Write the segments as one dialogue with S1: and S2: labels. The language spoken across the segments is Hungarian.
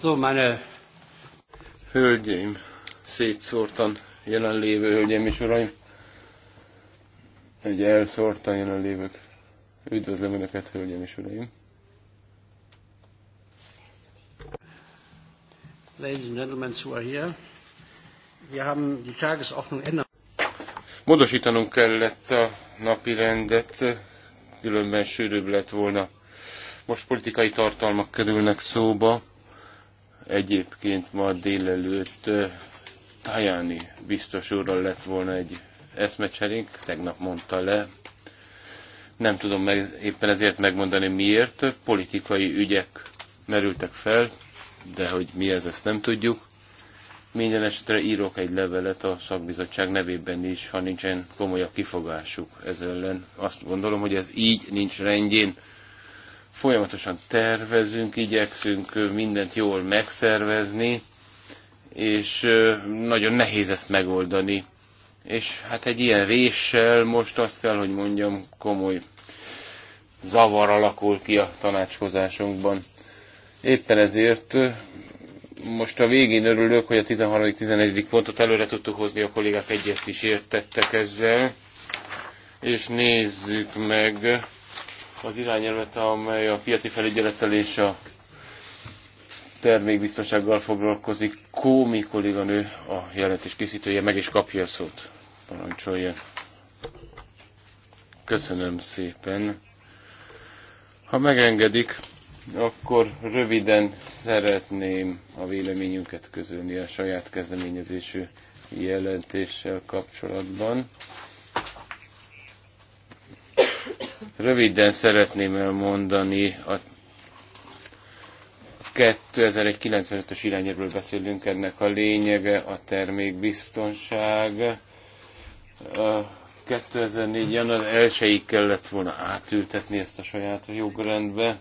S1: So, meine... Hölgyeim, szétszórtan jelenlévő hölgyeim és uraim, egy elszórtan jelenlévők. Üdvözlöm Önöket, hölgyeim és uraim! Ladies and gentlemen who are here, wir haben die Tagesordnung ändern. Módosítanunk kellett a napi rendet, különben sűrűbb lett volna. Most politikai tartalmak kerülnek szóba Egyébként ma délelőtt Tajani biztos úrral lett volna egy eszmecserénk, tegnap mondta le. Nem tudom meg, éppen ezért megmondani miért. Politikai ügyek merültek fel, de hogy mi ez, ezt nem tudjuk. Minden esetre írok egy levelet a szakbizottság nevében is, ha nincsen komolyabb kifogásuk ez ellen. Azt gondolom, hogy ez így nincs rendjén. Folyamatosan tervezünk, igyekszünk mindent jól megszervezni, és nagyon nehéz ezt megoldani. És hát egy ilyen réssel most azt kell, hogy mondjam, komoly zavar alakul ki a tanácskozásunkban. Éppen ezért most a végén örülök, hogy a 13.-11. pontot előre tudtuk hozni, a kollégák egyet is értettek ezzel. És nézzük meg az irányelvet, amely a piaci felügyelettel és a termékbiztonsággal foglalkozik. Kómi kolléganő a jelentés készítője, meg is kapja a szót. Parancsolja. Köszönöm szépen. Ha megengedik, akkor röviden szeretném a véleményünket közölni a saját kezdeményezésű jelentéssel kapcsolatban. Röviden szeretném elmondani, a 2095-ös irányéről beszélünk, ennek a lényege a termékbiztonság. 2004. január 1 kellett volna átültetni ezt a saját jogrendbe.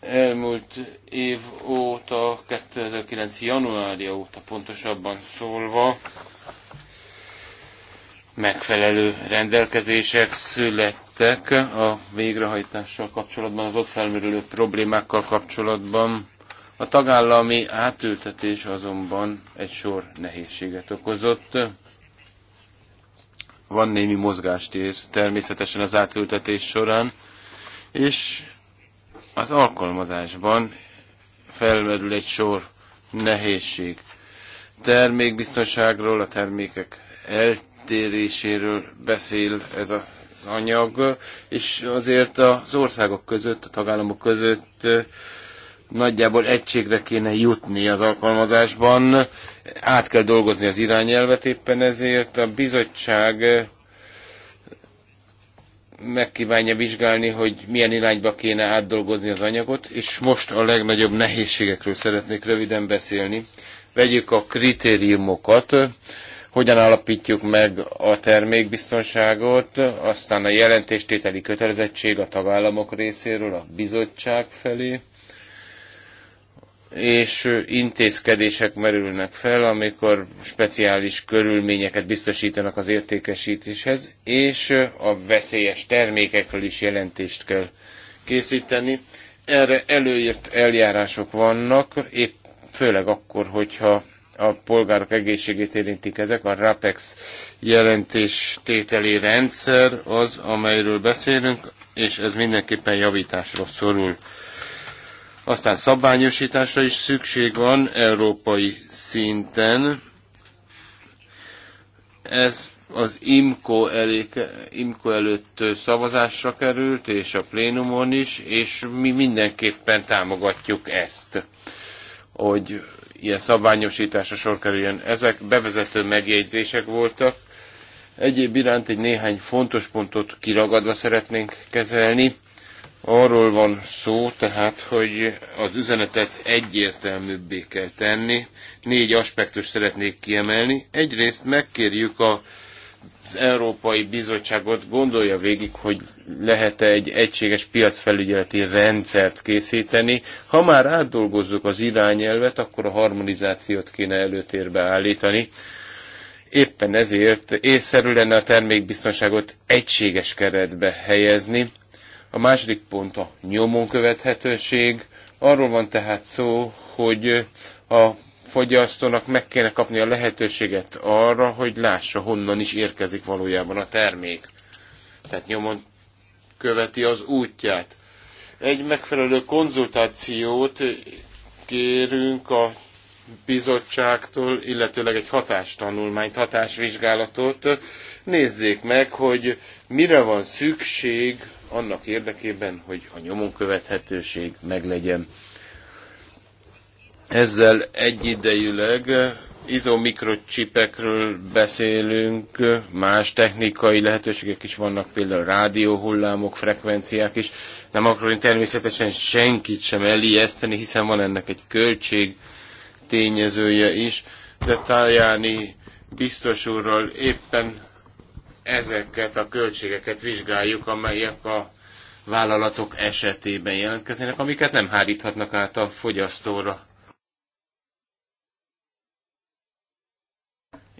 S1: Elmúlt év óta, 2009. januárja óta pontosabban szólva, megfelelő rendelkezések születtek tettek a végrehajtással kapcsolatban, az ott felmerülő problémákkal kapcsolatban. A tagállami átültetés azonban egy sor nehézséget okozott. Van némi mozgástér természetesen az átültetés során, és az alkalmazásban felmerül egy sor nehézség. Termékbiztonságról, a termékek eltéréséről beszél ez a anyag, és azért az országok között, a tagállamok között eh, nagyjából egységre kéne jutni az alkalmazásban. Át kell dolgozni az irányelvet éppen ezért. A bizottság eh, megkívánja vizsgálni, hogy milyen irányba kéne átdolgozni az anyagot, és most a legnagyobb nehézségekről szeretnék röviden beszélni. Vegyük a kritériumokat hogyan alapítjuk meg a termékbiztonságot, aztán a jelentéstételi kötelezettség a tagállamok részéről, a bizottság felé, és intézkedések merülnek fel, amikor speciális körülményeket biztosítanak az értékesítéshez, és a veszélyes termékekről is jelentést kell készíteni. Erre előírt eljárások vannak, épp főleg akkor, hogyha a polgárok egészségét érintik ezek. A RAPEX jelentéstételi rendszer az, amelyről beszélünk, és ez mindenképpen javításra szorul. Aztán szabványosításra is szükség van európai szinten. Ez az IMCO, elé, IMCO előtt szavazásra került, és a plénumon is, és mi mindenképpen támogatjuk ezt, hogy ilyen szabványosításra sor kerüljön. Ezek bevezető megjegyzések voltak. Egyéb iránt egy néhány fontos pontot kiragadva szeretnénk kezelni. Arról van szó tehát, hogy az üzenetet egyértelműbbé kell tenni. Négy aspektus szeretnék kiemelni. Egyrészt megkérjük a az Európai Bizottságot gondolja végig, hogy lehet-e egy egységes piacfelügyeleti rendszert készíteni. Ha már átdolgozzuk az irányelvet, akkor a harmonizációt kéne előtérbe állítani. Éppen ezért észszerű lenne a termékbiztonságot egységes keretbe helyezni. A második pont a nyomon követhetőség. Arról van tehát szó, hogy a fogyasztónak meg kéne kapni a lehetőséget arra, hogy lássa, honnan is érkezik valójában a termék. Tehát nyomon követi az útját. Egy megfelelő konzultációt kérünk a bizottságtól, illetőleg egy hatástanulmányt, hatásvizsgálatot. Nézzék meg, hogy mire van szükség annak érdekében, hogy a nyomon követhetőség meglegyen. Ezzel egyidejűleg izomikrocsipekről beszélünk, más technikai lehetőségek is vannak, például rádióhullámok, frekvenciák is. Nem akarom természetesen senkit sem elijeszteni, hiszen van ennek egy költség tényezője is, de tájáni biztos úrral éppen ezeket a költségeket vizsgáljuk, amelyek a vállalatok esetében jelentkeznek, amiket nem háríthatnak át a fogyasztóra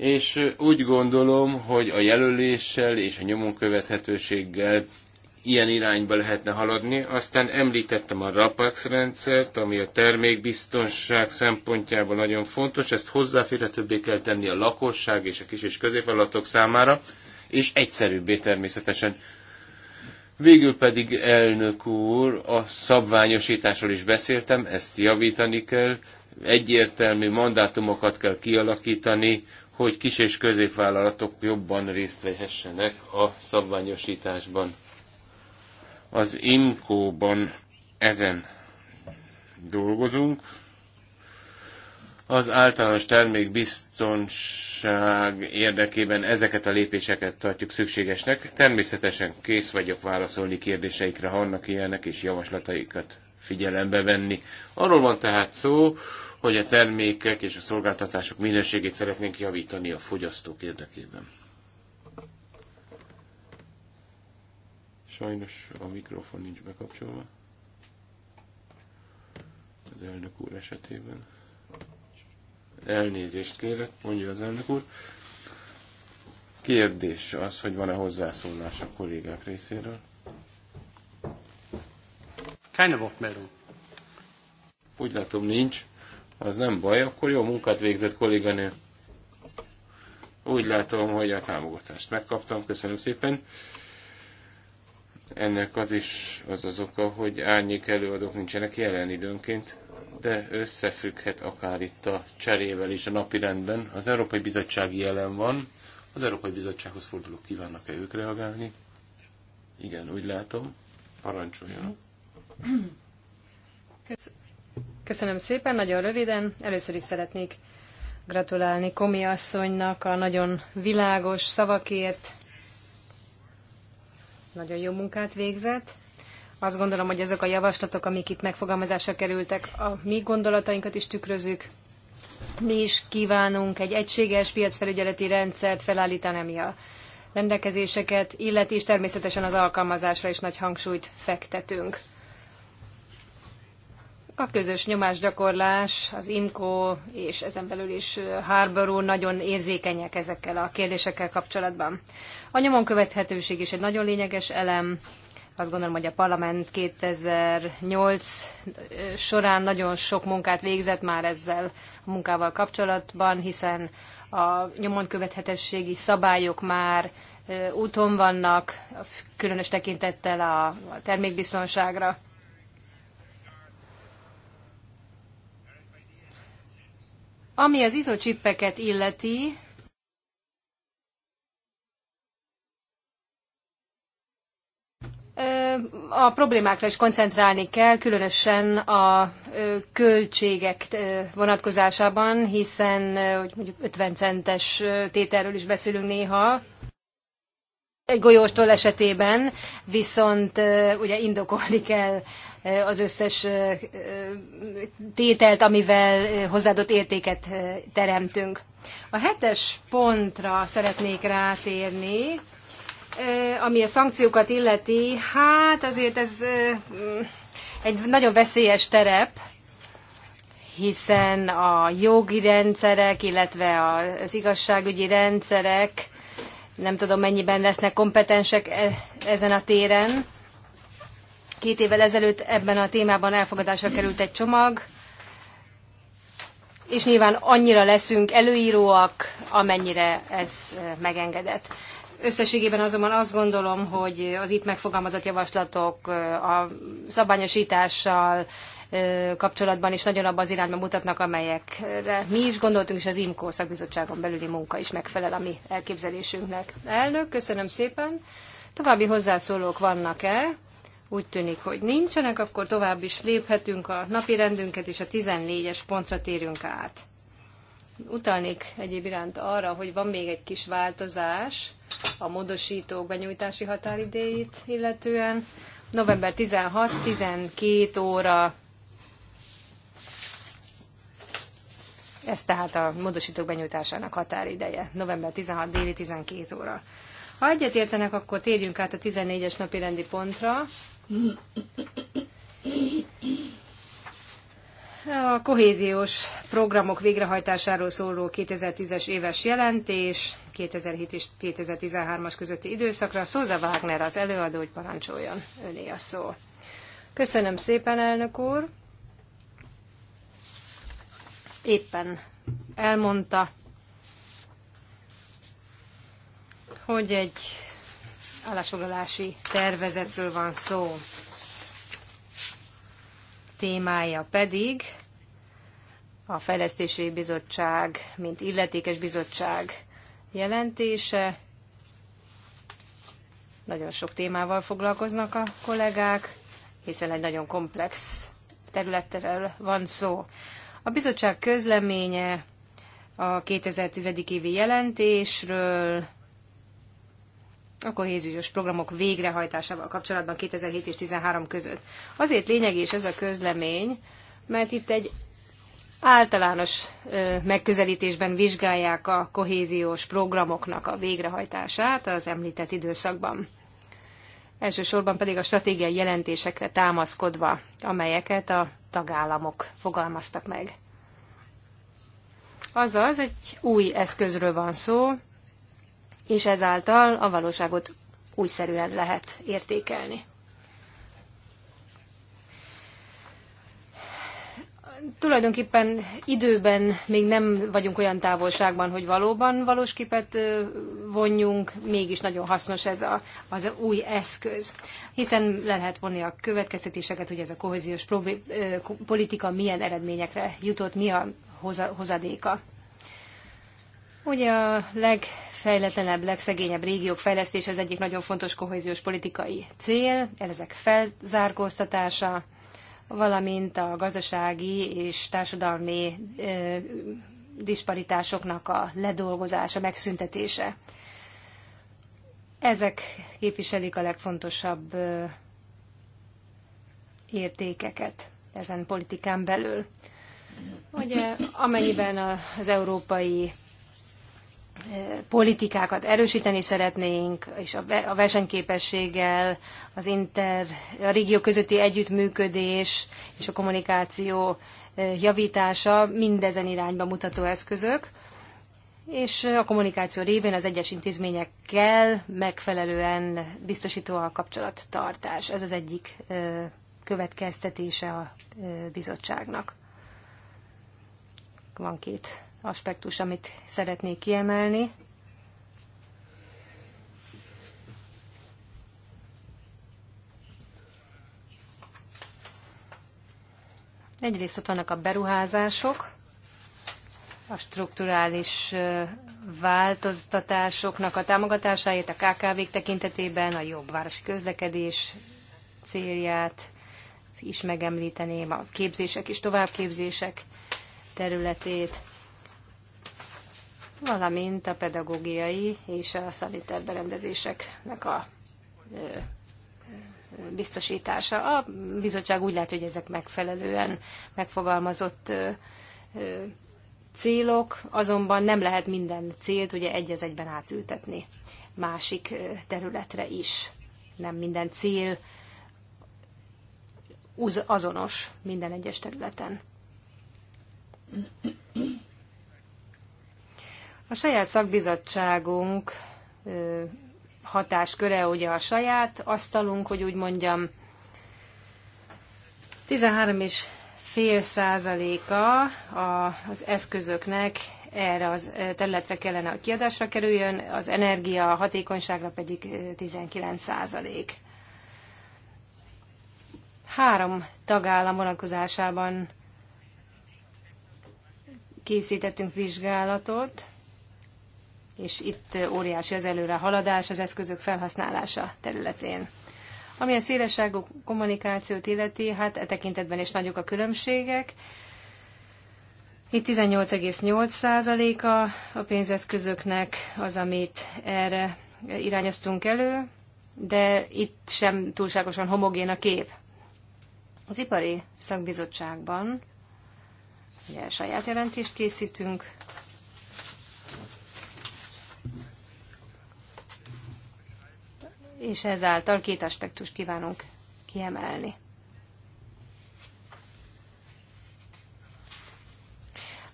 S1: és úgy gondolom, hogy a jelöléssel és a nyomon követhetőséggel ilyen irányba lehetne haladni. Aztán említettem a RAPAX rendszert, ami a termékbiztonság szempontjából nagyon fontos, ezt hozzáférhetőbbé kell tenni a lakosság és a kis és középvállalatok számára, és egyszerűbbé természetesen. Végül pedig elnök úr, a szabványosításról is beszéltem, ezt javítani kell, egyértelmű mandátumokat kell kialakítani, hogy kis és középvállalatok jobban részt vehessenek a szabványosításban. Az IMCO-ban ezen dolgozunk. Az általános termékbiztonság érdekében ezeket a lépéseket tartjuk szükségesnek. Természetesen kész vagyok válaszolni kérdéseikre, ha annak ilyenek és javaslataikat figyelembe venni. Arról van tehát szó, hogy a termékek és a szolgáltatások minőségét szeretnénk javítani a fogyasztók érdekében. Sajnos a mikrofon nincs bekapcsolva. Az elnök úr esetében. Elnézést kérek, mondja az elnök úr. Kérdés az, hogy van-e hozzászólás a kollégák részéről? Keine Wortmeldung. Úgy látom, nincs az nem baj, akkor jó munkát végzett kolléganő. Úgy látom, hogy a támogatást megkaptam, köszönöm szépen. Ennek az is az az oka, hogy árnyék előadók nincsenek jelen időnként, de összefügghet akár itt a cserével is a napi rendben. Az Európai Bizottság jelen van. Az Európai Bizottsághoz fordulók kívánnak-e ők reagálni? Igen, úgy látom. parancsoljon
S2: Köszönöm szépen, nagyon röviden. Először is szeretnék gratulálni Komi asszonynak a nagyon világos szavakért. Nagyon jó munkát végzett. Azt gondolom, hogy azok a javaslatok, amik itt megfogalmazásra kerültek, a mi gondolatainkat is tükrözik. Mi is kívánunk egy egységes piacfelügyeleti rendszert felállítani, ami a rendelkezéseket illeti, és természetesen az alkalmazásra is nagy hangsúlyt fektetünk. A közös nyomásgyakorlás, az IMCO és ezen belül is Harbour úr nagyon érzékenyek ezekkel a kérdésekkel kapcsolatban. A nyomon követhetőség is egy nagyon lényeges elem. Azt gondolom, hogy a parlament 2008 során nagyon sok munkát végzett már ezzel a munkával kapcsolatban, hiszen a nyomon követhetőségi szabályok már úton vannak, különös tekintettel a termékbiztonságra. Ami az izocsippeket illeti, a problémákra is koncentrálni kell, különösen a költségek vonatkozásában, hiszen hogy mondjuk 50 centes tételről is beszélünk néha, egy golyóstól esetében, viszont ugye indokolni kell az összes tételt, amivel hozzáadott értéket teremtünk. A hetes pontra szeretnék rátérni, ami a szankciókat illeti, hát azért ez mm, egy nagyon veszélyes terep, hiszen a jogi rendszerek, illetve az igazságügyi rendszerek nem tudom mennyiben lesznek kompetensek e-, ezen a téren Két évvel ezelőtt ebben a témában elfogadásra került egy csomag, és nyilván annyira leszünk előíróak, amennyire ez megengedett. Összességében azonban azt gondolom, hogy az itt megfogalmazott javaslatok a szabványosítással kapcsolatban is nagyon abban az irányba mutatnak, amelyekre mi is gondoltunk, és az IMKO szakbizottságon belüli munka is megfelel a mi elképzelésünknek. Elnök, köszönöm szépen. További hozzászólók vannak-e? úgy tűnik, hogy nincsenek, akkor tovább is léphetünk a napi rendünket, és a 14-es pontra térünk át. Utalnék egyéb iránt arra, hogy van még egy kis változás a módosítók benyújtási határidéit illetően. November 16-12 óra Ez tehát a módosítók benyújtásának határideje, november 16 déli 12 óra. Ha egyetértenek, akkor térjünk át a 14-es napi rendi pontra, a kohéziós programok végrehajtásáról szóló 2010-es éves jelentés 2007 és 2013-as közötti időszakra. Szóza Wagner az előadó, hogy parancsoljon öné a szó. Köszönöm szépen, elnök úr. Éppen elmondta, hogy egy állásfoglalási tervezetről van szó. Témája pedig a Fejlesztési Bizottság, mint illetékes bizottság jelentése. Nagyon sok témával foglalkoznak a kollégák, hiszen egy nagyon komplex területről van szó. A bizottság közleménye a 2010. évi jelentésről, a kohéziós programok végrehajtásával kapcsolatban 2007 és 2013 között. Azért lényeges ez a közlemény, mert itt egy általános megközelítésben vizsgálják a kohéziós programoknak a végrehajtását az említett időszakban. Elsősorban pedig a stratégiai jelentésekre támaszkodva, amelyeket a tagállamok fogalmaztak meg. Azaz egy új eszközről van szó, és ezáltal a valóságot újszerűen lehet értékelni. Tulajdonképpen időben még nem vagyunk olyan távolságban, hogy valóban valós képet vonjunk, mégis nagyon hasznos ez a, az a új eszköz. Hiszen le lehet vonni a következtetéseket, hogy ez a kohéziós politika milyen eredményekre jutott, mi a hozadéka. Ugye a leg legfejletlenebb, legszegényebb régiók fejlesztése az egyik nagyon fontos kohéziós politikai cél, ezek felzárkóztatása, valamint a gazdasági és társadalmi ö, disparitásoknak a ledolgozása, megszüntetése. Ezek képviselik a legfontosabb ö, értékeket ezen politikán belül. Ugye amennyiben az európai politikákat erősíteni szeretnénk, és a versenyképességgel, az inter, a régió közötti együttműködés és a kommunikáció javítása mindezen irányba mutató eszközök, és a kommunikáció révén az egyes intézményekkel megfelelően biztosító a kapcsolattartás. Ez az egyik következtetése a bizottságnak. Van két aspektus, amit szeretnék kiemelni. Egyrészt ott vannak a beruházások, a strukturális változtatásoknak a támogatásáért a KKV-k tekintetében, a jobb városi közlekedés célját is megemlíteném, a képzések és továbbképzések területét valamint a pedagógiai és a szanitár berendezéseknek a biztosítása. A bizottság úgy látja, hogy ezek megfelelően megfogalmazott célok, azonban nem lehet minden célt ugye egy az egyben átültetni másik területre is. Nem minden cél azonos minden egyes területen. A saját szakbizottságunk hatásköre ugye a saját asztalunk, hogy úgy mondjam, 13 és fél százaléka az eszközöknek erre az területre kellene, a kiadásra kerüljön, az energia hatékonyságra pedig 19 százalék. Három tagállam vonatkozásában készítettünk vizsgálatot, és itt óriási az előre haladás az eszközök felhasználása területén. Ami a szélesságú kommunikációt illeti, hát e tekintetben is nagyok a különbségek. Itt 18,8%-a a pénzeszközöknek az, amit erre irányoztunk elő, de itt sem túlságosan homogén a kép. Az ipari szakbizottságban ugye, saját jelentést készítünk és ezáltal két aspektust kívánunk kiemelni.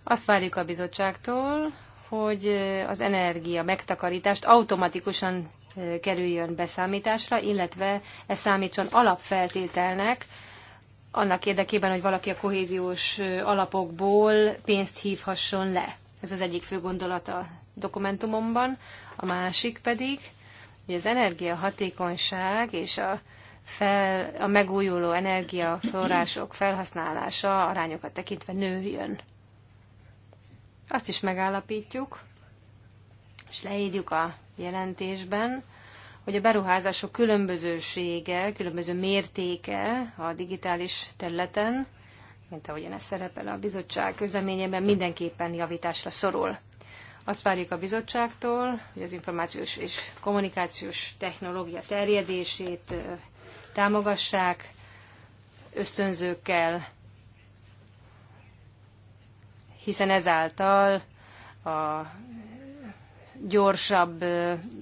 S2: Azt várjuk a bizottságtól, hogy az energia megtakarítást automatikusan kerüljön beszámításra, illetve ez számítson alapfeltételnek annak érdekében, hogy valaki a kohéziós alapokból pénzt hívhasson le. Ez az egyik fő gondolata a dokumentumomban. A másik pedig, hogy az energiahatékonyság és a, fel, a megújuló energiaforrások felhasználása arányokat tekintve nőjön. Azt is megállapítjuk, és leírjuk a jelentésben, hogy a beruházások különbözősége, különböző mértéke a digitális területen, mint ahogyan ez szerepel a bizottság közleményében, mindenképpen javításra szorul. Azt várjuk a bizottságtól, hogy az információs és kommunikációs technológia terjedését támogassák ösztönzőkkel, hiszen ezáltal a gyorsabb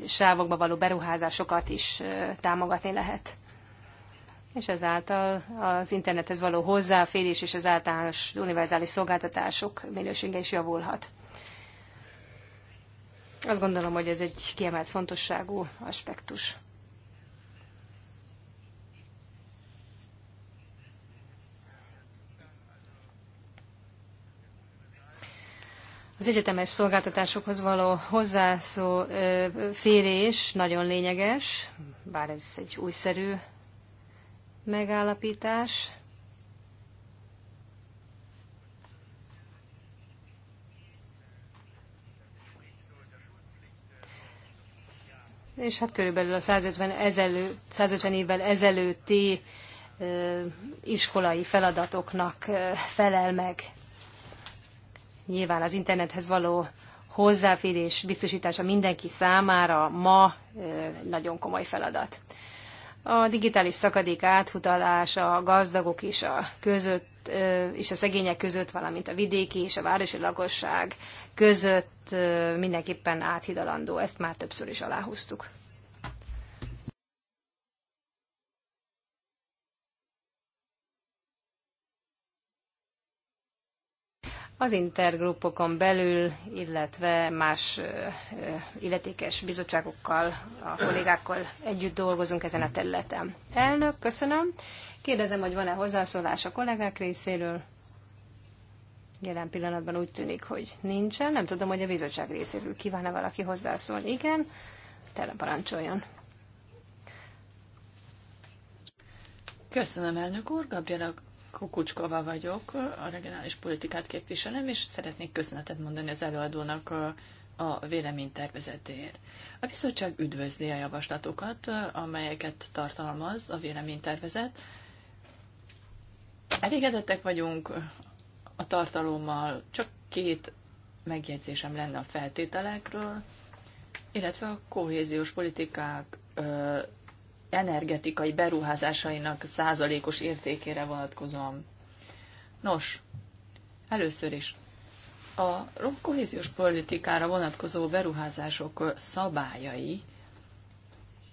S2: sávokba való beruházásokat is támogatni lehet. És ezáltal az internethez való hozzáférés és az általános univerzális szolgáltatások minősége is javulhat. Azt gondolom, hogy ez egy kiemelt fontosságú aspektus. Az egyetemes szolgáltatásokhoz való hozzászó férés nagyon lényeges, bár ez egy újszerű megállapítás. és hát körülbelül a 150, ezelő, 150 évvel ezelőtti iskolai feladatoknak felel meg. Nyilván az internethez való hozzáférés biztosítása mindenki számára ma nagyon komoly feladat. A digitális szakadék áthutalása a gazdagok és a között és a szegények között, valamint a vidéki és a városi lakosság között mindenképpen áthidalandó. Ezt már többször is aláhúztuk. az intergrupokon belül, illetve más illetékes bizottságokkal, a kollégákkal együtt dolgozunk ezen a területen. Elnök, köszönöm. Kérdezem, hogy van-e hozzászólás a kollégák részéről? Jelen pillanatban úgy tűnik, hogy nincsen. Nem tudom, hogy a bizottság részéről kíván-e valaki hozzászólni. Igen, tele parancsoljon.
S3: Köszönöm, elnök úr. Gabriela Kukucskova vagyok, a regionális politikát képviselem, és szeretnék köszönetet mondani az előadónak a, véleménytervezetéért. A bizottság üdvözli a javaslatokat, amelyeket tartalmaz a véleménytervezet, Elégedettek vagyunk a tartalommal, csak két megjegyzésem lenne a feltételekről, illetve a kohéziós politikák ö, energetikai beruházásainak százalékos értékére vonatkozom. Nos, először is a kohéziós politikára vonatkozó beruházások szabályai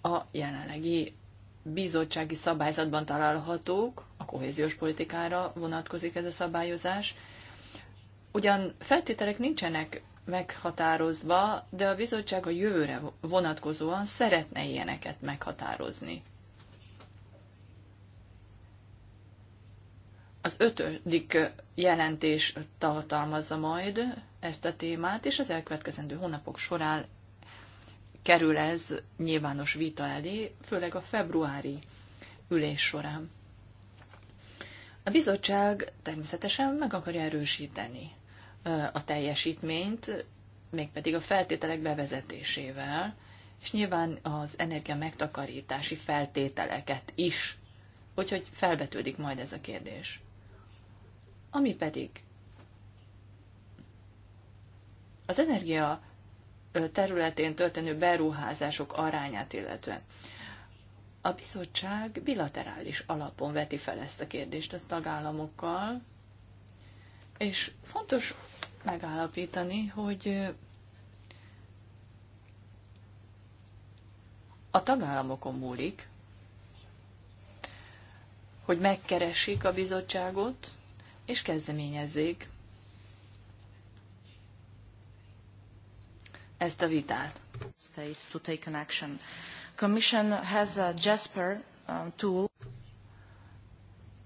S3: a jelenlegi bizottsági szabályzatban találhatók, a kohéziós politikára vonatkozik ez a szabályozás. Ugyan feltételek nincsenek meghatározva, de a bizottság a jövőre vonatkozóan szeretne ilyeneket meghatározni. Az ötödik jelentés tartalmazza majd ezt a témát, és az elkövetkezendő hónapok során kerül ez nyilvános vita elé, főleg a februári ülés során. A bizottság természetesen meg akarja erősíteni a teljesítményt, mégpedig a feltételek bevezetésével, és nyilván az energia megtakarítási feltételeket is. Úgyhogy felvetődik majd ez a kérdés. Ami pedig az energia területén történő beruházások arányát illetően. A bizottság bilaterális alapon veti fel ezt a kérdést a tagállamokkal, és fontos megállapítani, hogy a tagállamokon múlik, hogy megkeressék a bizottságot, és kezdeményezzék ezt a vitát. State to take an action. Commission has a Jasper uh, tool.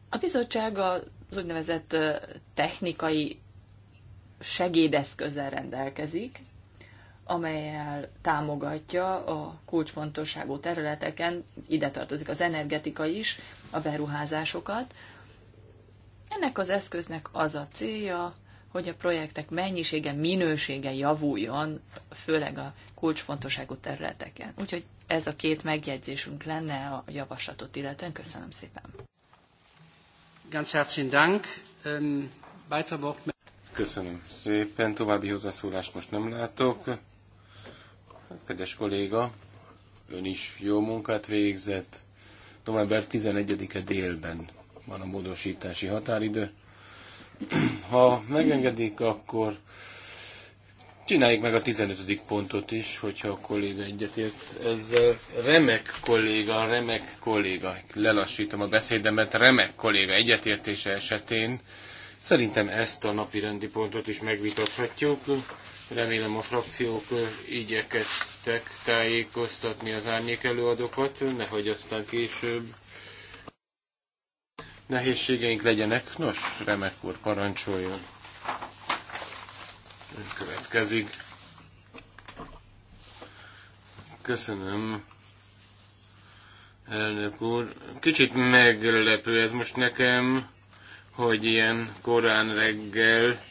S3: A bizottság az úgynevezett uh, technikai segédeszközzel rendelkezik, amelyel támogatja a kulcsfontosságú területeken, ide tartozik az energetika is, a beruházásokat. Ennek az eszköznek az a célja, hogy a projektek mennyisége, minősége javuljon, főleg a kulcsfontosságú területeken. Úgyhogy ez a két megjegyzésünk lenne a javaslatot illetően. Köszönöm szépen. Ganz
S1: herzlichen Dank. Ähm, Köszönöm szépen. További hozzászólást most nem látok. Hát, kedves kolléga, ön is jó munkát végzett. November 11-e délben van a módosítási határidő. Ha megengedik, akkor csináljuk meg a 15. pontot is, hogyha a kolléga egyetért. Ezzel remek kolléga, remek kolléga, lelassítom a beszédemet, remek kolléga egyetértése esetén szerintem ezt a napi rendi pontot is megvitathatjuk. Remélem a frakciók igyekeztek tájékoztatni az árnyék előadókat, nehogy aztán később nehézségeink legyenek. Nos, remek úr, parancsoljon. Ön következik. Köszönöm. Elnök úr, kicsit meglepő ez most nekem, hogy ilyen korán reggel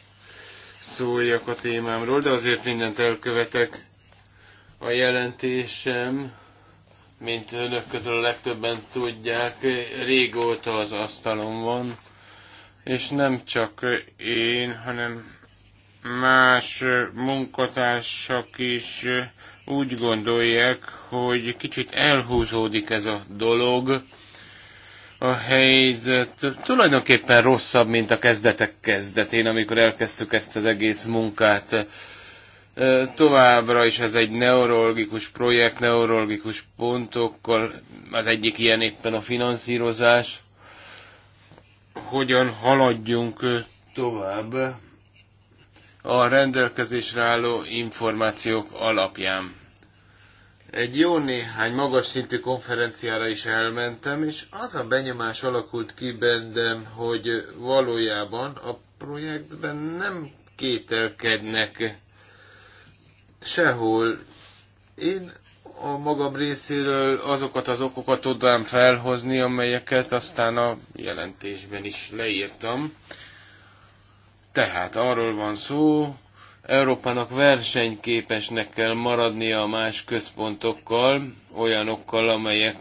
S1: szóljak a témámról, de azért mindent elkövetek. A jelentésem mint önök közül a legtöbben tudják, régóta az asztalon van, és nem csak én, hanem más munkatársak is úgy gondolják, hogy kicsit elhúzódik ez a dolog, a helyzet tulajdonképpen rosszabb, mint a kezdetek kezdetén, amikor elkezdtük ezt az egész munkát. Továbbra is ez egy neurologikus projekt, neurologikus pontokkal, az egyik ilyen éppen a finanszírozás. Hogyan haladjunk tovább a rendelkezésre álló információk alapján? Egy jó néhány magas szintű konferenciára is elmentem, és az a benyomás alakult ki bennem, hogy valójában a projektben nem kételkednek sehol. Én a magam részéről azokat az okokat tudnám felhozni, amelyeket aztán a jelentésben is leírtam. Tehát arról van szó, Európának versenyképesnek kell maradnia a más központokkal, olyanokkal, amelyek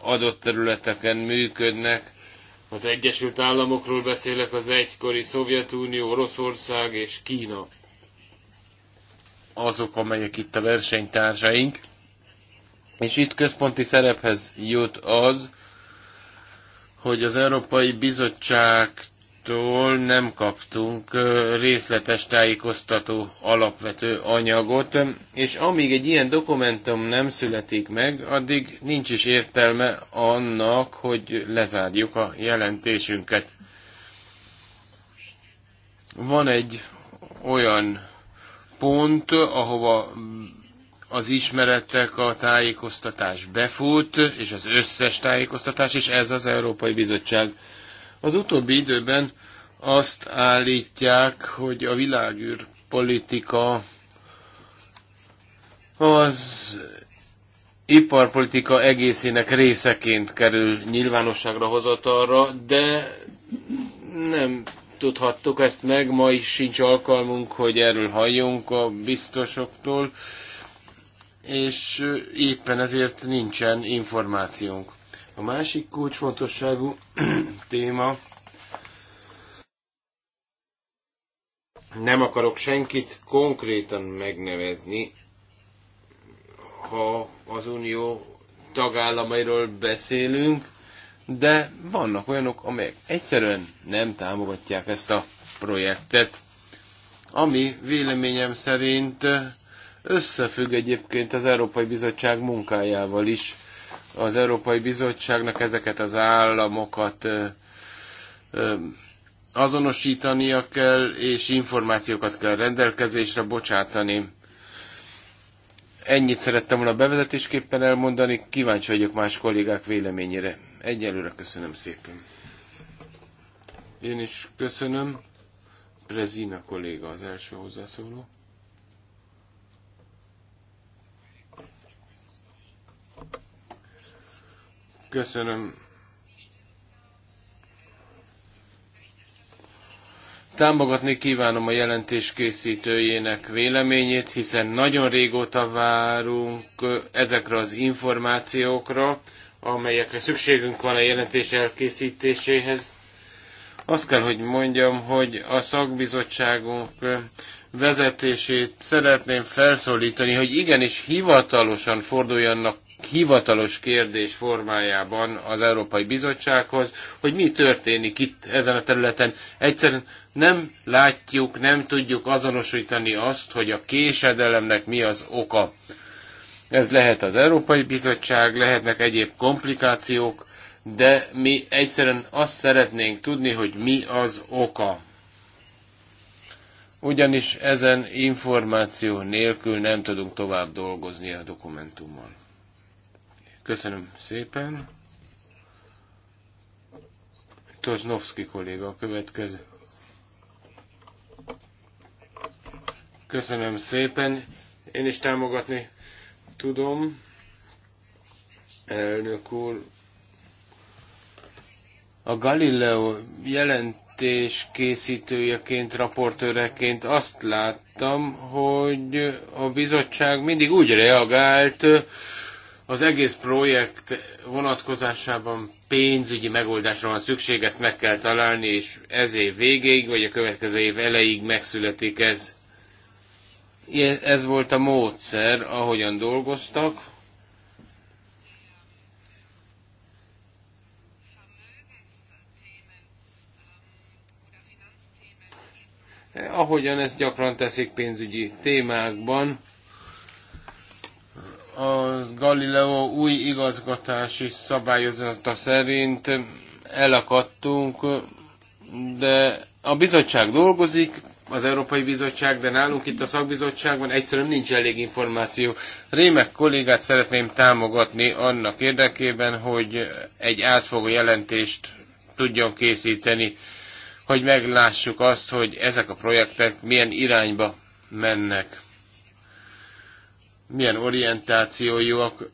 S1: adott területeken működnek. Az Egyesült Államokról beszélek, az egykori Szovjetunió, Oroszország és Kína azok, amelyek itt a versenytársaink, és itt központi szerephez jut az, hogy az Európai Bizottságtól nem kaptunk részletes tájékoztató alapvető anyagot, és amíg egy ilyen dokumentum nem születik meg, addig nincs is értelme annak, hogy lezárjuk a jelentésünket. Van egy olyan pont, ahova az ismeretek, a tájékoztatás befut, és az összes tájékoztatás, és ez az Európai Bizottság. Az utóbbi időben azt állítják, hogy a világűr politika az iparpolitika egészének részeként kerül nyilvánosságra hozatalra, de nem tudhattuk ezt meg, ma is sincs alkalmunk, hogy erről halljunk a biztosoktól, és éppen ezért nincsen információnk. A másik kulcsfontosságú téma, nem akarok senkit konkrétan megnevezni, ha az unió tagállamairól beszélünk, de vannak olyanok, amelyek egyszerűen nem támogatják ezt a projektet, ami véleményem szerint összefügg egyébként az Európai Bizottság munkájával is. Az Európai Bizottságnak ezeket az államokat azonosítania kell, és információkat kell rendelkezésre bocsátani. Ennyit szerettem volna bevezetésképpen elmondani, kíváncsi vagyok más kollégák véleményére. Egyelőre köszönöm szépen. Én is köszönöm. Rezina kolléga az első hozzászóló. Köszönöm. Támogatni kívánom a jelentés készítőjének véleményét, hiszen nagyon régóta várunk ezekre az információkra, amelyekre szükségünk van a jelentés elkészítéséhez. Azt kell, hogy mondjam, hogy a szakbizottságunk vezetését szeretném felszólítani, hogy igenis hivatalosan forduljanak hivatalos kérdés formájában az Európai Bizottsághoz, hogy mi történik itt ezen a területen. Egyszerűen nem látjuk, nem tudjuk azonosítani azt, hogy a késedelemnek mi az oka. Ez lehet az Európai Bizottság, lehetnek egyéb komplikációk, de mi egyszerűen azt szeretnénk tudni, hogy mi az oka. Ugyanis ezen információ nélkül nem tudunk tovább dolgozni a dokumentummal. Köszönöm szépen. Toznovski kolléga a következő. Köszönöm szépen. Én is támogatni tudom, elnök úr, a Galileo jelentés készítőjeként, raportőreként azt láttam, hogy a bizottság mindig úgy reagált az egész projekt vonatkozásában pénzügyi megoldásra van szükség, ezt meg kell találni, és ez év végéig, vagy a következő év elejéig megszületik ez. Ez volt a módszer, ahogyan dolgoztak. Ahogyan ezt gyakran teszik pénzügyi témákban, a Galileo új igazgatási szabályozata szerint elakadtunk, de a bizottság dolgozik, az Európai Bizottság, de nálunk itt a szakbizottságban egyszerűen nincs elég információ. Rémek kollégát szeretném támogatni annak érdekében, hogy egy átfogó jelentést tudjon készíteni, hogy meglássuk azt, hogy ezek a projektek milyen irányba mennek, milyen orientációjúak,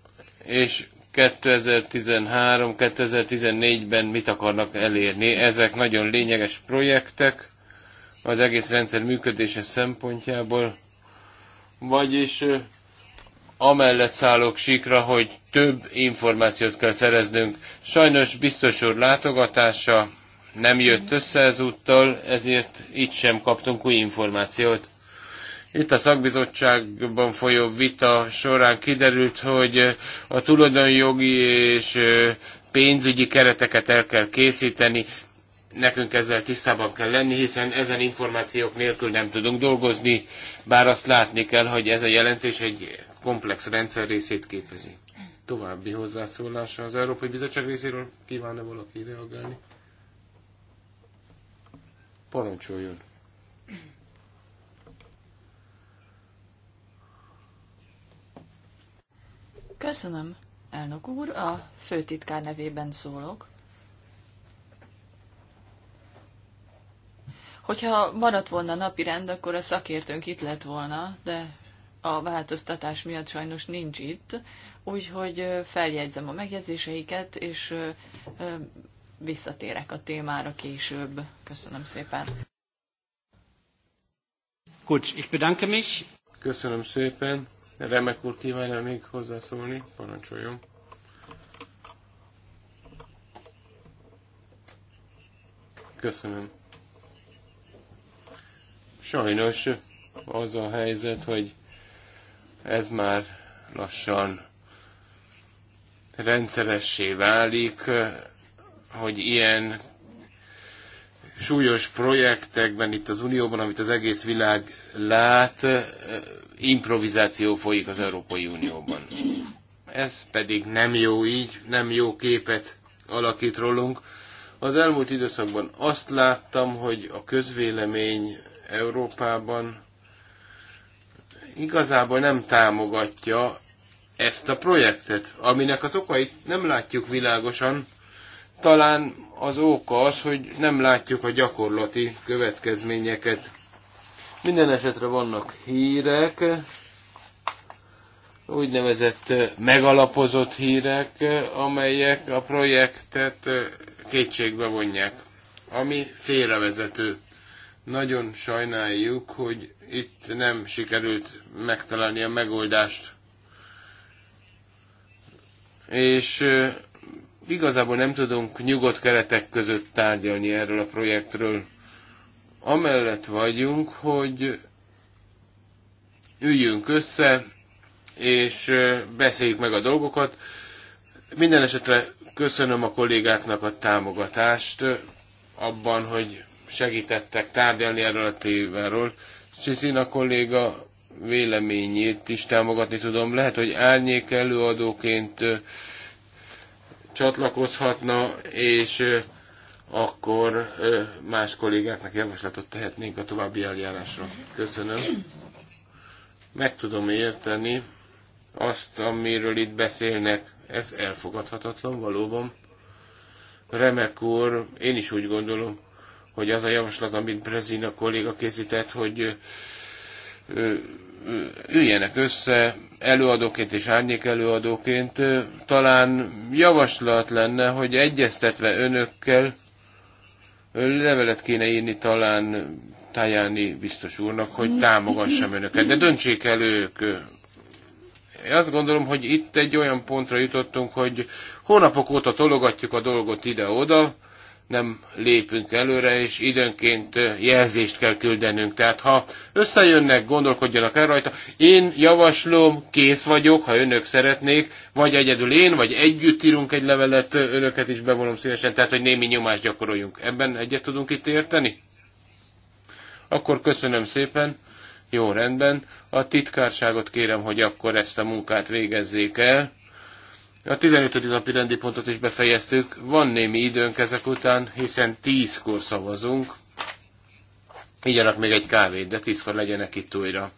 S1: és 2013-2014-ben mit akarnak elérni. Ezek nagyon lényeges projektek, az egész rendszer működése szempontjából, vagyis amellett szállok sikra, hogy több információt kell szereznünk. Sajnos biztos úr látogatása nem jött össze ezúttal, ezért itt sem kaptunk új információt. Itt a szakbizottságban folyó vita során kiderült, hogy a tulajdonjogi és pénzügyi kereteket el kell készíteni, Nekünk ezzel tisztában kell lenni, hiszen ezen információk nélkül nem tudunk dolgozni, bár azt látni kell, hogy ez a jelentés egy komplex rendszer részét képezi. További hozzászólása az Európai Bizottság részéről. Kívánna valaki reagálni? Parancsoljon!
S3: Köszönöm, elnök úr. A főtitkár nevében szólok. Hogyha maradt volna napi rend, akkor a szakértőnk itt lett volna, de a változtatás miatt sajnos nincs itt, úgyhogy feljegyzem a megjegyzéseiket, és visszatérek a témára később. Köszönöm szépen.
S1: Gut, ich bedanke mich. Köszönöm szépen. Remek úr kívánja még hozzászólni. Parancsoljon. Köszönöm. Sajnos az a helyzet, hogy ez már lassan rendszeressé válik, hogy ilyen súlyos projektekben itt az Unióban, amit az egész világ lát, improvizáció folyik az Európai Unióban. Ez pedig nem jó így, nem jó képet alakít rólunk. Az elmúlt időszakban azt láttam, hogy a közvélemény Európában igazából nem támogatja ezt a projektet, aminek az okait nem látjuk világosan. Talán az oka az, hogy nem látjuk a gyakorlati következményeket. Minden esetre vannak hírek, úgynevezett megalapozott hírek, amelyek a projektet kétségbe vonják, ami félrevezető. Nagyon sajnáljuk, hogy itt nem sikerült megtalálni a megoldást. És igazából nem tudunk nyugodt keretek között tárgyalni erről a projektről. Amellett vagyunk, hogy üljünk össze, és beszéljük meg a dolgokat. Minden esetre köszönöm a kollégáknak a támogatást abban, hogy segítettek tárgyalni erről a témáról. Csiszina kolléga véleményét is támogatni tudom. Lehet, hogy árnyék előadóként csatlakozhatna, és akkor más kollégáknak javaslatot tehetnénk a további eljárásra. Köszönöm. Meg tudom érteni azt, amiről itt beszélnek. Ez elfogadhatatlan valóban. Remek úr, én is úgy gondolom, hogy az a javaslat, amit Brezina kolléga készített, hogy üljenek össze előadóként és árnyék előadóként. Talán javaslat lenne, hogy egyeztetve önökkel levelet kéne írni talán Tajani biztos úrnak, hogy támogassam önöket. De döntsék el ők. Én azt gondolom, hogy itt egy olyan pontra jutottunk, hogy hónapok óta tologatjuk a dolgot ide-oda, nem lépünk előre, és időnként jelzést kell küldenünk. Tehát ha összejönnek, gondolkodjanak el rajta, én javaslom, kész vagyok, ha önök szeretnék, vagy egyedül én, vagy együtt írunk egy levelet, önöket is bevonom szívesen, tehát hogy némi nyomást gyakoroljunk. Ebben egyet tudunk itt érteni? Akkor köszönöm szépen. Jó, rendben. A titkárságot kérem, hogy akkor ezt a munkát végezzék el a 15. napi rendi pontot is befejeztük. Van némi időnk ezek után, hiszen 10-kor szavazunk. Igyanak még egy kávét, de 10-kor legyenek itt újra.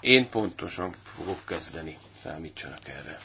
S1: Én pontosan fogok kezdeni. Számítsanak erre.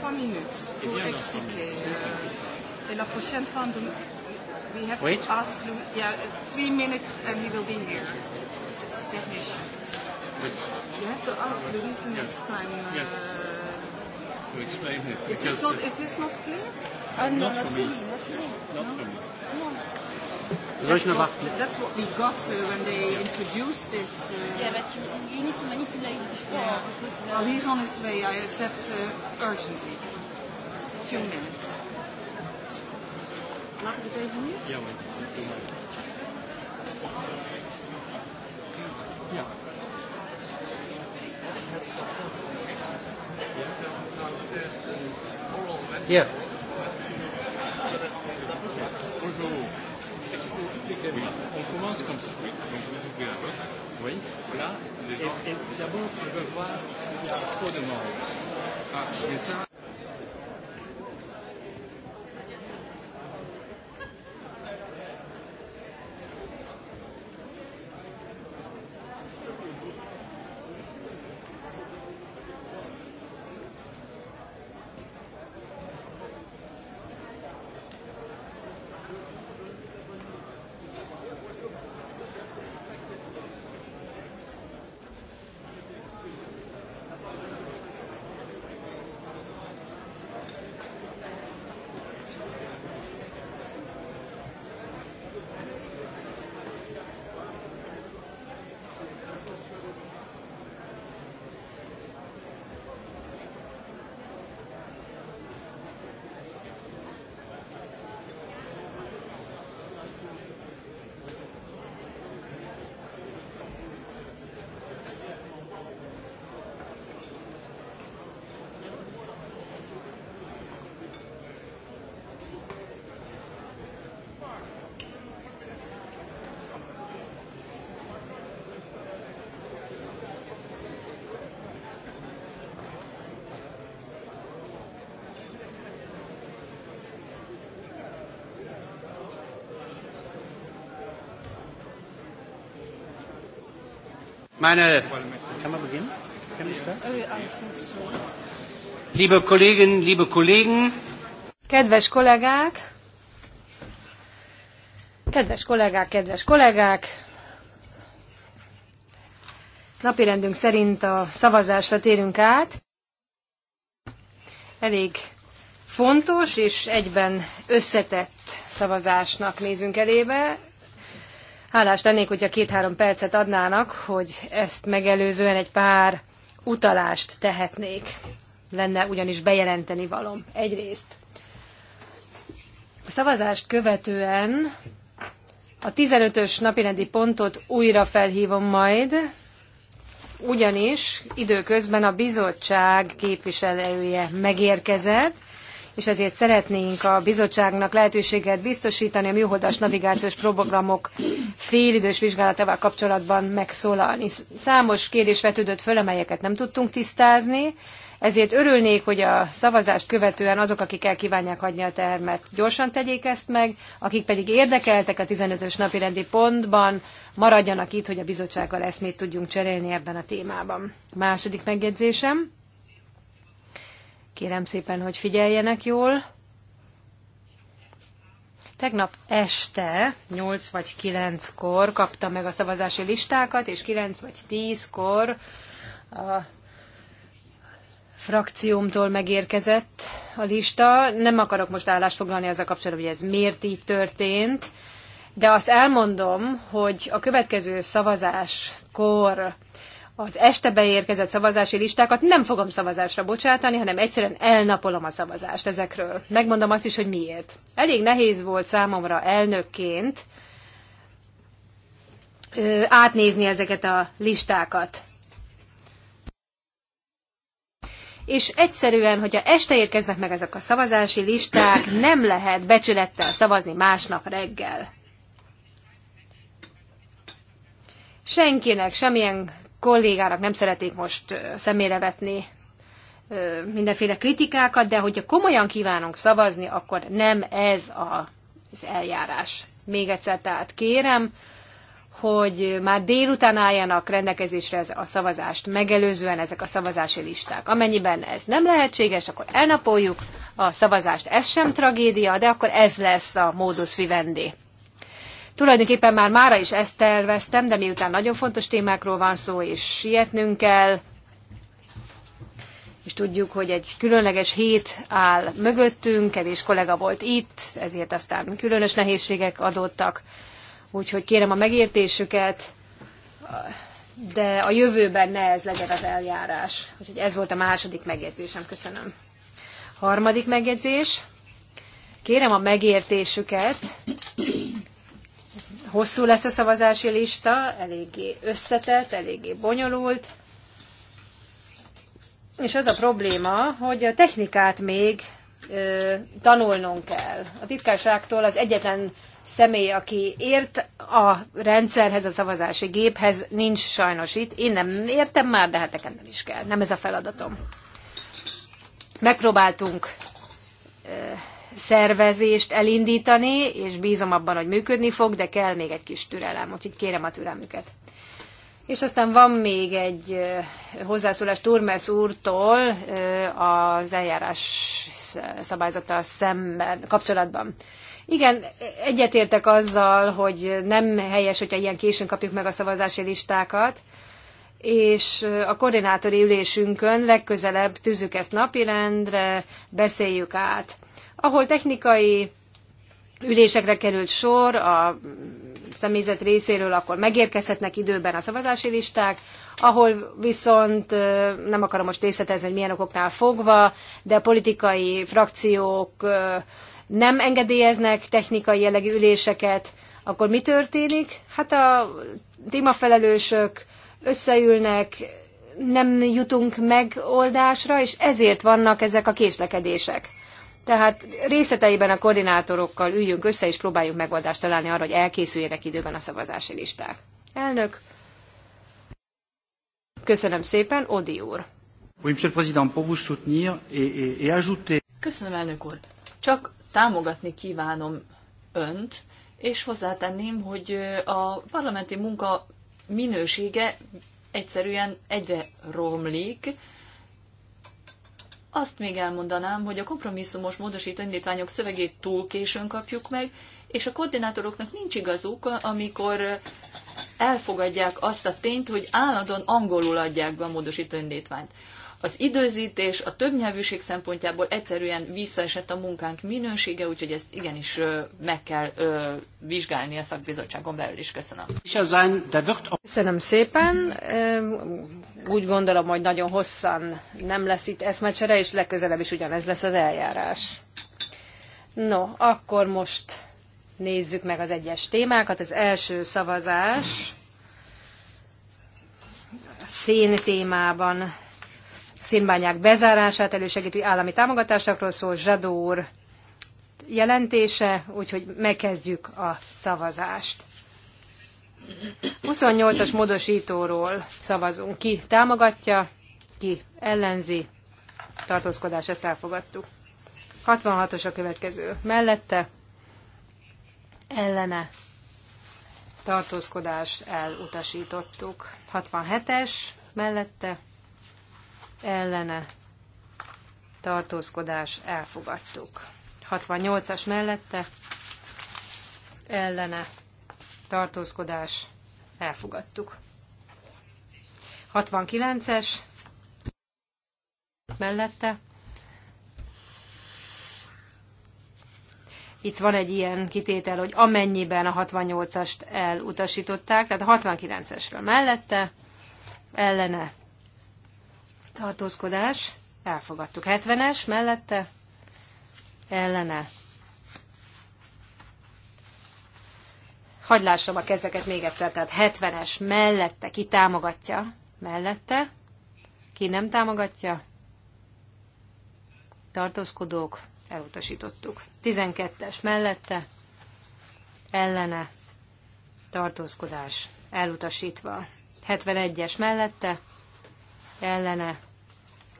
S3: trois minutes pour bien, expliquer. Euh, et la prochaine fois, we have Wait. ask Louis. Yeah, three minutes and he will be here. It's technician. Wait. You have to ask Louis next yes.
S1: time. Uh, yes. To explain it. Is this, not, is this not clear? Oh, no, not for me. That's what,
S2: that's what we got uh, when they
S1: introduced this. Uh, yeah, but
S2: you, you need to manipulate. Yeah. Because,
S1: uh, well, he's on his way. I accept uh, urgently. A few minutes.
S3: Laat ik het even hier? Ja, maar. Ja. Yeah.
S1: Trop de monde. Ah, mais ça... Meine, kann man beginnen? Kann ich Liebe Kolleginnen, liebe Kollegen.
S2: Kedves kollégák, kedves kollégák, kedves kollégák, napirendünk szerint a szavazásra térünk át. Elég fontos és egyben összetett szavazásnak nézünk elébe. Hálás lennék, hogyha két-három percet adnának, hogy ezt megelőzően egy pár utalást tehetnék. Lenne ugyanis bejelenteni valom. Egyrészt. A szavazást követően a 15-ös napirendi pontot újra felhívom majd, ugyanis időközben a bizottság képviselője megérkezett, és ezért szeretnénk a bizottságnak lehetőséget biztosítani a műholdas navigációs programok félidős vizsgálatával kapcsolatban megszólalni. Számos kérdés vetődött föl, amelyeket nem tudtunk tisztázni, ezért örülnék, hogy a szavazást követően azok, akik el kívánják hagyni a termet, gyorsan tegyék ezt meg, akik pedig érdekeltek a 15-ös napirendi pontban, maradjanak itt, hogy a bizottsággal eszmét tudjunk cserélni ebben a témában. Második megjegyzésem. Kérem szépen, hogy figyeljenek jól. Tegnap este 8 vagy 9-kor kaptam meg a szavazási listákat, és 9 vagy 10-kor a frakciómtól megérkezett a lista. Nem akarok most állást foglalni a kapcsolatban, hogy ez miért így történt, de azt elmondom, hogy a következő szavazáskor az este beérkezett szavazási listákat nem fogom szavazásra bocsátani, hanem egyszerűen elnapolom a szavazást ezekről. Megmondom azt is, hogy miért. Elég nehéz volt számomra elnökként ö, átnézni ezeket a listákat. És egyszerűen, hogyha este érkeznek meg ezek a szavazási listák, nem lehet becsülettel szavazni másnap reggel. Senkinek semmilyen kollégának nem szeretnék most szemére vetni mindenféle kritikákat, de hogyha komolyan kívánunk szavazni, akkor nem ez a, az eljárás. Még egyszer tehát kérem, hogy már délután álljanak rendelkezésre a szavazást, megelőzően ezek a szavazási listák. Amennyiben ez nem lehetséges, akkor elnapoljuk a szavazást. Ez sem tragédia, de akkor ez lesz a modus vivendi. Tulajdonképpen már mára is ezt terveztem, de miután nagyon fontos témákról van szó, és sietnünk kell, és tudjuk, hogy egy különleges hét áll mögöttünk, kevés kollega volt itt, ezért aztán különös nehézségek adottak. Úgyhogy kérem a megértésüket, de a jövőben ne ez legyen az eljárás. Úgyhogy ez volt a második megjegyzésem. Köszönöm. Harmadik megjegyzés. Kérem a megértésüket, hosszú lesz a szavazási lista, eléggé összetett, eléggé bonyolult. És az a probléma, hogy a technikát még ö, tanulnunk kell. A titkárságtól az egyetlen személy, aki ért a rendszerhez, a szavazási géphez, nincs sajnos itt. Én nem értem már, de hát nekem nem is kell. Nem ez a feladatom. Megpróbáltunk ö, szervezést elindítani, és bízom abban, hogy működni fog, de kell még egy kis türelem, úgyhogy kérem a türelmüket. És aztán van még egy hozzászólás Turmes úrtól az eljárás szabályzata szemben, kapcsolatban. Igen, egyetértek azzal, hogy nem helyes, hogyha ilyen későn kapjuk meg a szavazási listákat, és a koordinátori ülésünkön legközelebb tűzzük ezt napirendre, beszéljük át ahol technikai ülésekre került sor a személyzet részéről, akkor megérkezhetnek időben a szavazási listák, ahol viszont nem akarom most részletezni, hogy milyen okoknál fogva, de a politikai frakciók nem engedélyeznek technikai jellegű üléseket, akkor mi történik? Hát a témafelelősök összeülnek, nem jutunk megoldásra, és ezért vannak ezek a késlekedések. Tehát részleteiben a koordinátorokkal üljünk össze, és próbáljuk megoldást találni arra, hogy elkészüljenek időben a szavazási listák. Elnök, köszönöm szépen, Odi úr.
S3: Oui, monsieur le président, pour vous soutenir et, et, et ajouter... Köszönöm, elnök úr. Csak támogatni kívánom önt, és hozzátenném, hogy a parlamenti munka minősége egyszerűen egyre romlik, azt még elmondanám, hogy a kompromisszumos módosító indítványok szövegét túl későn kapjuk meg, és a koordinátoroknak nincs igazuk, amikor elfogadják azt a tényt, hogy állandóan angolul adják be a módosító indítványt. Az időzítés a többnyelvűség szempontjából egyszerűen visszaesett a munkánk minősége, úgyhogy ezt igenis meg kell vizsgálni a szakbizottságon belül is. Köszönöm.
S2: Köszönöm szépen úgy gondolom, hogy nagyon hosszan nem lesz itt eszmecsere, és legközelebb is ugyanez lesz az eljárás. No, akkor most nézzük meg az egyes témákat. Az első szavazás szén témában szénbányák bezárását elősegítő állami támogatásokról szól Zsadó úr jelentése, úgyhogy megkezdjük a szavazást. 28-as módosítóról szavazunk. Ki támogatja, ki ellenzi. Tartózkodás, ezt elfogadtuk. 66-os a következő. Mellette, ellene, tartózkodás, elutasítottuk. 67-es, mellette, ellene, tartózkodás, elfogadtuk. 68-as mellette, ellene, tartózkodás, elfogadtuk. 69-es, mellette. Itt van egy ilyen kitétel, hogy amennyiben a 68-ast elutasították, tehát a 69-esről mellette, ellene tartózkodás, elfogadtuk. 70-es mellette, ellene hagyd lássam a kezeket még egyszer, tehát 70-es mellette, ki támogatja? Mellette. Ki nem támogatja? Tartózkodók, elutasítottuk. 12-es mellette, ellene, tartózkodás, elutasítva. 71-es mellette, ellene,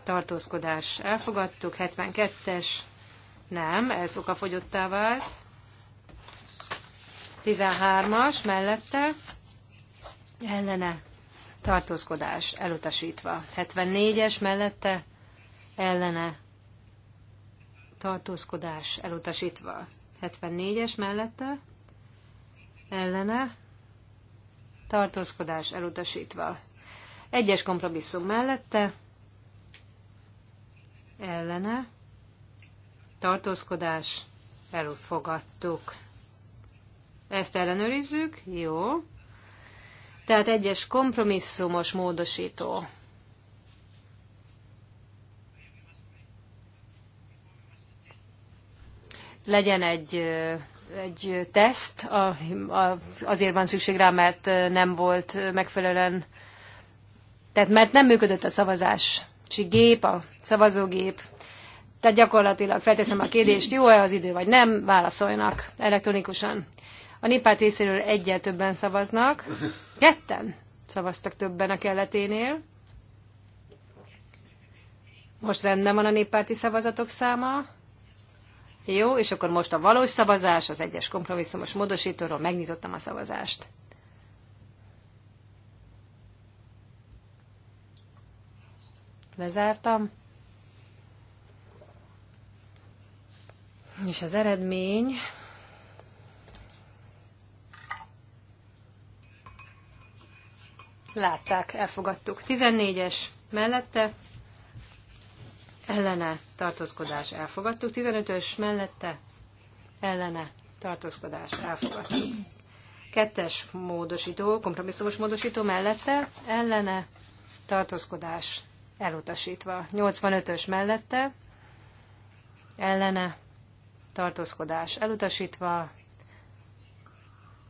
S2: tartózkodás, elfogadtuk. 72-es, nem, ez okafogyottá vált. 13-as mellette ellene tartózkodás elutasítva. 74-es mellette ellene tartózkodás elutasítva. 74-es mellette ellene tartózkodás elutasítva. Egyes kompromisszum mellette ellene tartózkodás elfogadtuk. Ezt ellenőrizzük, jó. Tehát egyes kompromisszumos módosító. Legyen egy, egy teszt, a, a, azért van szükség rá, mert nem volt megfelelően, tehát mert nem működött a szavazás, csi gép, a szavazógép. Tehát gyakorlatilag felteszem a kérdést, jó-e az idő, vagy nem, válaszoljanak elektronikusan. A néppárt részéről egyel többen szavaznak. Ketten szavaztak többen a kelleténél. Most rendben van a néppárti szavazatok száma. Jó, és akkor most a valós szavazás, az egyes kompromisszumos módosítóról megnyitottam a szavazást. Lezártam. És az eredmény Látták, elfogadtuk. 14-es mellette, ellene tartózkodás elfogadtuk. 15-ös mellette, ellene tartózkodás elfogadtuk. Kettes módosító, kompromisszumos módosító mellette, ellene tartózkodás elutasítva. 85-ös mellette, ellene tartózkodás elutasítva.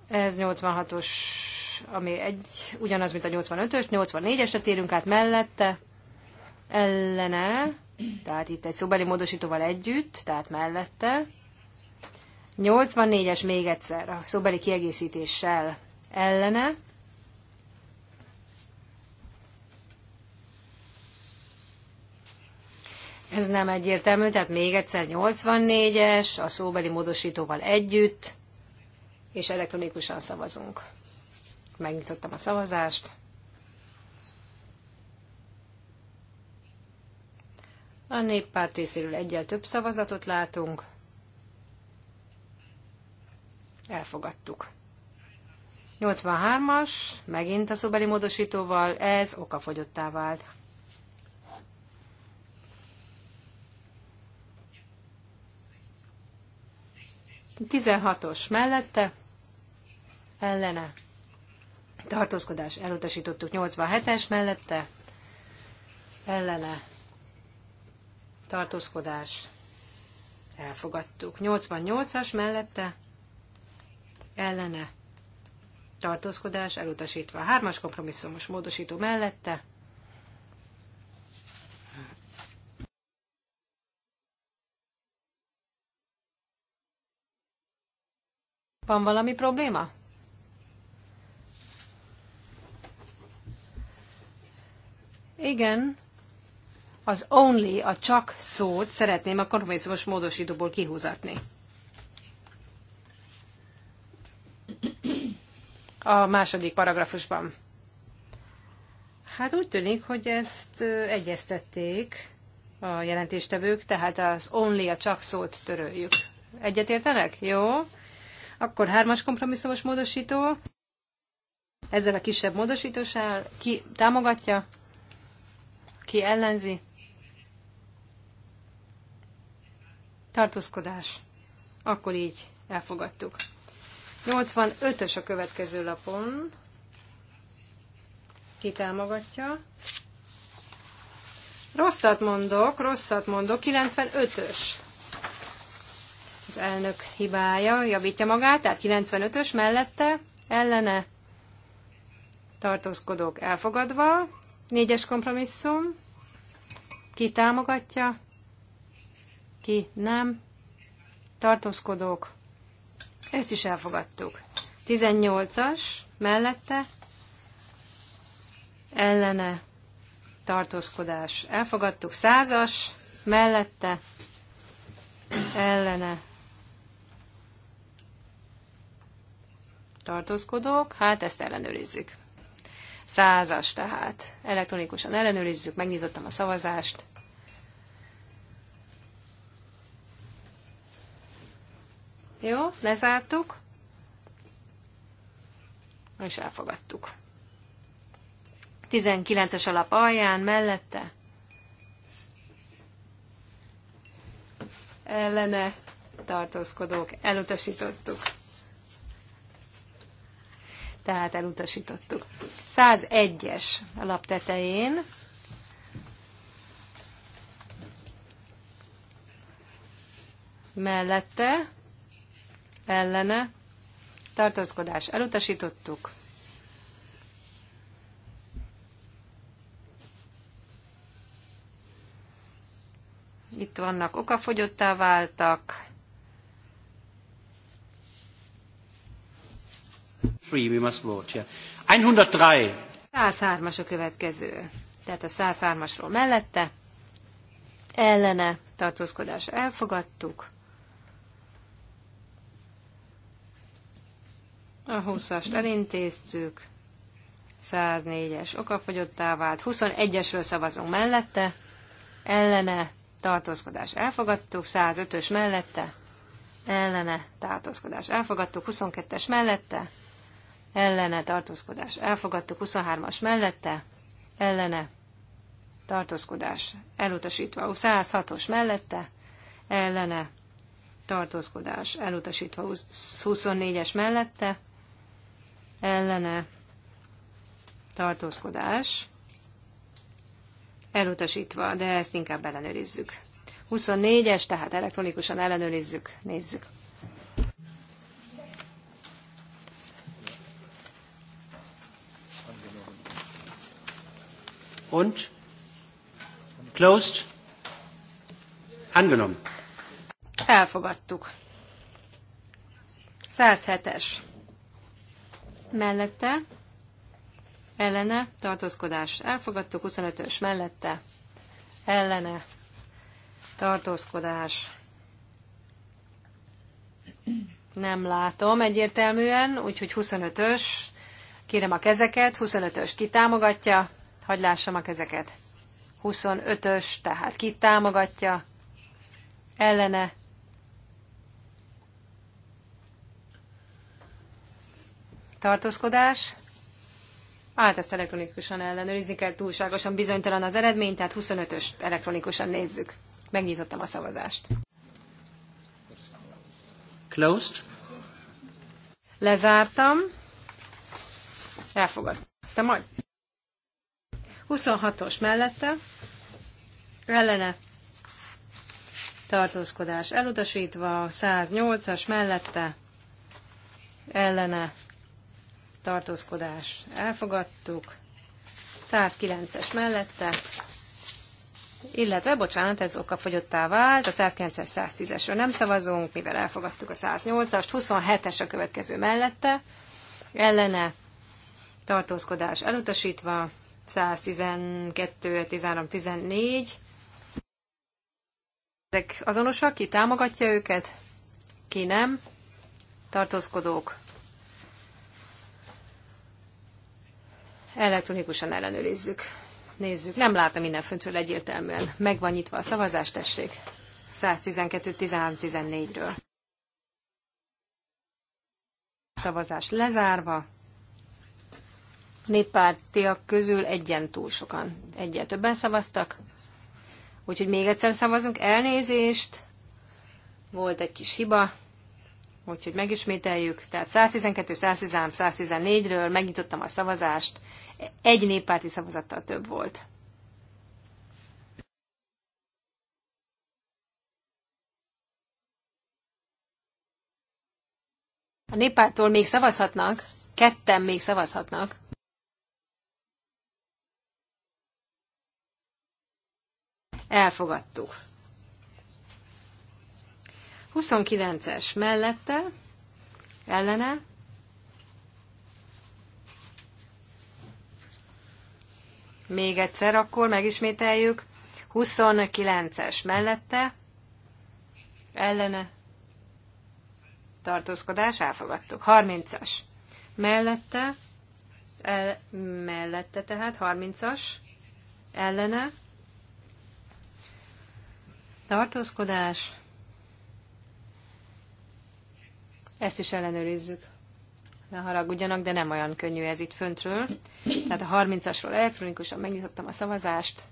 S2: Ez 86-os ami egy, ugyanaz, mint a 85-ös, 84-esre térünk át mellette, ellene, tehát itt egy szóbeli módosítóval együtt, tehát mellette, 84-es még egyszer, a szóbeli kiegészítéssel ellene, Ez nem egyértelmű, tehát még egyszer 84-es, a szóbeli módosítóval együtt, és elektronikusan szavazunk megnyitottam a szavazást. A néppárt részéről egyel több szavazatot látunk. Elfogadtuk. 83-as, megint a szobeli módosítóval, ez okafogyottá vált. Tizenhatos mellette, ellene tartózkodás elutasítottuk 87-es mellette, ellene tartózkodás elfogadtuk. 88-as mellette ellene tartózkodás elutasítva. Hármas kompromisszumos módosító mellette Van valami probléma? Igen, az only, a csak szót szeretném a kompromisszumos módosítóból kihúzatni. A második paragrafusban. Hát úgy tűnik, hogy ezt egyeztették a jelentéstevők, tehát az only, a csak szót töröljük. Egyetértenek? Jó. Akkor hármas kompromisszumos módosító. Ezzel a kisebb módosítósál ki támogatja, ki ellenzi? Tartózkodás. Akkor így elfogadtuk. 85-ös a következő lapon. Ki támogatja? Rosszat mondok, rosszat mondok. 95-ös. Az elnök hibája, javítja magát, tehát 95-ös mellette, ellene tartózkodók elfogadva, Négyes kompromisszum. Ki támogatja, ki nem. Tartózkodók. Ezt is elfogadtuk. 18-as mellette ellene tartózkodás. Elfogadtuk százas, mellette, ellene tartózkodók. Hát ezt ellenőrizzük. Százas tehát. Elektronikusan ellenőrizzük, megnyitottam a szavazást. Jó, lezártuk. És elfogadtuk. 19-es alap alján, mellette. Ellene tartózkodók, elutasítottuk tehát elutasítottuk. 101-es a lap tetején. Mellette, ellene, tartózkodás elutasítottuk. Itt vannak okafogyottá váltak.
S1: we must vote, yeah. 103.
S2: 103-as a következő. Tehát a 103-asról mellette. Ellene tartózkodás elfogadtuk. A 20-ast elintéztük. 104-es okafogyottá vált. 21-esről szavazunk mellette. Ellene tartózkodás elfogadtuk. 105-ös mellette. Ellene tartózkodás elfogadtuk. 22-es mellette ellene tartózkodás elfogadtuk, 23-as mellette ellene tartózkodás elutasítva, 106-os mellette ellene tartózkodás elutasítva, 24-es mellette ellene tartózkodás elutasítva, de ezt inkább ellenőrizzük. 24-es, tehát elektronikusan ellenőrizzük, nézzük.
S1: und closed. Angenommen.
S2: Elfogadtuk. 107-es. Mellette, ellene, tartózkodás. Elfogadtuk. 25-ös mellette, ellene, tartózkodás. Nem látom egyértelműen, úgyhogy 25-ös. Kérem a kezeket, 25-ös ki támogatja, Hagy lássamak ezeket. 25-ös, tehát ki támogatja, ellene. Tartózkodás. Hát ezt elektronikusan ellenőrizni kell, túlságosan bizonytalan az eredmény, tehát 25-ös elektronikusan nézzük. Megnyitottam a szavazást. Closed. Lezártam. Elfogad. Aztán majd. 26-os mellette ellene tartózkodás elutasítva, 108-as mellette ellene tartózkodás elfogadtuk, 109-es mellette, illetve, bocsánat, ez okafogyottá vált, a 109-es, 110-esről nem szavazunk, mivel elfogadtuk a 108-ast, 27-es a következő mellette, ellene tartózkodás elutasítva, 112, 13, 14. Ezek azonosak, ki támogatja őket, ki nem. Tartózkodók. Elektronikusan ellenőrizzük. Nézzük. Nem látom föntről egyértelműen. Meg van nyitva a szavazás, tessék. 112, 13, 14-ről. Szavazás lezárva néppártiak közül egyen túl sokan, egyen többen szavaztak. Úgyhogy még egyszer szavazunk, elnézést, volt egy kis hiba, úgyhogy megismételjük. Tehát 112, 113, 114-ről megnyitottam a szavazást, egy néppárti szavazattal több volt. A néppártól még szavazhatnak, ketten még szavazhatnak. Elfogadtuk. 29-es mellette, ellene, Még egyszer akkor megismételjük. 29-es mellette, ellene, tartózkodás, elfogadtuk. 30-as mellette, el, mellette tehát 30-as, ellene, tartózkodás, ezt is ellenőrizzük. Ne haragudjanak, de nem olyan könnyű ez itt föntről. Tehát a 30-asról elektronikusan megnyitottam a szavazást.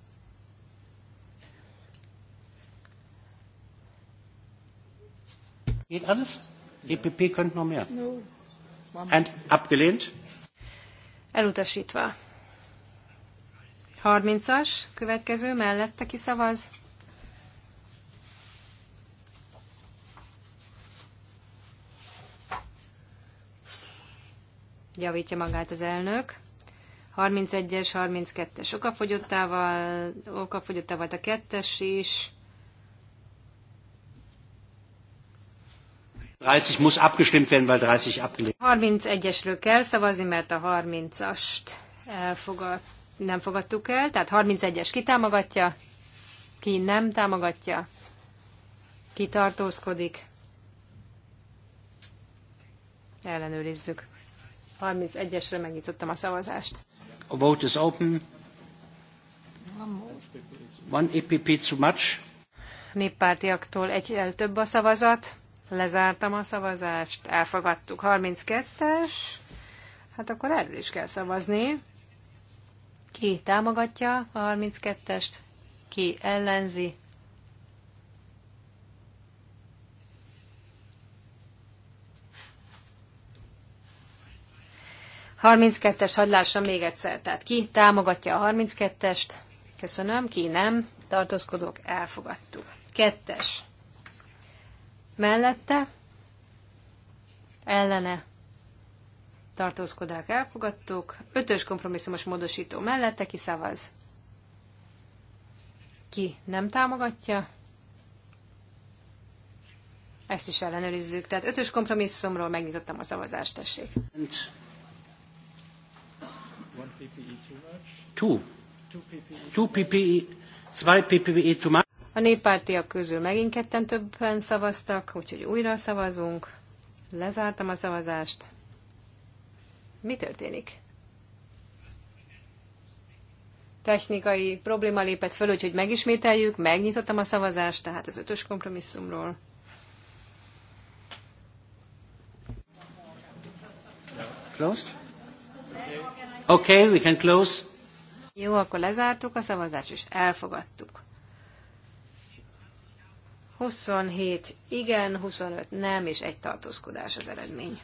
S2: Geht alles?
S1: EPP könnt noch mehr.
S2: No. And
S1: abgelehnt?
S2: Elutasítva. 30-as, következő, mellette kiszavaz, javítja magát az elnök. 31-es, 32-es okafogyottával, okafogyottával a kettes is.
S1: 30 muss abgestimmt werden, weil
S2: 30 31-esről kell szavazni, mert a 30-ast elfogad, nem fogadtuk el. Tehát 31-es ki támogatja, ki nem támogatja, ki tartózkodik. Ellenőrizzük. 31-esre megnyitottam a szavazást.
S1: A vote is open. One EPP too much.
S2: Néppártiaktól egy több a szavazat. Lezártam a szavazást, elfogadtuk. 32-es. Hát akkor erről is kell szavazni. Ki támogatja a 32-est, ki ellenzi, 32-es hagylásra még egyszer. Tehát ki támogatja a 32-est? Köszönöm. Ki nem? Tartózkodók, elfogadtuk. Kettes. Mellette? Ellene? Tartózkodák, elfogadtuk. Ötös kompromisszumos módosító mellette ki szavaz? Ki nem támogatja? Ezt is ellenőrizzük. Tehát ötös kompromisszumról megnyitottam a szavazást, tessék. E Two. Two PPE. Two PPE. Zwei PPE too much. A néppártiak közül megint ketten többen szavaztak, úgyhogy újra szavazunk. Lezártam a szavazást. Mi történik? Technikai probléma lépett föl, úgyhogy megismételjük, megnyitottam a szavazást, tehát az ötös kompromisszumról. Closed? Okay, we
S1: can close.
S2: Jó, akkor lezártuk a szavazást, és elfogadtuk. 27 igen, 25 nem, és egy tartózkodás az eredmény.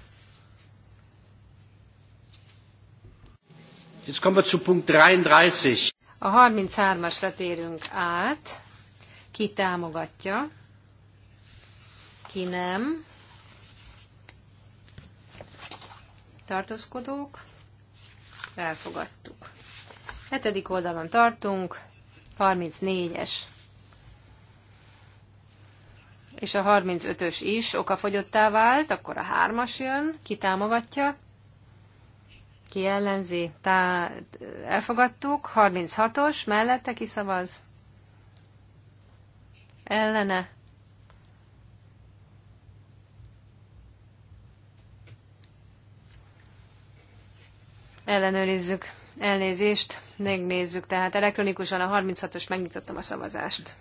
S1: Jetzt kommen wir zu Punkt 33.
S2: A 33-asra térünk át. Ki támogatja, ki nem. Tartózkodók elfogadtuk. Hetedik oldalon tartunk, 34-es. És a 35-ös is okafogyottá vált, akkor a hármas jön, ki támogatja, ki ellenzi, tá, elfogadtuk, 36-os, mellette kiszavaz, ellene, Ellenőrizzük. Elnézést. Megnézzük. Tehát elektronikusan a 36-os megnyitottam a szavazást.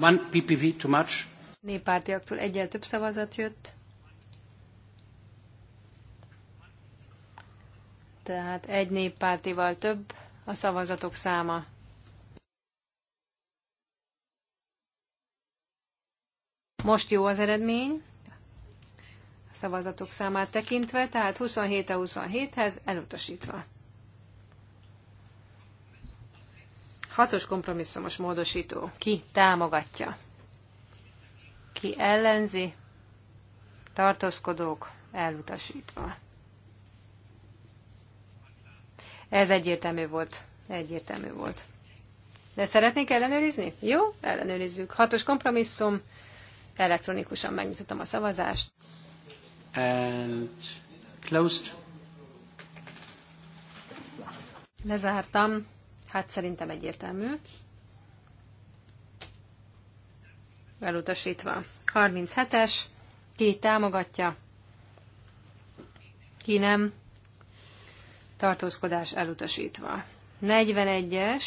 S1: One PPV too much.
S2: Néppártiaktól egyel több szavazat jött. Tehát egy néppártival több a szavazatok száma. Most jó az eredmény, szavazatok számát tekintve, tehát 27 a 27-hez elutasítva. Hatos kompromisszumos módosító. Ki támogatja? Ki ellenzi? Tartózkodók elutasítva. Ez egyértelmű volt. Egyértelmű volt. De szeretnék ellenőrizni? Jó, ellenőrizzük. Hatos kompromisszum. Elektronikusan megnyitottam a szavazást
S1: and closed.
S2: Lezártam. Hát szerintem egyértelmű. Elutasítva. 37-es. Ki támogatja? Ki nem? Tartózkodás elutasítva. 41-es.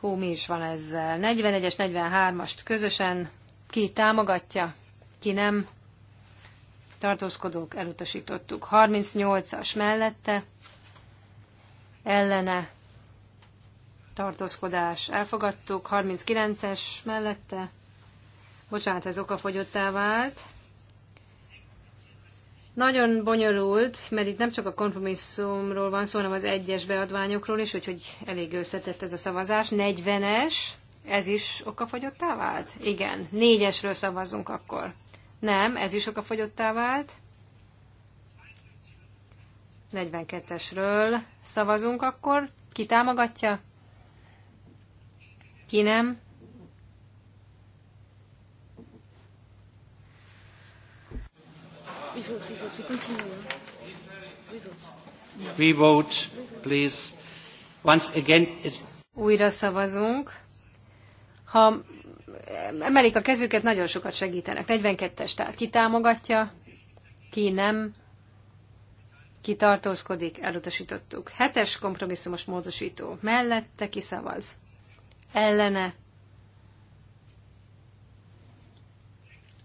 S2: Hú, mi is van ezzel? 41-es, 43-ast közösen. Ki támogatja? Ki nem? tartózkodók elutasítottuk. 38-as mellette ellene tartózkodás elfogadtuk. 39-es mellette, bocsánat, ez okafogyottá vált. Nagyon bonyolult, mert itt nem csak a kompromisszumról van szó, hanem az egyes beadványokról is, úgyhogy elég összetett ez a szavazás. 40-es, ez is okafogyottá vált? Igen, négyesről szavazunk akkor. Nem, ez is a fogyottá vált. 42-esről szavazunk akkor. Ki támogatja? Ki nem? We
S1: vote, please. Once again,
S2: is... Újra szavazunk. Ha emelik a kezüket, nagyon sokat segítenek. 42-es, tehát ki támogatja, ki nem, ki tartózkodik, elutasítottuk. Hetes kompromisszumos módosító mellette kiszavaz. Ellene.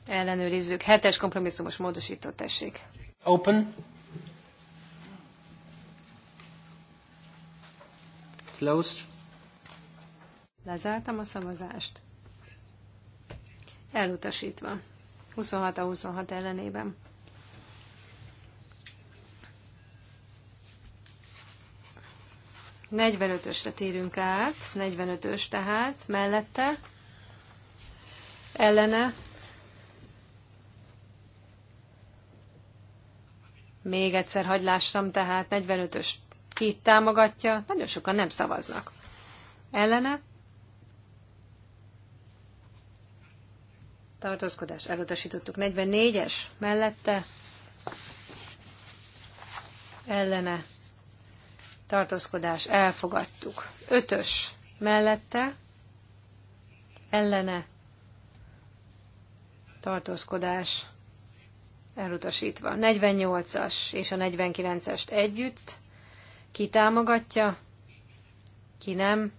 S2: Ellenőrizzük. Hetes kompromisszumos módosító, tessék. Open. Closed. Lezártam a szavazást elutasítva. 26 a 26 ellenében. ösre térünk át, 45-ös tehát, mellette, ellene, Még egyszer hagylássam, tehát 45-ös két támogatja, nagyon sokan nem szavaznak. Ellene? tartózkodás elutasítottuk. 44-es mellette ellene tartózkodás elfogadtuk. 5-ös mellette ellene tartózkodás elutasítva. 48-as és a 49-est együtt ki támogatja, ki nem,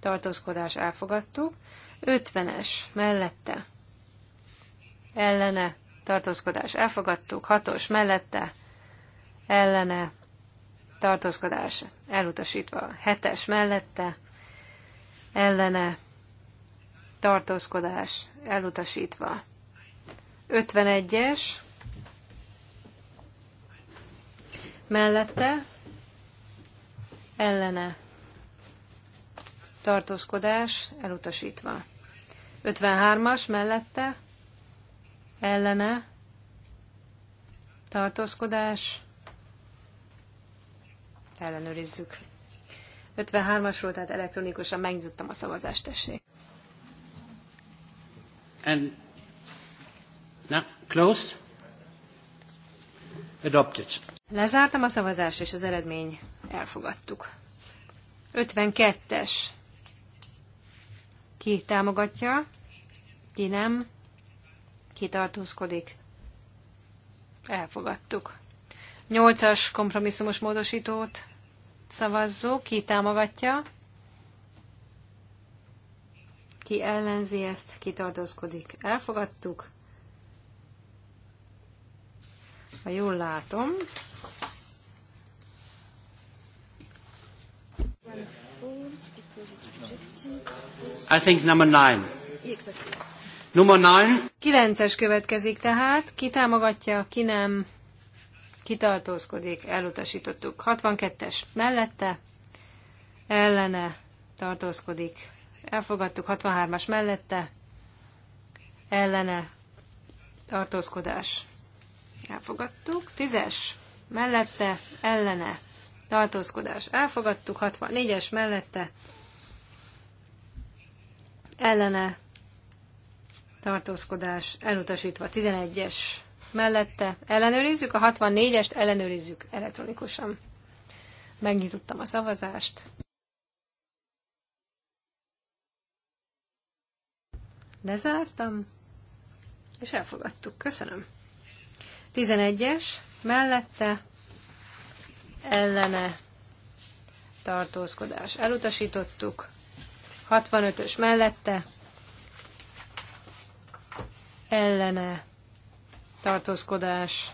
S2: tartózkodás elfogadtuk. 50-es mellette ellene, tartózkodás elfogadtuk, hatos mellette, ellene, tartózkodás elutasítva, hetes mellette, ellene, tartózkodás elutasítva. 51-es mellette ellene tartózkodás elutasítva. 53-as mellette ellene, tartózkodás, ellenőrizzük. 53-asról, tehát elektronikusan megnyitottam a szavazást, tessék. And
S1: now closed. Adopted.
S2: Lezártam a szavazást, és az eredmény elfogadtuk. 52-es. Ki támogatja, ki nem, kitartózkodik. Elfogadtuk. Nyolcas kompromisszumos módosítót szavazzuk, ki támogatja, ki ellenzi ezt, Kitartózkodik. Elfogadtuk. Ha jól látom.
S3: I think number nine.
S2: Exactly. Nummer 9. Kilences következik tehát. Ki támogatja, ki nem, Kitartózkodik, elutasítottuk. 62-es mellette, ellene tartózkodik, elfogadtuk. 63-as mellette, ellene tartózkodás, elfogadtuk. 10-es mellette, ellene tartózkodás, elfogadtuk. 64-es mellette, ellene tartózkodás elutasítva 11-es mellette. Ellenőrizzük a 64-est, ellenőrizzük elektronikusan. Megnyitottam a szavazást. Lezártam, és elfogadtuk. Köszönöm. 11-es, mellette, ellene, tartózkodás. Elutasítottuk. 65-ös mellette, ellene tartózkodás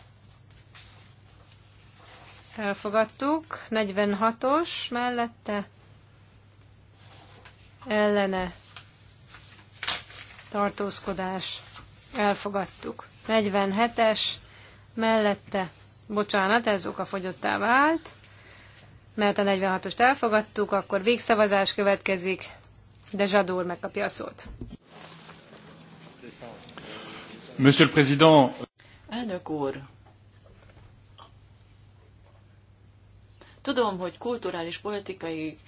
S2: elfogadtuk, 46-os mellette ellene tartózkodás elfogadtuk, 47-es mellette, bocsánat, ez okafogyottá vált, mert a 46-ost elfogadtuk, akkor végszavazás következik, de Zsadór megkapja a szót.
S1: Monsieur le Président.
S3: Elnök úr. Tudom, hogy kulturális, politikai,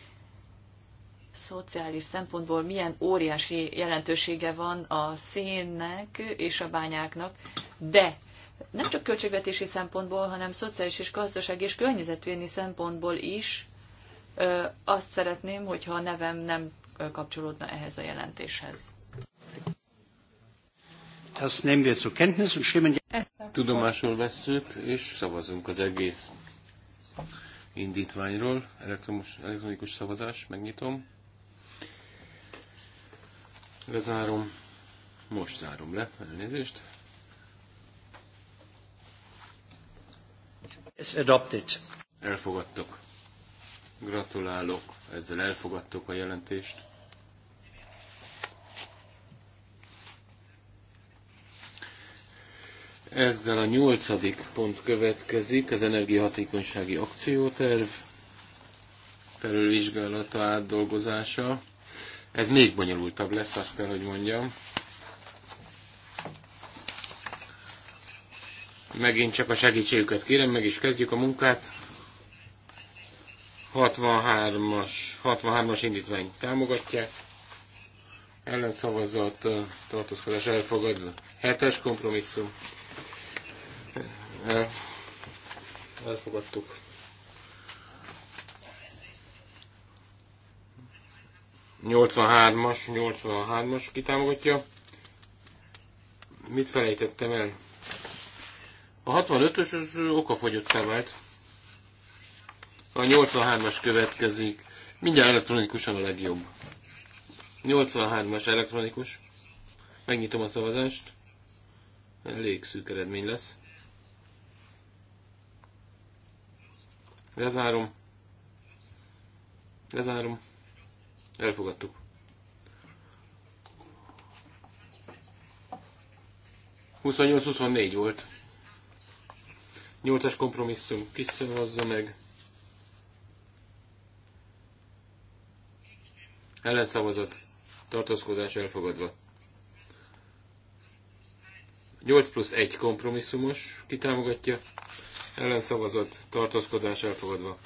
S3: szociális szempontból milyen óriási jelentősége van a szénnek és a bányáknak, de nem csak költségvetési szempontból, hanem szociális és gazdasági és környezetvédelmi szempontból is azt szeretném, hogyha a nevem nem kapcsolódna ehhez a jelentéshez.
S1: Das nehmen wir zur Kenntnis und stimmen. Tudomásul vesszük, és szavazunk az egész indítványról. Elektromos, elektronikus szavazás, megnyitom. Lezárom. Most zárom le, elnézést. It's adopted. Elfogadtok. Gratulálok, ezzel elfogadtok a jelentést. Ezzel a nyolcadik pont következik, az energiahatékonysági akcióterv felülvizsgálata átdolgozása. Ez még bonyolultabb lesz, azt kell, hogy mondjam. Megint csak a segítségüket kérem, meg is kezdjük a munkát. 63-as, 63-as indítvány támogatják. Ellenszavazat tartózkodás elfogadva. 7-es kompromisszum Elfogadtuk. Nyolcvanhármas, nyolcvanhármas kitámogatja. Mit felejtettem el? A 65-ös az okafogyottá vált. A 83-as következik. Mindjárt elektronikusan a legjobb. 83-as elektronikus. Megnyitom a szavazást. Elég szűk eredmény lesz. Lezárom. Lezárom. Elfogadtuk. Huszonnyolc, huszonnégy volt. Nyolcas kompromisszum. Kiszavazza meg. Ellenszavazat. Tartózkodás elfogadva. 8 plusz 1 kompromisszumos. Kitámogatja ellenszavazat, tartózkodás elfogadva.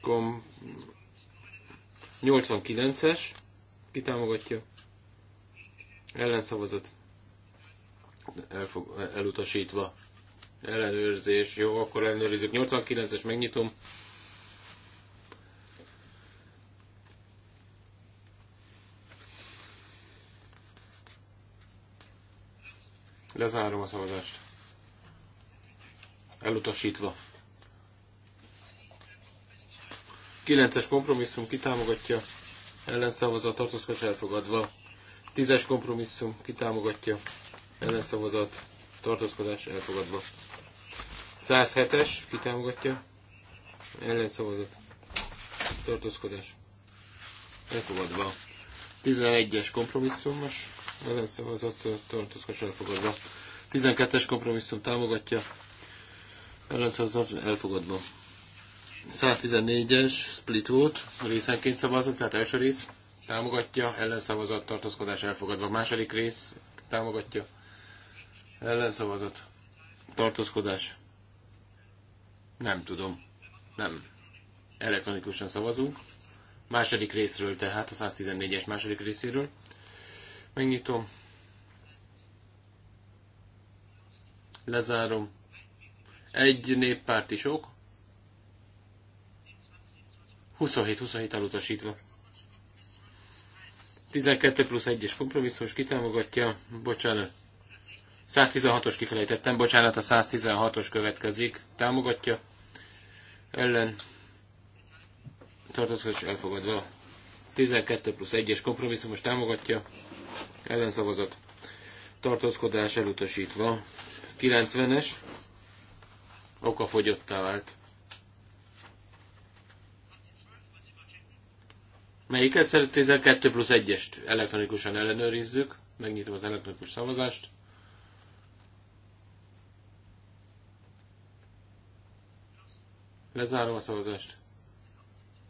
S1: Kom 89-es, ki támogatja? Ellenszavazat, Elfog, elutasítva. Ellenőrzés, jó, akkor ellenőrizzük. 89-es, megnyitom. Lezárom a szavazást elutasítva. 9-es kompromisszum kitámogatja, ellenszavazat tartózkodás elfogadva. 10-es kompromisszum kitámogatja, ellenszavazat tartózkodás elfogadva. 107-es kitámogatja, ellenszavazat tartózkodás elfogadva. 11-es kompromisszumos ellenszavazat tartózkodás elfogadva. 12-es kompromisszum támogatja, ellenszavazat elfogadva. 114-es split volt, részenként szavazunk, tehát első rész támogatja, ellenszavazat, tartózkodás elfogadva. Második rész támogatja, ellenszavazat, tartózkodás. Nem tudom. Nem. Elektronikusan szavazunk. Második részről tehát, a 114-es második részéről. Megnyitom. Lezárom. Egy néppárt is ok. 27-27 elutasítva. 12 plusz 1-es kompromisszós kitámogatja. Bocsánat. 116-os kifelejtettem, bocsánat, a 116-os következik. Támogatja. Ellen. Tartózkodás elfogadva. 12 plusz 1-es kompromisszumos támogatja. ellen szavazat Tartózkodás elutasítva. 90-es okafogyottá vált. Melyiket szeretnél? 12 plusz 1-est elektronikusan ellenőrizzük. Megnyitom az elektronikus szavazást. Lezárom a szavazást.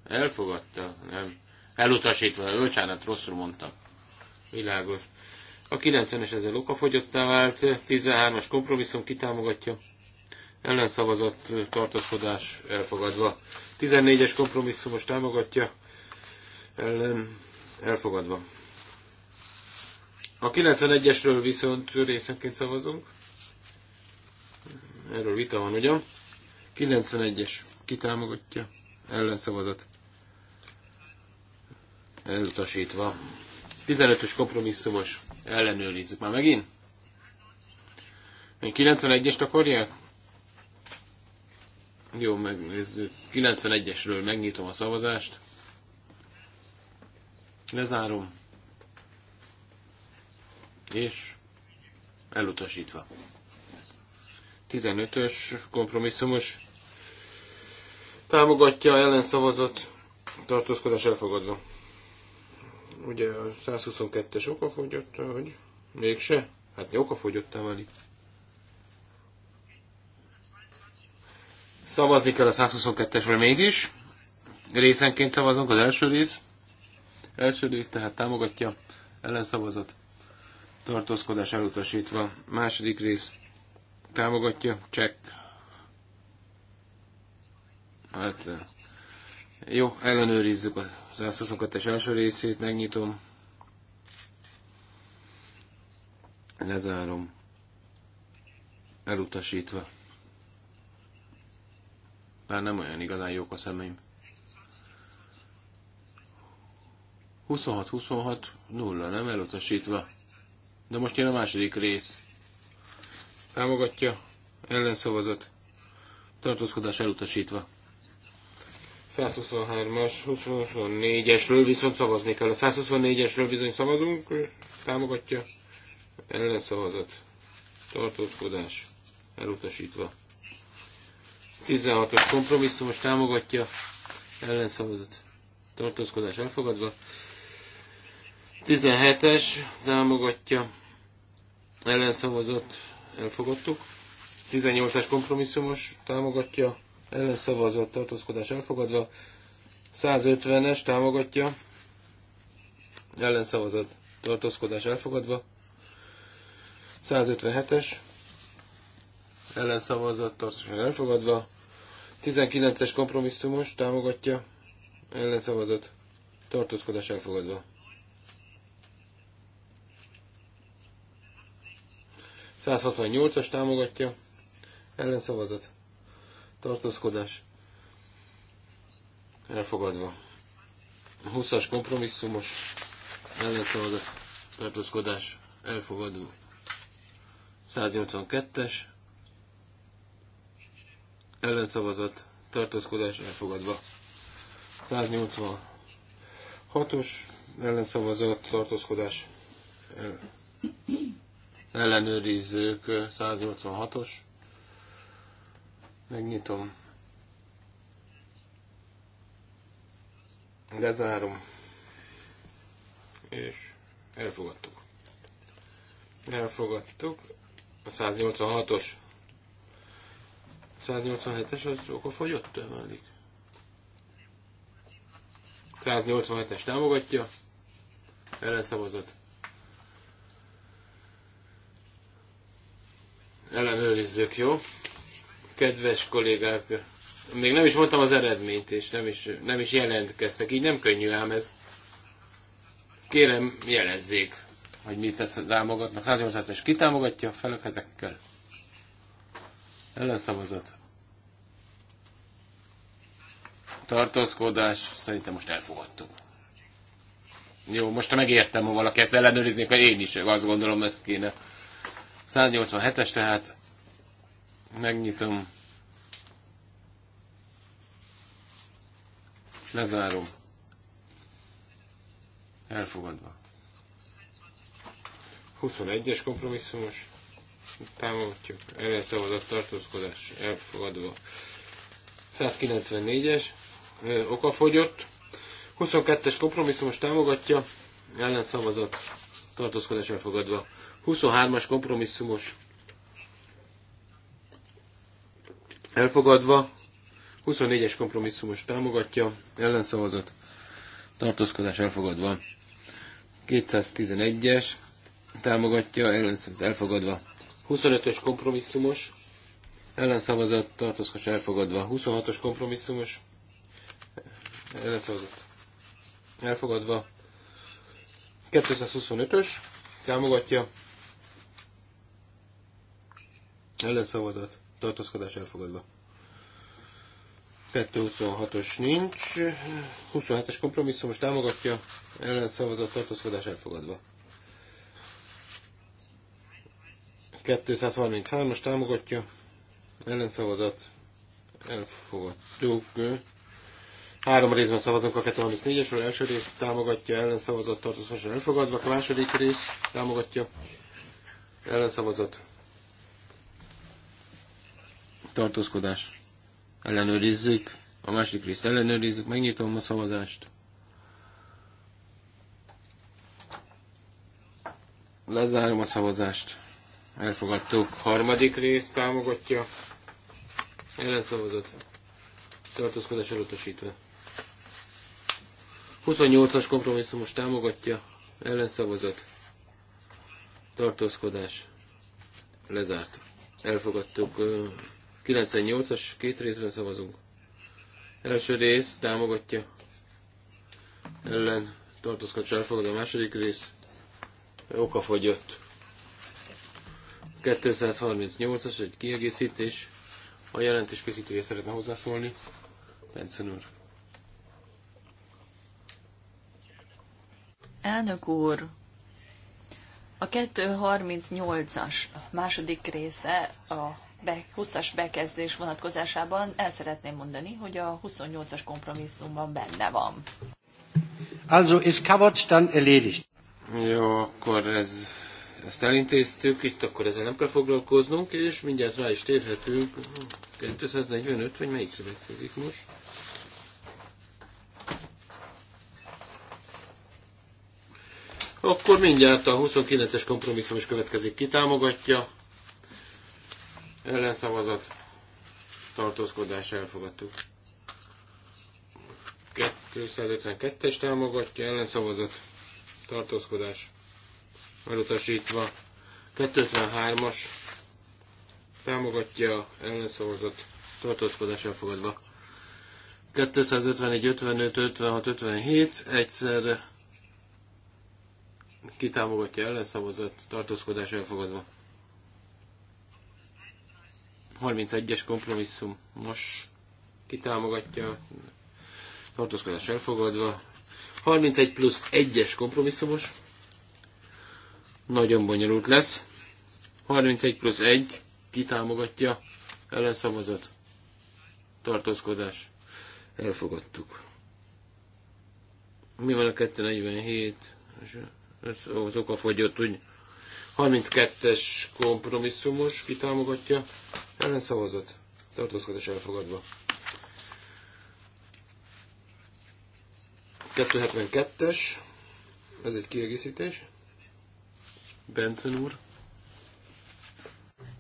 S1: Elfogadta? Nem. Elutasítva, bocsánat, rosszul mondtam. Világos. A 90-es ezzel okafogyottá vált, 13-as kompromisszum kitámogatja ellenszavazat tartózkodás elfogadva. 14-es kompromisszumos támogatja ellen elfogadva. A 91-esről viszont részenként szavazunk. Erről vita van, ugyan? 91-es. kitámogatja Ellenszavazat. Elutasítva. 15-ös kompromisszumos. Ellenőrizzük már megint. 91-est akarják? Jó, megnézzük. 91-esről megnyitom a szavazást. Lezárom. És elutasítva. 15-ös kompromisszumos támogatja ellenszavazott tartózkodás elfogadva. Ugye a 122-es okafogyott, hogy mégse? Hát okafogyottá itt? Szavazni kell a 122-esről mégis. Részenként szavazunk az első rész. Első rész tehát támogatja ellenszavazat. Tartózkodás elutasítva. Második rész támogatja. Check. Hát, jó, ellenőrizzük a 122-es első részét, megnyitom. Lezárom. Elutasítva. Már nem olyan igazán jók a szemeim. 26-26, nulla, nem elutasítva. De most jön a második rész. Támogatja, ellenszavazat, tartózkodás elutasítva. 123-as, 24-esről viszont szavazni kell. A 124-esről bizony szavazunk, támogatja, ellenszavazat, tartózkodás elutasítva. 16-os kompromisszumos támogatja, ellenszavazat, tartózkodás elfogadva. 17-es támogatja, ellenszavazat, elfogadtuk. 18-as kompromisszumos támogatja, ellenszavazat, tartózkodás elfogadva. 150-es támogatja, ellenszavazat, tartózkodás elfogadva. 157-es ellenszavazat tartósan elfogadva. 19-es kompromisszumos támogatja ellenszavazat tartózkodás elfogadva. 168-as támogatja ellenszavazat tartózkodás elfogadva. 20-as kompromisszumos ellenszavazat tartózkodás elfogadva. 182-es ellenszavazat, tartózkodás elfogadva. 186-os ellenszavazat, tartózkodás el, ellenőrizők 186-os. Megnyitom. Lezárom. És elfogadtuk. Elfogadtuk. A 186-os 187-es az okafogyott emelik. 187-es támogatja. Ellenszavazat. Ellenőrizzük, jó? Kedves kollégák, még nem is mondtam az eredményt, és nem is, nem is jelentkeztek, így nem könnyű ám ez. Kérem, jelezzék, hogy mit támogatnak. 187-es kitámogatja, felek ezekkel Ellenszavazat. Tartózkodás. Szerintem most elfogadtuk. Jó, most megértem, ha valaki ezt ellenőrizni, akkor én is azt gondolom, ezt kéne. 187-es tehát. Megnyitom. Lezárom. Elfogadva. 21-es kompromisszumos támogatjuk, szavazat tartózkodás elfogadva. 194-es okafogyott, 22-es kompromisszumos támogatja, szavazat tartózkodás elfogadva. 23-as kompromisszumos elfogadva, 24-es kompromisszumos támogatja, szavazat tartózkodás elfogadva. 211-es támogatja, szavazat elfogadva. 25-ös kompromisszumos, ellenszavazat, tartozkodás elfogadva. 26-os kompromisszumos, ellenszavazat elfogadva. 225-ös, támogatja, ellenszavazat, tartozkodás elfogadva. 226-os nincs, 27-es kompromisszumos támogatja, ellenszavazat, tartozkodás elfogadva. 233-as támogatja, ellenszavazat, elfogadtuk. Három részben szavazunk a 234-esről, első rész támogatja, ellenszavazat, tartozás elfogadva, a második rész támogatja, ellenszavazat, tartózkodás, ellenőrizzük, a második rész, ellenőrizzük, megnyitom a szavazást. Lezárom a szavazást. Elfogadtuk. Harmadik rész támogatja. Ellenszavazat. Tartózkodás elutasítva. 28-as kompromisszumos támogatja. Ellenszavazat. Tartózkodás. Lezárt. Elfogadtuk. 98-as két részben szavazunk. Első rész támogatja. Ellen tartózkodás elfogad a második rész. Okafogyott. 238-as, egy kiegészítés. A jelentés készítője szeretne hozzászólni. Bencen úr.
S3: Elnök úr, a 238-as második része a 20-as bekezdés vonatkozásában el szeretném mondani, hogy a 28-as kompromisszumban benne van.
S1: Also ist covered, dann erledigt. Jó, akkor ez ezt elintéztük, itt akkor ezzel nem kell foglalkoznunk, és mindjárt rá is térhetünk. 245, vagy melyikre következik most? Akkor mindjárt a 29-es kompromisszum is következik. kitámogatja. Ellenszavazat. Tartózkodás elfogadtuk. 252-es támogatja, ellenszavazat. Tartózkodás elutasítva. 253-as támogatja ellenszavazat tartózkodás elfogadva. 251, 55, 56, 57 egyszer kitámogatja ellenszavazat tartózkodás elfogadva. 31-es kompromisszum most kitámogatja tartózkodás elfogadva. 31 plusz 1-es kompromisszumos nagyon bonyolult lesz. 31 plusz 1 kitámogatja ellenszavazat. Tartózkodás. Elfogadtuk. Mi van a 247? Az oka fogyott, úgy 32-es kompromisszumos kitámogatja ellenszavazat. Tartózkodás elfogadva. 272-es, ez egy kiegészítés. Bencen úr.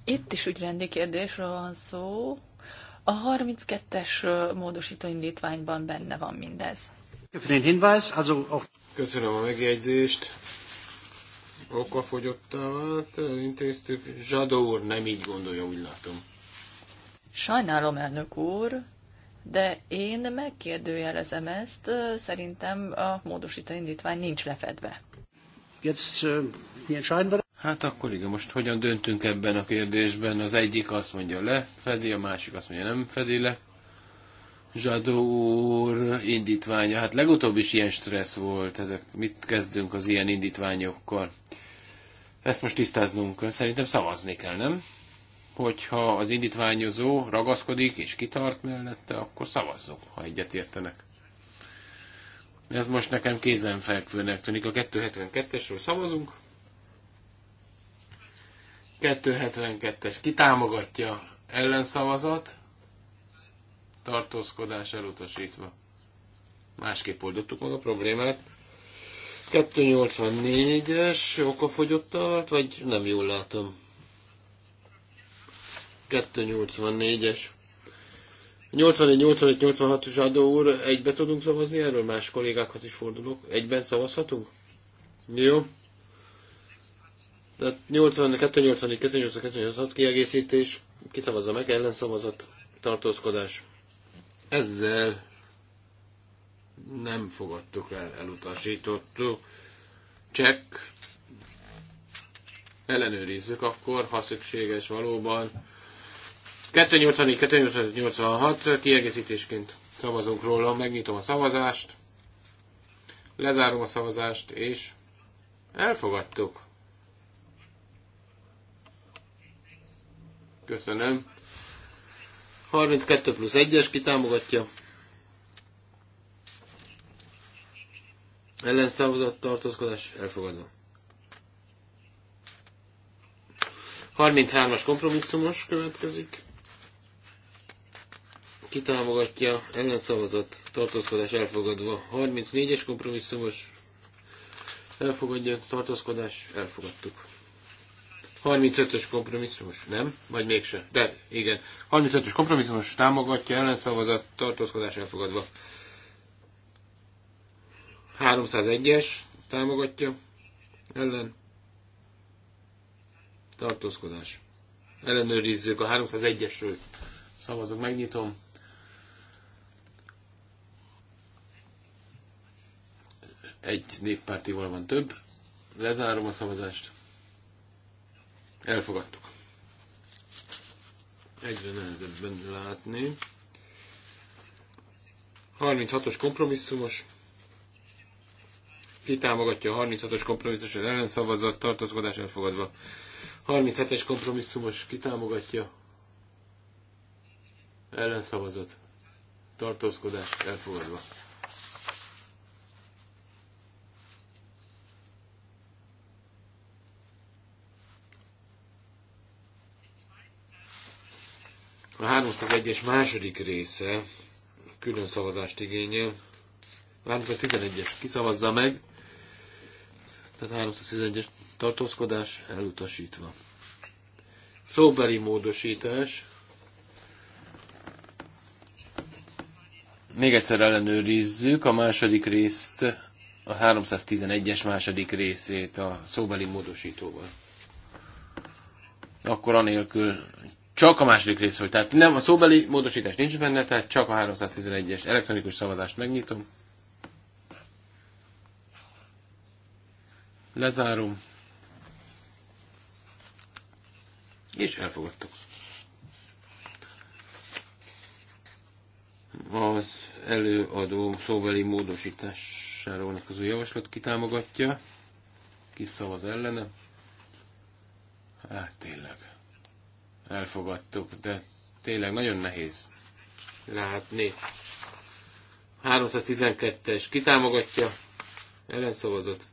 S3: Itt is ügyrendi kérdésről van szó. A 32-es módosító indítványban benne van mindez.
S1: Köszönöm a megjegyzést. Okafogyottá vált, elintéztük. Zsadó úr nem így gondolja, úgy látom.
S3: Sajnálom, elnök úr, de én megkérdőjelezem ezt, szerintem a módosító indítvány nincs lefedve.
S1: Jetzt, äh, entscheiden Hát akkor igen, most hogyan döntünk ebben a kérdésben? Az egyik azt mondja le, fedi, a másik azt mondja nem fedi le. Zsadó úr indítványa, hát legutóbb is ilyen stressz volt, ezek, mit kezdünk az ilyen indítványokkal? Ezt most tisztáznunk kell, szerintem szavazni kell, nem? Hogyha az indítványozó ragaszkodik és kitart mellette, akkor szavazzunk, ha egyet értenek. Ez most nekem kézenfekvőnek tűnik. A 272-esről szavazunk. 272-es kitámogatja ellenszavazat, tartózkodás elutasítva. Másképp oldottuk meg a problémát. 284-es okafogyottat, vagy nem jól látom. 284-es 84-85-86-os adó úr, egybe tudunk szavazni erről? Más kollégákhoz is fordulok. Egyben szavazhatunk? Jó. Tehát 82 82 82 86 kiegészítés, kiszavazza meg, ellenszavazat, tartózkodás. Ezzel nem fogadtuk el, elutasítottuk. Csekk. Ellenőrizzük akkor, ha szükséges valóban. 284, 286 kiegészítésként szavazunk róla, megnyitom a szavazást, lezárom a szavazást, és elfogadtuk. Köszönöm. 32 plusz 1-es kitámogatja. Ellenszavazat tartózkodás elfogadva. 33-as kompromisszumos következik kitámogatja, szavazat tartózkodás elfogadva. 34-es kompromisszumos elfogadja, tartózkodás elfogadtuk. 35-ös kompromisszumos, nem? Vagy mégse? De igen. 35-ös kompromisszumos támogatja, ellen szavazat tartózkodás elfogadva. 301-es támogatja, ellen tartózkodás. Ellenőrizzük a 301-esről. Szavazok, megnyitom. Egy néppártival van több. Lezárom a szavazást. Elfogadtuk. Egyre nehezebben látni. 36-os kompromisszumos. Ki támogatja a 36-os kompromisszumos az ellenszavazat, tartózkodás elfogadva. 37-es kompromisszumos ki támogatja ellenszavazat, tartózkodás elfogadva. A 301-es második része külön szavazást igényel. 311-es kiszavazza meg, tehát 311-es tartózkodás elutasítva. Szóbeli módosítás. Még egyszer ellenőrizzük a második részt, a 311-es második részét a szóbeli módosítóval. Akkor anélkül csak a második részről. Tehát nem a szóbeli módosítás nincs benne, tehát csak a 311-es elektronikus szavazást megnyitom. Lezárom. És elfogadtuk. Az előadó szóbeli módosítására vonatkozó javaslat kitámogatja. Ki szavaz ellene? Hát tényleg elfogadtuk, de tényleg nagyon nehéz látni. 312-es kitámogatja ellenszavazott.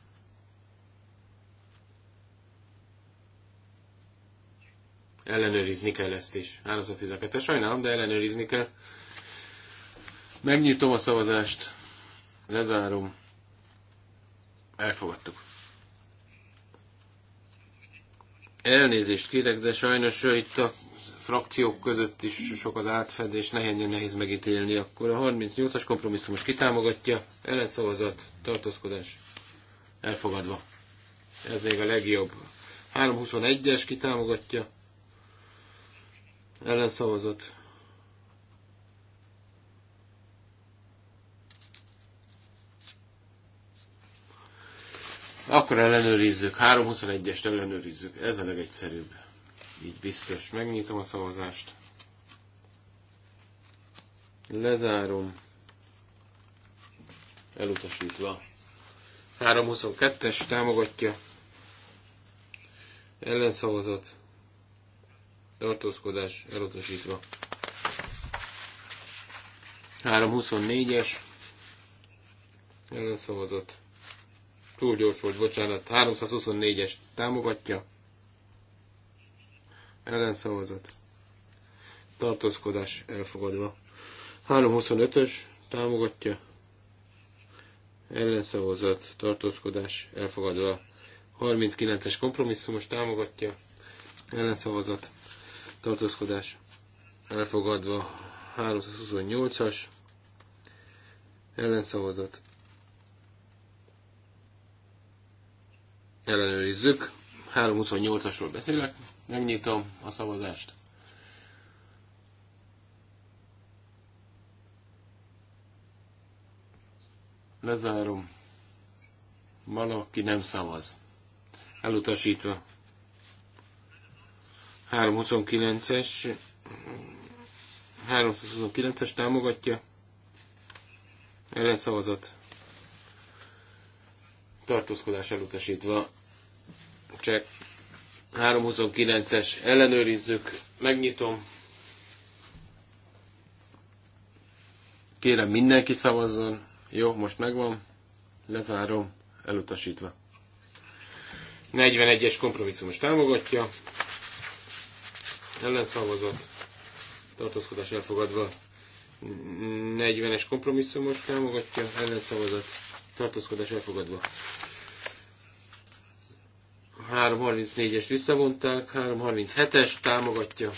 S1: Ellenőrizni kell ezt is. 312-es sajnálom, de ellenőrizni kell. Megnyitom a szavazást, lezárom. Elfogadtuk. Elnézést kérek, de sajnos itt a frakciók között is sok az átfedés, nehéz, nehéz megítélni. Akkor a 38-as kompromisszumos kitámogatja, ellenszavazat, tartózkodás elfogadva. Ez még a legjobb. 321-es kitámogatja, ellenszavazat, Akkor ellenőrizzük, 321-est ellenőrizzük, ez a legegyszerűbb. Így biztos. Megnyitom a szavazást. Lezárom. Elutasítva. 322-es támogatja. Ellenszavazat. Tartózkodás elutasítva. 324-es. Ellenszavazat túl gyors volt, bocsánat, 324-es támogatja, ellenszavazat, tartózkodás elfogadva. 325-ös támogatja, ellenszavazat, tartózkodás elfogadva. 39-es kompromisszumos támogatja, ellenszavazat, tartózkodás elfogadva. 328-as ellenszavazat, ellenőrizzük. 328-asról beszélek. Megnyitom a szavazást. Lezárom. Valaki nem szavaz. Elutasítva. 329-es 329-es támogatja. Ellen szavazott tartózkodás elutasítva. Csak 329-es ellenőrizzük, megnyitom. Kérem mindenki szavazzon. Jó, most megvan. Lezárom, elutasítva. 41-es kompromisszumos támogatja. Ellenszavazat. Tartózkodás elfogadva. 40-es kompromisszumos támogatja. Ellenszavazat tartózkodás elfogadva. 334 est visszavonták, 337-es támogatja.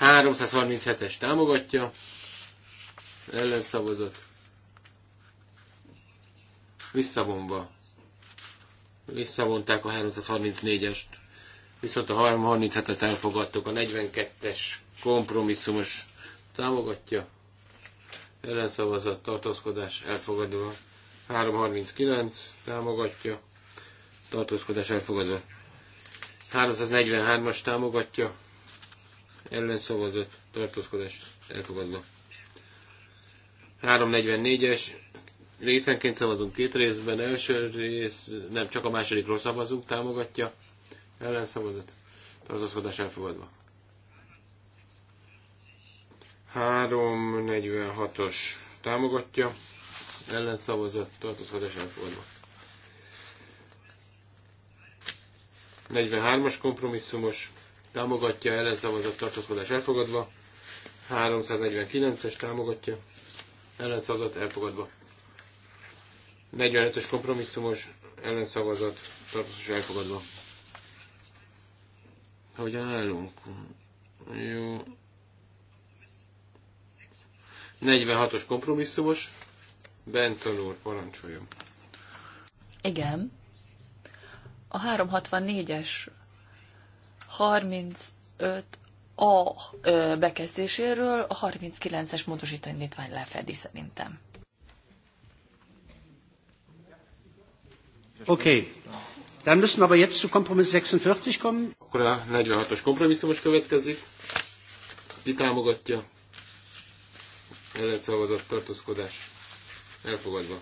S1: 337-es támogatja, ellenszavazat, visszavonva. Visszavonták a 334-est, viszont a 337-et elfogadtuk, a 42-es kompromisszumos támogatja, ellenszavazat, tartózkodás elfogadva. 339 támogatja, tartózkodás elfogadva. 343-as támogatja, ellenszavazat, tartózkodás elfogadva. 344-es, részenként szavazunk két részben, első rész, nem, csak a másodikról szavazunk, támogatja, ellenszavazat, tartózkodás elfogadva. 346-os támogatja, ellenszavazat, esetleg elfogadva. 43-as kompromisszumos támogatja, ellenszavazat, tartozkodás elfogadva. 349-es támogatja, ellenszavazat elfogadva. 45-ös kompromisszumos ellenszavazat, tartozkodás elfogadva. Hogyan állunk? Jó. 46-os kompromisszumos. Bencon úr, parancsoljon.
S3: Igen. A 364-es 35 a ö, bekezdéséről a 39-es módosító indítvány lefedi szerintem. Okay. Dann müssen wir aber jetzt zu Kompromiss 46 kommen.
S1: Akkor a 46-os kompromisszumos következik. Ki támogatja, szavazott tartózkodás elfogadva.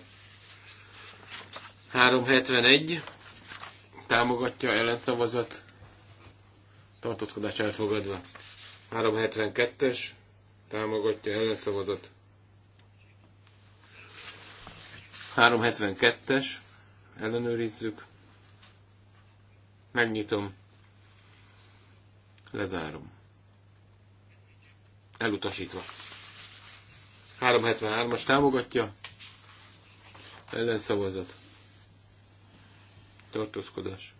S1: 371 támogatja ellenszavazat tartózkodás elfogadva. 372-es támogatja ellenszavazat 372-es ellenőrizzük megnyitom lezárom elutasítva 373-as támogatja. Ellenszavazat. Tartózkodás.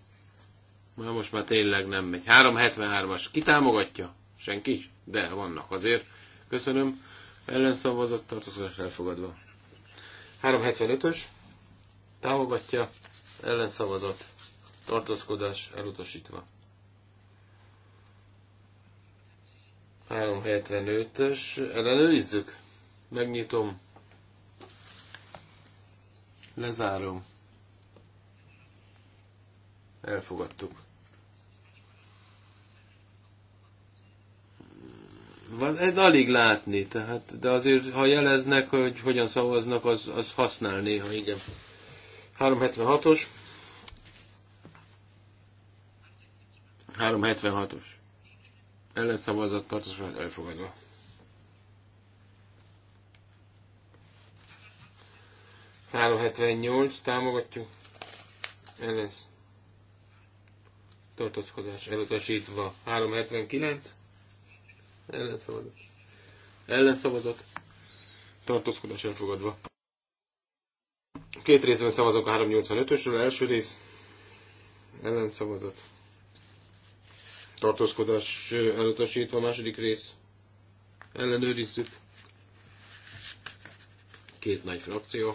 S1: Na most már tényleg nem megy. 373-as. Ki támogatja? Senki? De vannak azért. Köszönöm. Ellenszavazat, tartózkodás elfogadva.
S3: 375-ös.
S1: Támogatja. Ellenszavazat. Tartózkodás elutasítva. 375-ös. Ellenőrizzük. Megnyitom. Lezárom. Elfogadtuk. Van, ez alig látni, tehát, de azért, ha jeleznek, hogy hogyan szavaznak, az, az használ néha, igen. 376-os. 376-os. Ellenszavazat tartozva elfogadva. 378 támogatjuk. Ellensz. Tartozkodás elutasítva. 379. Ellenszavazat. Ellenszavazat. Tartózkodás elfogadva. Két részben szavazok a 385-ösről. Első rész. Ellenszavazat. Tartózkodás elutasítva. Második rész. Ellenőrizzük. Két nagy frakció.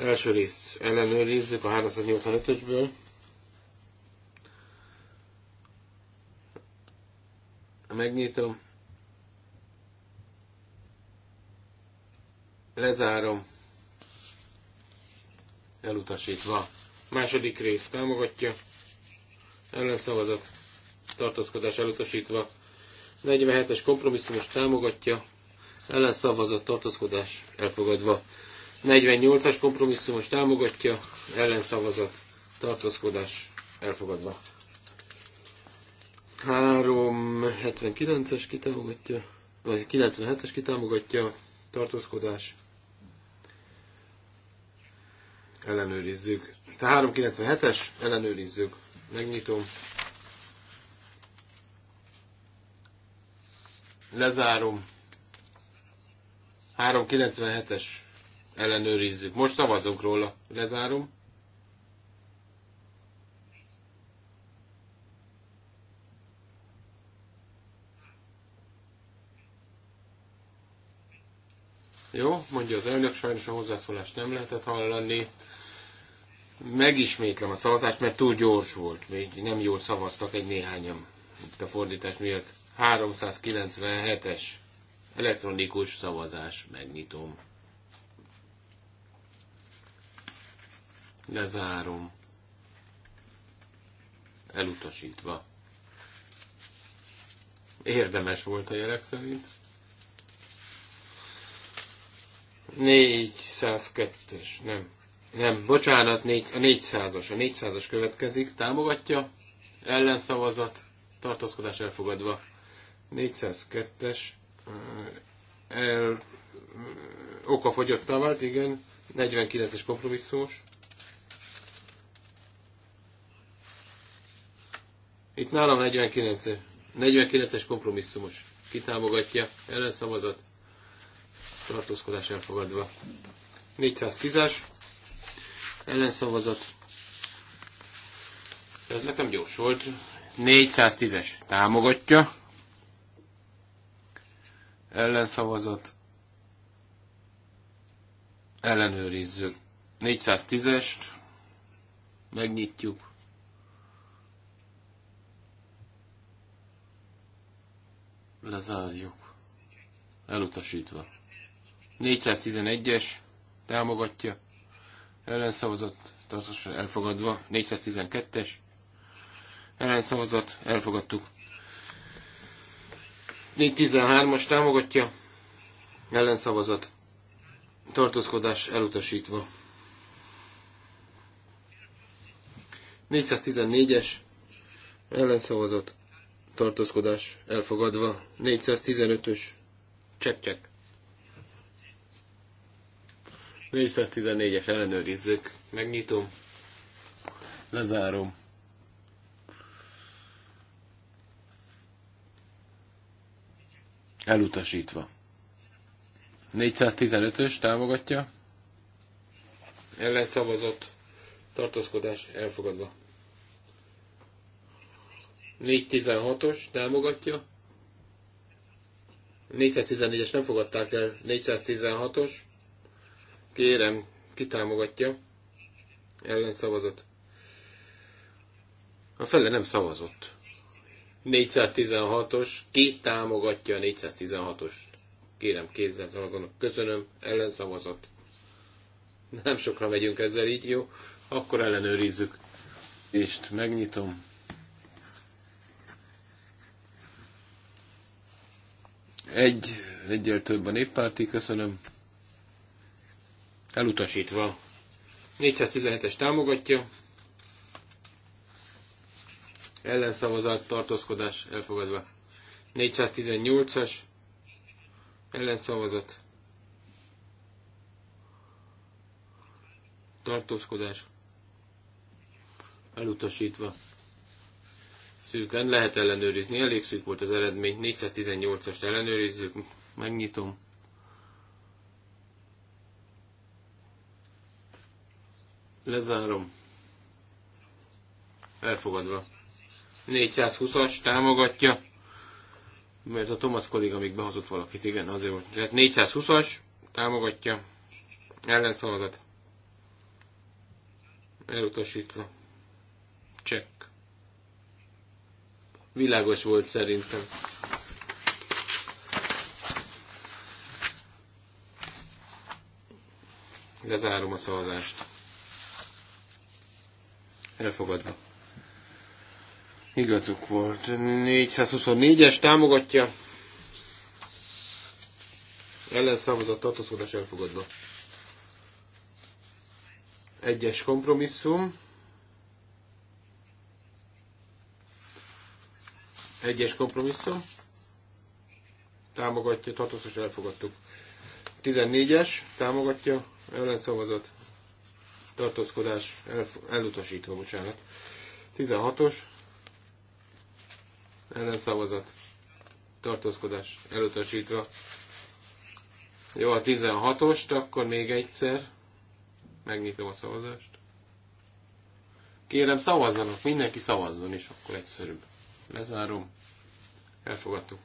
S1: Első részt ellenőrizzük a 385-ösből. Megnyitom. Lezárom. Elutasítva. Második rész támogatja. Ellenszavazat. Tartózkodás elutasítva. 47-es kompromisszumos támogatja. Ellenszavazat. Tartózkodás elfogadva. 48-as kompromisszumos támogatja, ellenszavazat, tartózkodás elfogadva. 379-es kitámogatja, vagy 97-es kitámogatja, tartózkodás. Ellenőrizzük. Tehát 397-es, ellenőrizzük. Megnyitom. Lezárom. 397-es ellenőrizzük. Most szavazunk róla. Lezárom. Jó, mondja az elnök, sajnos a hozzászólást nem lehetett hallani. Megismétlem a szavazást, mert túl gyors volt. Még nem jól szavaztak egy néhányan itt a fordítás miatt. 397-es elektronikus szavazás, megnyitom. Lezárom. Elutasítva. Érdemes volt a gyerek szerint. 402-es, nem. Nem, bocsánat, négy, a 400-as. A 400-as következik, támogatja, ellenszavazat, tartózkodás elfogadva. 402-es, eh, el, eh, okafogyottá vált, igen, 49-es kompromisszós, Itt nálam 49 49-es kompromisszumos. Kitámogatja, ellenszavazat, tartózkodás elfogadva. 410-es, ellenszavazat. Ez nekem gyors volt. 410-es támogatja, ellenszavazat, ellenőrizzük. 410-est, megnyitjuk, Lezárjuk. Elutasítva. 411-es támogatja. Ellenszavazat tartósan elfogadva. 412-es. Ellenszavazat elfogadtuk. 413-as támogatja. Ellenszavazat tartózkodás elutasítva. 414-es ellenszavazat tartózkodás elfogadva. 415-ös cseppcsek. 414-es ellenőrizzük. Megnyitom. Lezárom. Elutasítva. 415-ös támogatja. Ellen szavazott. Tartózkodás elfogadva. 416-os támogatja. 414-es nem fogadták el, 416-os. Kérem, ki támogatja? Ellen szavazott. A fele nem szavazott. 416-os, ki támogatja a 416-ost? Kérem, kézzel szavazanak. Köszönöm, ellen szavazott. Nem sokra megyünk ezzel így, jó? Akkor ellenőrizzük. És megnyitom. Egy, egyel több a néppárti, köszönöm. Elutasítva. 417-es támogatja. Ellenszavazat, tartózkodás elfogadva. 418-as ellenszavazat, tartózkodás elutasítva szűken, lehet ellenőrizni, elég szűk volt az eredmény, 418-ast ellenőrizzük, megnyitom. Lezárom. Elfogadva. 420-as támogatja, mert a Thomas kolléga még behozott valakit, igen, azért volt. Tehát 420-as támogatja, ellenszavazat. Elutasítva. Check. Világos volt szerintem. Lezárom a szavazást. Elfogadva. Igazuk volt. 424-es támogatja. Ellenszavazat tartózkodás elfogadva. Egyes kompromisszum Egyes kompromisszum. Támogatja, tartózkodás elfogadtuk. 14-es támogatja, ellenszavazat, tartózkodás el, elutasítva, bocsánat. 16-os ellenszavazat, tartózkodás elutasítva. Jó, a 16-ost, akkor még egyszer megnyitom a szavazást. Kérem, szavazzanak, mindenki szavazzon, és akkor egyszerűbb. Lezárom. Elfogadtuk.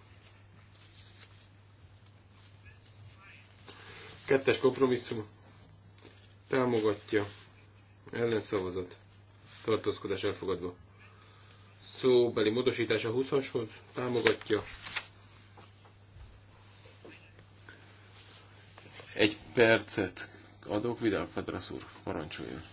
S1: Kettes kompromisszum támogatja ellenszavazat tartózkodás elfogadva. Szóbeli módosítása 20-ashoz támogatja egy percet adok, videó, Pedrasz úr, parancsoljon.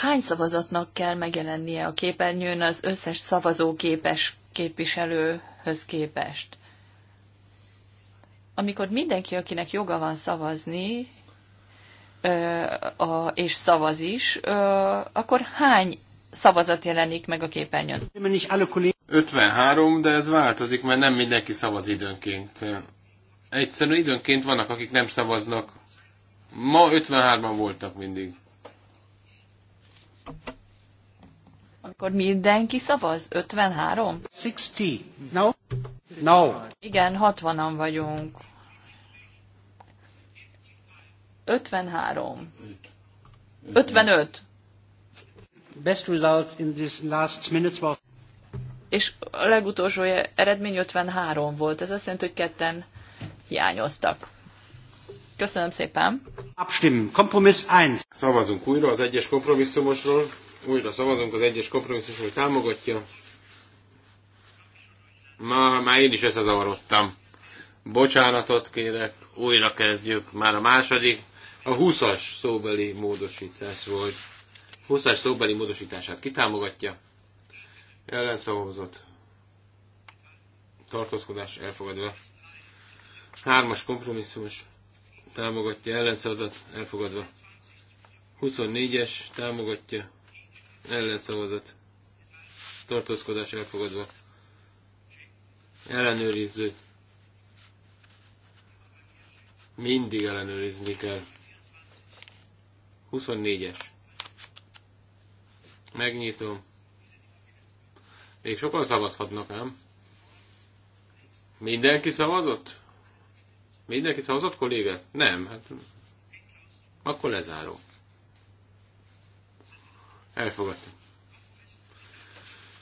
S3: hány szavazatnak kell megjelennie a képernyőn az összes szavazóképes képviselőhöz képest. Amikor mindenki, akinek joga van szavazni, és szavaz is, akkor hány szavazat jelenik meg a képernyőn?
S1: 53, de ez változik, mert nem mindenki szavaz időnként. Egyszerűen időnként vannak, akik nem szavaznak. Ma 53-an voltak mindig.
S3: Akkor mindenki szavaz? 53? 60. No? No. Igen, 60-an vagyunk. 53. 55. Best result in this last minutes was... És a legutolsó eredmény 53 volt. Ez azt jelenti, hogy ketten hiányoztak. Köszönöm szépen.
S1: Abstimmen. Kompromiss 1. Szavazunk újra az egyes kompromisszumosról újra szavazunk, az egyes kompromisszus, hogy támogatja. Ma már én is összezavarodtam. Bocsánatot kérek, újra kezdjük. Már a második, a 20-as szóbeli módosítás volt. 20-as szóbeli módosítását kitámogatja. Ellenszavazott. Tartózkodás elfogadva. Hármas kompromisszumos támogatja, ellenszavazat elfogadva. 24-es támogatja, ellenszavazat, tartózkodás elfogadva, ellenőriző, mindig ellenőrizni kell. 24-es. Megnyitom. Még sokan szavazhatnak, nem? Mindenki szavazott? Mindenki szavazott, kolléga? Nem, hát akkor lezárom elfogadta.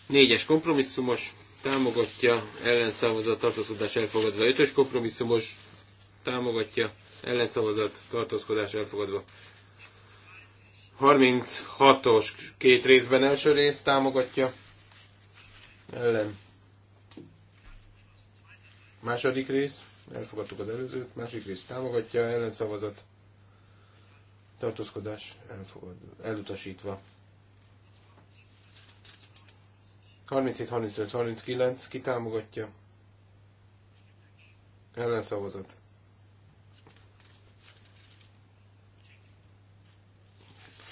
S1: Négyes kompromisszumos, támogatja, ellenszavazat, tartózkodás elfogadva. Ötös kompromisszumos, támogatja, ellenszavazat, tartózkodás elfogadva. 36-os két részben első rész támogatja, ellen. Második rész, elfogadtuk az előzőt, másik rész támogatja, ellenszavazat, tartózkodás elfogad, elutasítva. 37, 35, 39, ki támogatja? Ellenszavazat.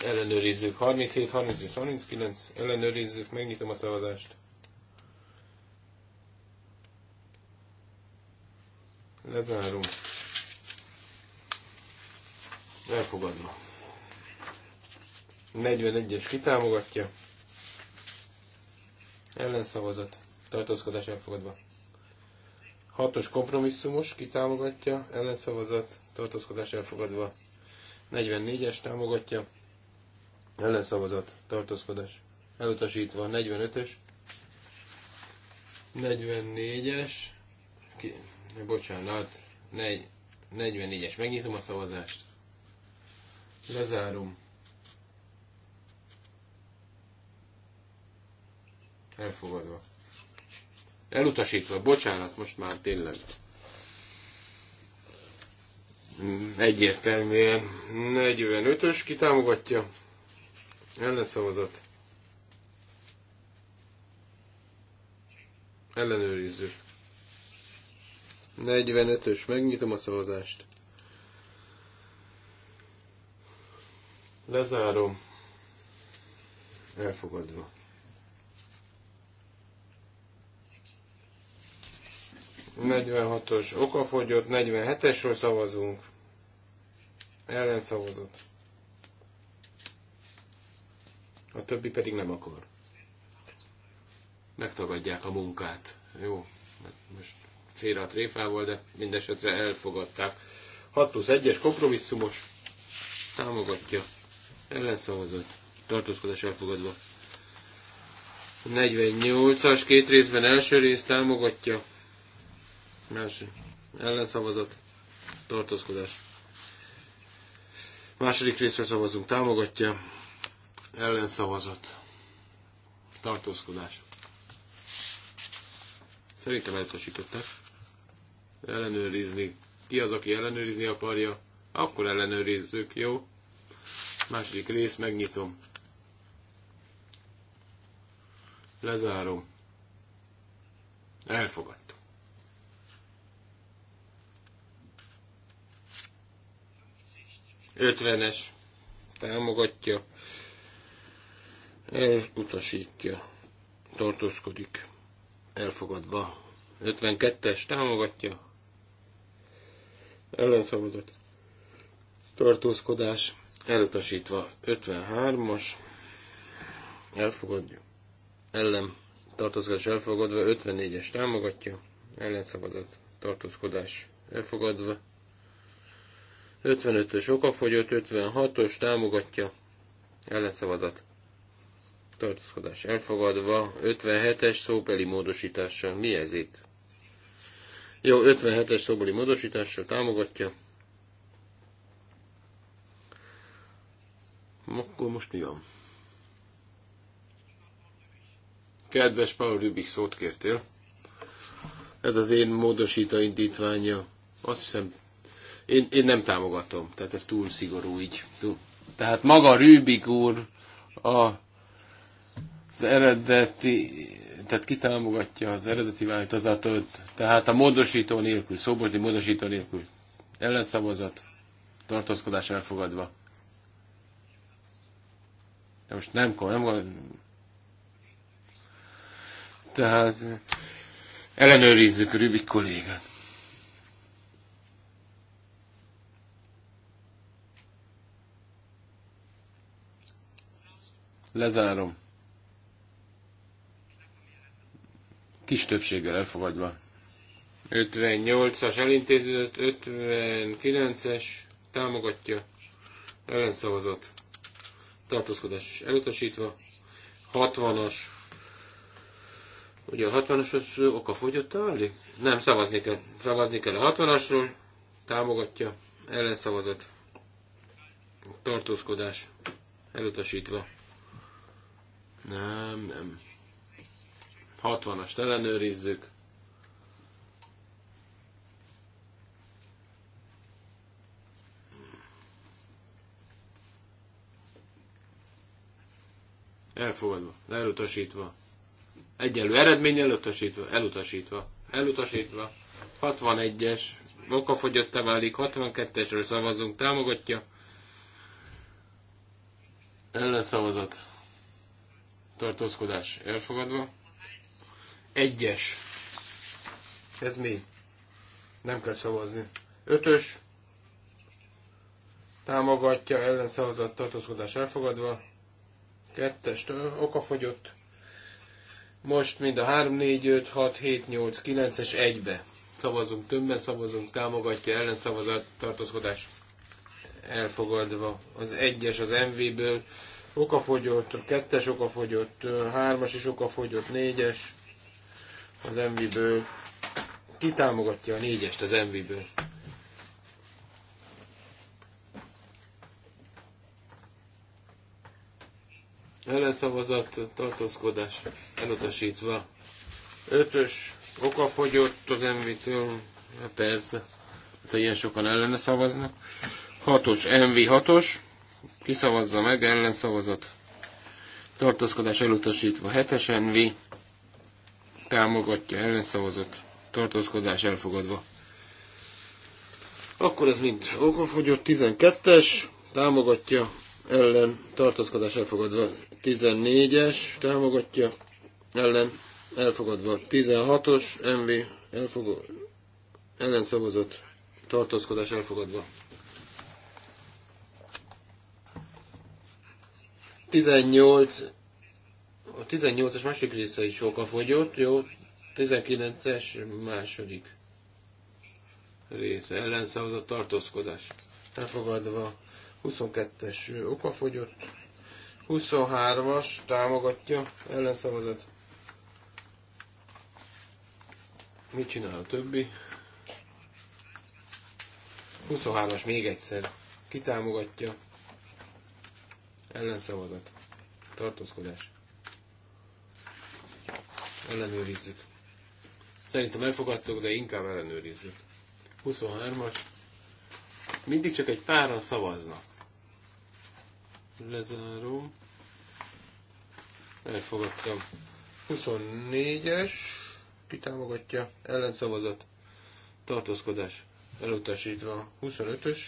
S1: Ellenőrizzük. 37, 35, 39, ellenőrizzük, megnyitom a szavazást. Lezárom. Elfogadva. 41-es kitámogatja ellenszavazat, tartózkodás elfogadva. Hatos kompromisszumos, ki támogatja, ellenszavazat, tartózkodás elfogadva. 44-es támogatja, ellenszavazat, tartózkodás elutasítva. 45-ös, 44-es, ki, bocsánat, 44-es, megnyitom a szavazást. Lezárom. Elfogadva. Elutasítva, bocsánat, most már tényleg. Egyértelműen 45-ös kitámogatja. Ellenszavazat. Ellenőrizzük. 45-ös, megnyitom a szavazást. Lezárom. Elfogadva. 46-os okafogyott, 47-esről szavazunk. szavazott. A többi pedig nem akar. Megtagadják a munkát. Jó, hát most fél a tréfával, de mindesetre elfogadták. 6 plusz 1-es kompromisszumos. Támogatja. Ellen szavazott. Tartózkodás elfogadva. 48-as két részben első rész támogatja másik Ellenszavazat. Tartózkodás. Második részre szavazunk. Támogatja. Ellenszavazat. Tartózkodás. Szerintem elutasították. Ellenőrizni. Ki az, aki ellenőrizni akarja? Akkor ellenőrizzük, jó? Második rész, megnyitom. Lezárom. Elfogad. 50-es támogatja, elutasítja, tartózkodik, elfogadva. 52-es támogatja, ellenszavazat, tartózkodás, elutasítva. 53-as, elfogadja, ellen, tartózkodás elfogadva, 54-es támogatja, ellenszavazat, tartózkodás elfogadva, 55-ös okafogyott, 56-os támogatja, ellenszavazat, tartózkodás elfogadva, 57-es szóbeli módosítással, mi ez itt? Jó, 57-es szóbeli módosítással támogatja. Akkor most mi van? Kedves Paul Rübik, szót kértél. Ez az én módosító indítványa. Azt hiszem én, én nem támogatom, tehát ez túl szigorú így. Túl. Tehát maga Rübig úr a, az eredeti, tehát ki támogatja az eredeti változatot, tehát a módosító nélkül, szobozni módosító nélkül ellenszavazat, tartózkodás elfogadva. De most nem, nem, nem tehát ellenőrizzük Rübik kollégát. Lezárom. Kis többséggel elfogadva. 58-as elintézőt, 59-es támogatja, ellenszavazat, tartózkodás elutasítva, 60-as, ugye a 60-as oka fogyott állni? Nem, szavazni kell, szavazni kell a 60-asról, támogatja, ellenszavazat, tartózkodás elutasítva. Nem, nem. 60-ast ellenőrizzük. Elfogadva, elutasítva. Egyenlő eredmény elutasítva, elutasítva, elutasítva. 61-es, okafogyottá válik, 62-esről szavazunk, támogatja. Ellenszavazat tartózkodás elfogadva. Egyes. Ez mi? Nem kell szavazni. Ötös. Támogatja ellenszavazat tartózkodás elfogadva. Kettes. Okafogyott. Most mind a 3, 4, 5, 6, 7, 8, 9 es 1-be szavazunk, többen szavazunk, támogatja ellenszavazat tartózkodás elfogadva. Az egyes az MV-ből okafogyott, kettes okafogyott, hármas is okafogyott, négyes az MV-ből. Ki támogatja a négyest az MV-ből? Ellenszavazat, tartózkodás elutasítva. Ötös okafogyott az MV-től, persze. Hát ilyen sokan ellene szavaznak. Hatos MV hatos kiszavazza meg, ellenszavazat, tartózkodás elutasítva, 7 NV, támogatja, ellenszavazat, tartózkodás elfogadva. Akkor ez mind okafogyott, 12-es, támogatja, ellen, tartózkodás elfogadva, 14-es, támogatja, ellen, elfogadva, 16-os, MV, elfogadva, ellenszavazat, tartózkodás elfogadva. 18, a 18-as másik része is okafogyott, jó, 19-es második része, ellenszavazat tartózkodás. Elfogadva 22-es okafogyott, 23-as támogatja ellenszavazat. Mit csinál a többi? 23-as még egyszer kitámogatja ellenszavazat, tartózkodás. Ellenőrizzük. Szerintem elfogadtuk, de inkább ellenőrizzük. 23-as. Mindig csak egy páran szavaznak. Lezárom. Elfogadtam. 24-es. támogatja? Ellenszavazat. Tartózkodás. Elutasítva. 25-ös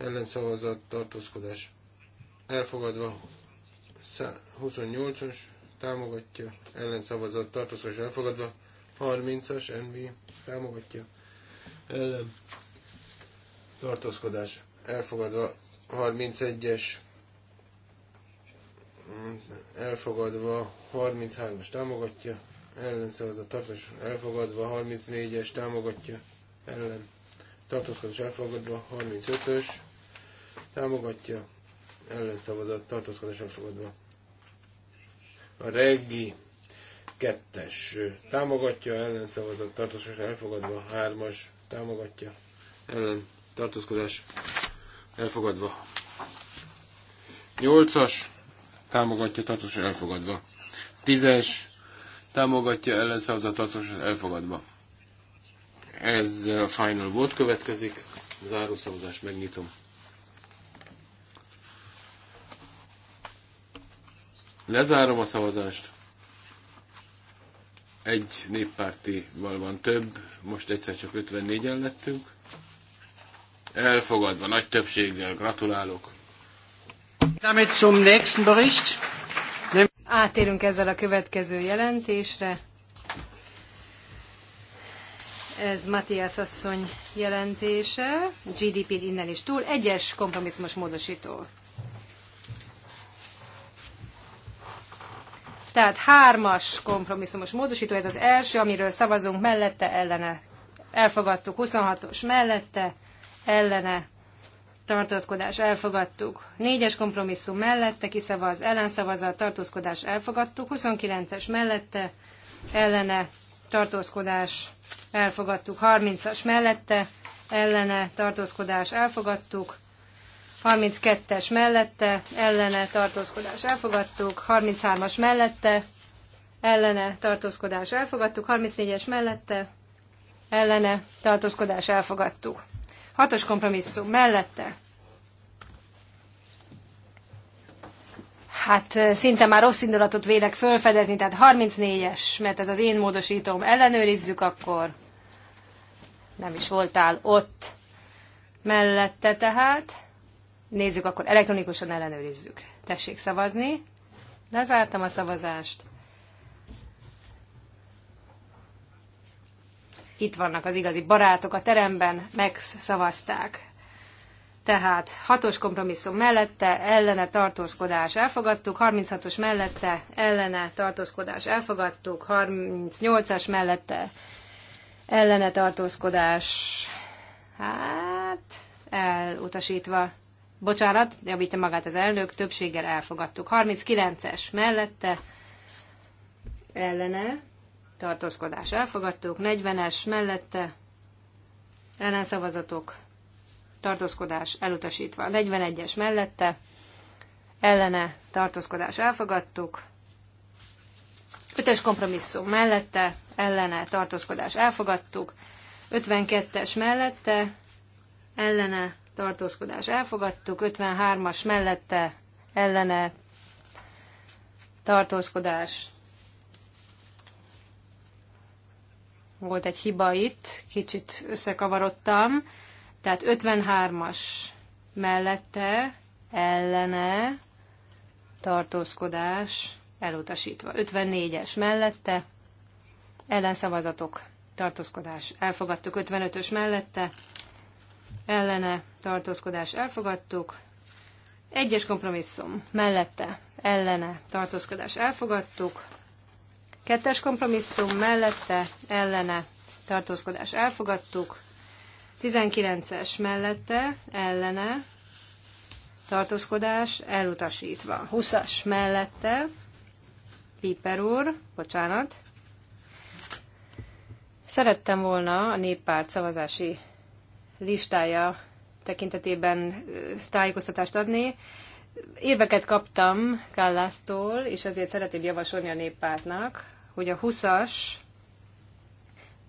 S1: ellenszavazat, tartózkodás elfogadva. 28-as támogatja, ellenszavazat, tartózkodás elfogadva. 30-as NV támogatja, ellen tartózkodás elfogadva. 31-es mm, elfogadva, 33-as támogatja, ellenszavazat, tartózkodás elfogadva, 34-es támogatja, ellen tartózkodás elfogadva, 35-ös támogatja, ellenszavazat, tartózkodás elfogadva. A reggi kettes támogatja, ellenszavazat, tartózkodás elfogadva, hármas támogatja, ellen tartózkodás elfogadva. Nyolcas támogatja, tartózkodás elfogadva. Tízes támogatja, ellenszavazat, tartózkodás elfogadva. Ez a final volt következik. Záró szavazást megnyitom. Lezárom a szavazást. Egy néppártival van több, most egyszer csak 54-en lettünk. Elfogadva, nagy többséggel, gratulálok.
S2: Damit zum nächsten Bericht. Átérünk ezzel a következő jelentésre. Ez Matthias asszony jelentése, GDP innen is túl, egyes kompromisszumos módosító Tehát hármas kompromisszumos módosító, ez az első, amiről szavazunk mellette, ellene. Elfogadtuk 26-os mellette, ellene tartózkodás elfogadtuk. Négyes kompromisszum mellette kiszavaz, ellenszavazat, tartózkodás elfogadtuk. 29-es mellette, ellene tartózkodás elfogadtuk. 30-as mellette, ellene tartózkodás elfogadtuk. 32-es mellette, ellene tartózkodás elfogadtuk, 33-as mellette, ellene tartózkodás elfogadtuk, 34-es mellette, ellene tartózkodás elfogadtuk. 6-os kompromisszum mellette. Hát eh, szinte már rossz indulatot vélek fölfedezni, tehát 34-es, mert ez az én módosítom, ellenőrizzük akkor. Nem is voltál ott mellette tehát nézzük, akkor elektronikusan ellenőrizzük. Tessék szavazni. Lezártam a szavazást. Itt vannak az igazi barátok a teremben, megszavazták. Tehát hatos kompromisszum mellette, ellene tartózkodás elfogadtuk, 36-os mellette, ellene tartózkodás elfogadtuk, 38-as mellette, ellene tartózkodás, hát elutasítva bocsánat, javítja magát az elnök, többséggel elfogadtuk. 39-es mellette ellene tartózkodás elfogadtuk, 40-es mellette ellenszavazatok tartózkodás elutasítva, 41-es mellette ellene tartózkodás elfogadtuk, 5-ös kompromisszum mellette ellene tartózkodás elfogadtuk, 52-es mellette ellene tartózkodás elfogadtuk, 53-as mellette ellene tartózkodás. Volt egy hiba itt, kicsit összekavarodtam. Tehát 53-as mellette ellene tartózkodás elutasítva. 54-es mellette ellenszavazatok tartózkodás elfogadtuk. 55-ös mellette ellene tartózkodás elfogadtuk. Egyes kompromisszum mellette ellene tartózkodás elfogadtuk. Kettes kompromisszum mellette ellene tartózkodás elfogadtuk. 19-es mellette ellene tartózkodás elutasítva. 20-as mellette Piper úr, bocsánat. Szerettem volna a néppárt szavazási listája tekintetében tájékoztatást adni. Éveket kaptam Kállásztól, és ezért szeretném javasolni a néppártnak, hogy a 20-as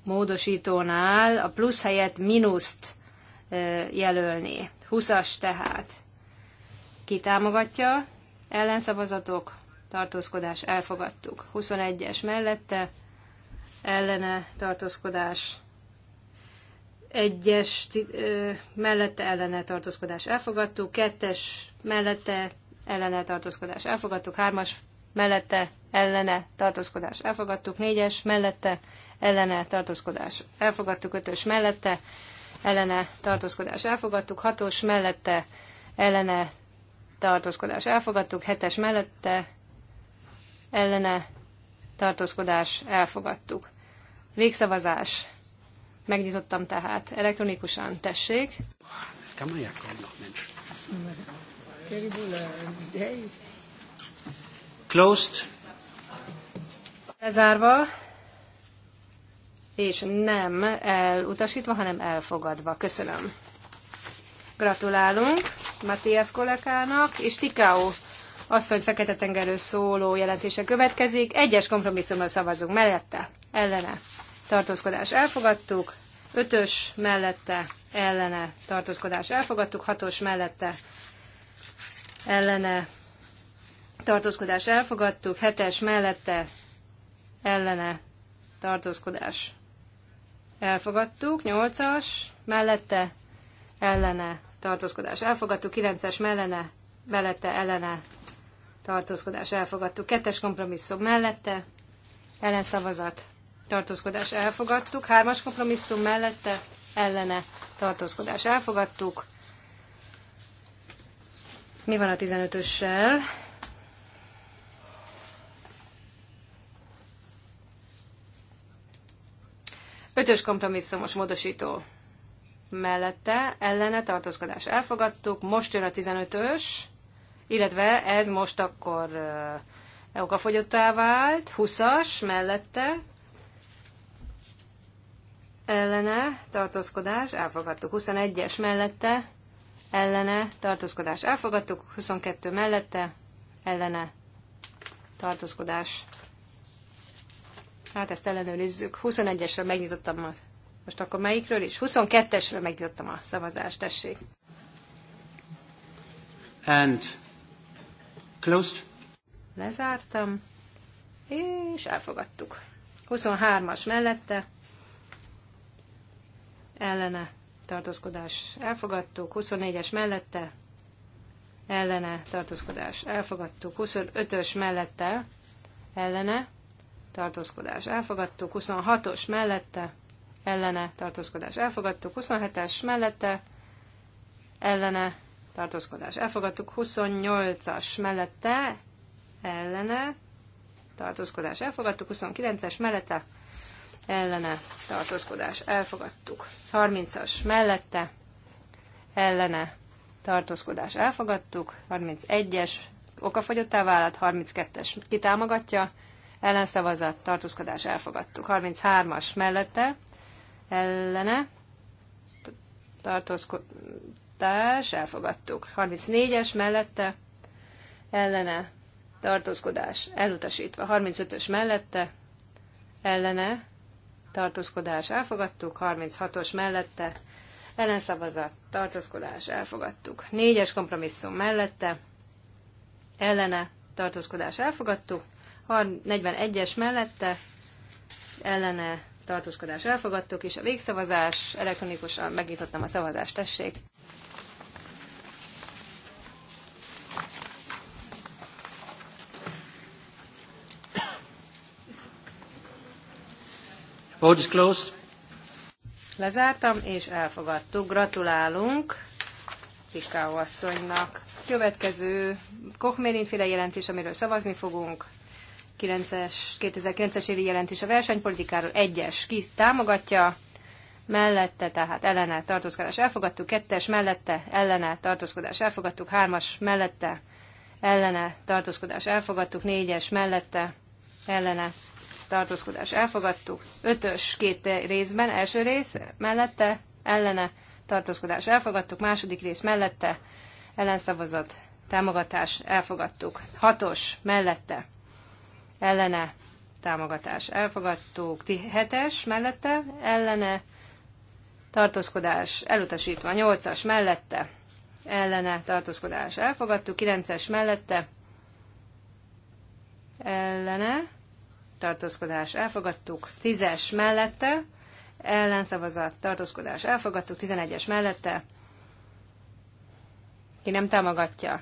S2: módosítónál a plusz helyett mínuszt jelölni. 20-as tehát. Ki támogatja? Ellenszavazatok, tartózkodás, elfogadtuk. 21-es mellette, ellene tartózkodás, egyes mellette ellene tartózkodás elfogadtuk, kettes mellette ellene tartózkodás elfogadtuk, hármas mellette ellene tartózkodás elfogadtuk, négyes mellette ellene tartózkodás elfogadtuk, ötös mellette ellene tartózkodás elfogadtuk, hatos mellette ellene tartózkodás elfogadtuk, hetes mellette ellene tartózkodás elfogadtuk. Végszavazás Megnyitottam tehát. Elektronikusan. Tessék. Closed. Lezárva. És nem elutasítva, hanem elfogadva. Köszönöm. Gratulálunk Matthias kollégának, és Tikao asszony fekete tengerről szóló jelentése következik. Egyes kompromisszummal szavazunk mellette, ellene tartózkodás elfogadtuk, 5-ös mellette ellene tartózkodás elfogadtuk, 6-os mellette ellene tartózkodás elfogadtuk, 7-es mellette ellene tartózkodás elfogadtuk, 8-as mellette ellene tartózkodás elfogadtuk, 9-es mellene, mellette ellene tartózkodás elfogadtuk, 2-es kompromisszum mellette ellenszavazat tartózkodás elfogadtuk, hármas kompromisszum mellette ellene tartózkodás elfogadtuk. Mi van a 15-össel? Ötös kompromisszumos módosító mellette ellene tartózkodás elfogadtuk, most jön a 15-ös, illetve ez most akkor okafogyottá vált, 20-as mellette ellene tartózkodás elfogadtuk. 21-es mellette ellene tartózkodás elfogadtuk. 22 mellette ellene tartózkodás. Hát ezt ellenőrizzük. 21-esről megnyitottam a most akkor melyikről is? 22-esről megnyitottam a szavazást, tessék. And closed. Lezártam, és elfogadtuk. 23-as mellette, ellene tartózkodás elfogadtuk, 24-es mellette ellene tartózkodás elfogadtuk, 25-ös mellette ellene tartózkodás elfogadtuk, 26-os mellette ellene tartózkodás elfogadtuk, 27-es mellette ellene tartózkodás elfogadtuk, 28-as mellette ellene tartózkodás elfogadtuk, 29-es mellette ellene tartózkodás elfogadtuk. 30-as mellette ellene tartózkodás elfogadtuk. 31-es okafogyottá vállalt. 32-es kitámogatja, ellenszavazat, tartózkodás elfogadtuk. 33-as mellette ellene tartózkodás elfogadtuk. 34-es mellette ellene tartózkodás elutasítva. 35-ös mellette ellene tartózkodás elfogadtuk, 36-os mellette ellenszavazat, tartózkodás elfogadtuk, 4-es kompromisszum mellette ellene tartózkodás elfogadtuk, 41-es mellette ellene tartózkodás elfogadtuk, és a végszavazás, elektronikusan megnyitottam a szavazást, tessék.
S1: Vote is closed.
S2: Lezártam, és elfogadtuk. Gratulálunk Pikau asszonynak. Következő Kochmérinféle jelentés, amiről szavazni fogunk. 9-es, 2009-es évi jelentés a versenypolitikáról. Egyes ki támogatja, mellette, tehát ellene tartózkodás elfogadtuk, kettes mellette, ellene tartózkodás elfogadtuk, hármas mellette, ellene tartózkodás elfogadtuk, négyes mellette, ellene tartózkodás elfogadtuk. Ötös két részben, első rész mellette, ellene, tartózkodás elfogadtuk. Második rész mellette, ellenszavazat, támogatás elfogadtuk. Hatos mellette, ellene, támogatás elfogadtuk. Hetes mellette, ellene, tartózkodás elutasítva. Nyolcas mellette, ellene, tartózkodás elfogadtuk. Kilences mellette, ellene, tartózkodás elfogadtuk, 10-es mellette, ellenszavazat, tartózkodás elfogadtuk, 11-es mellette, ki nem támogatja.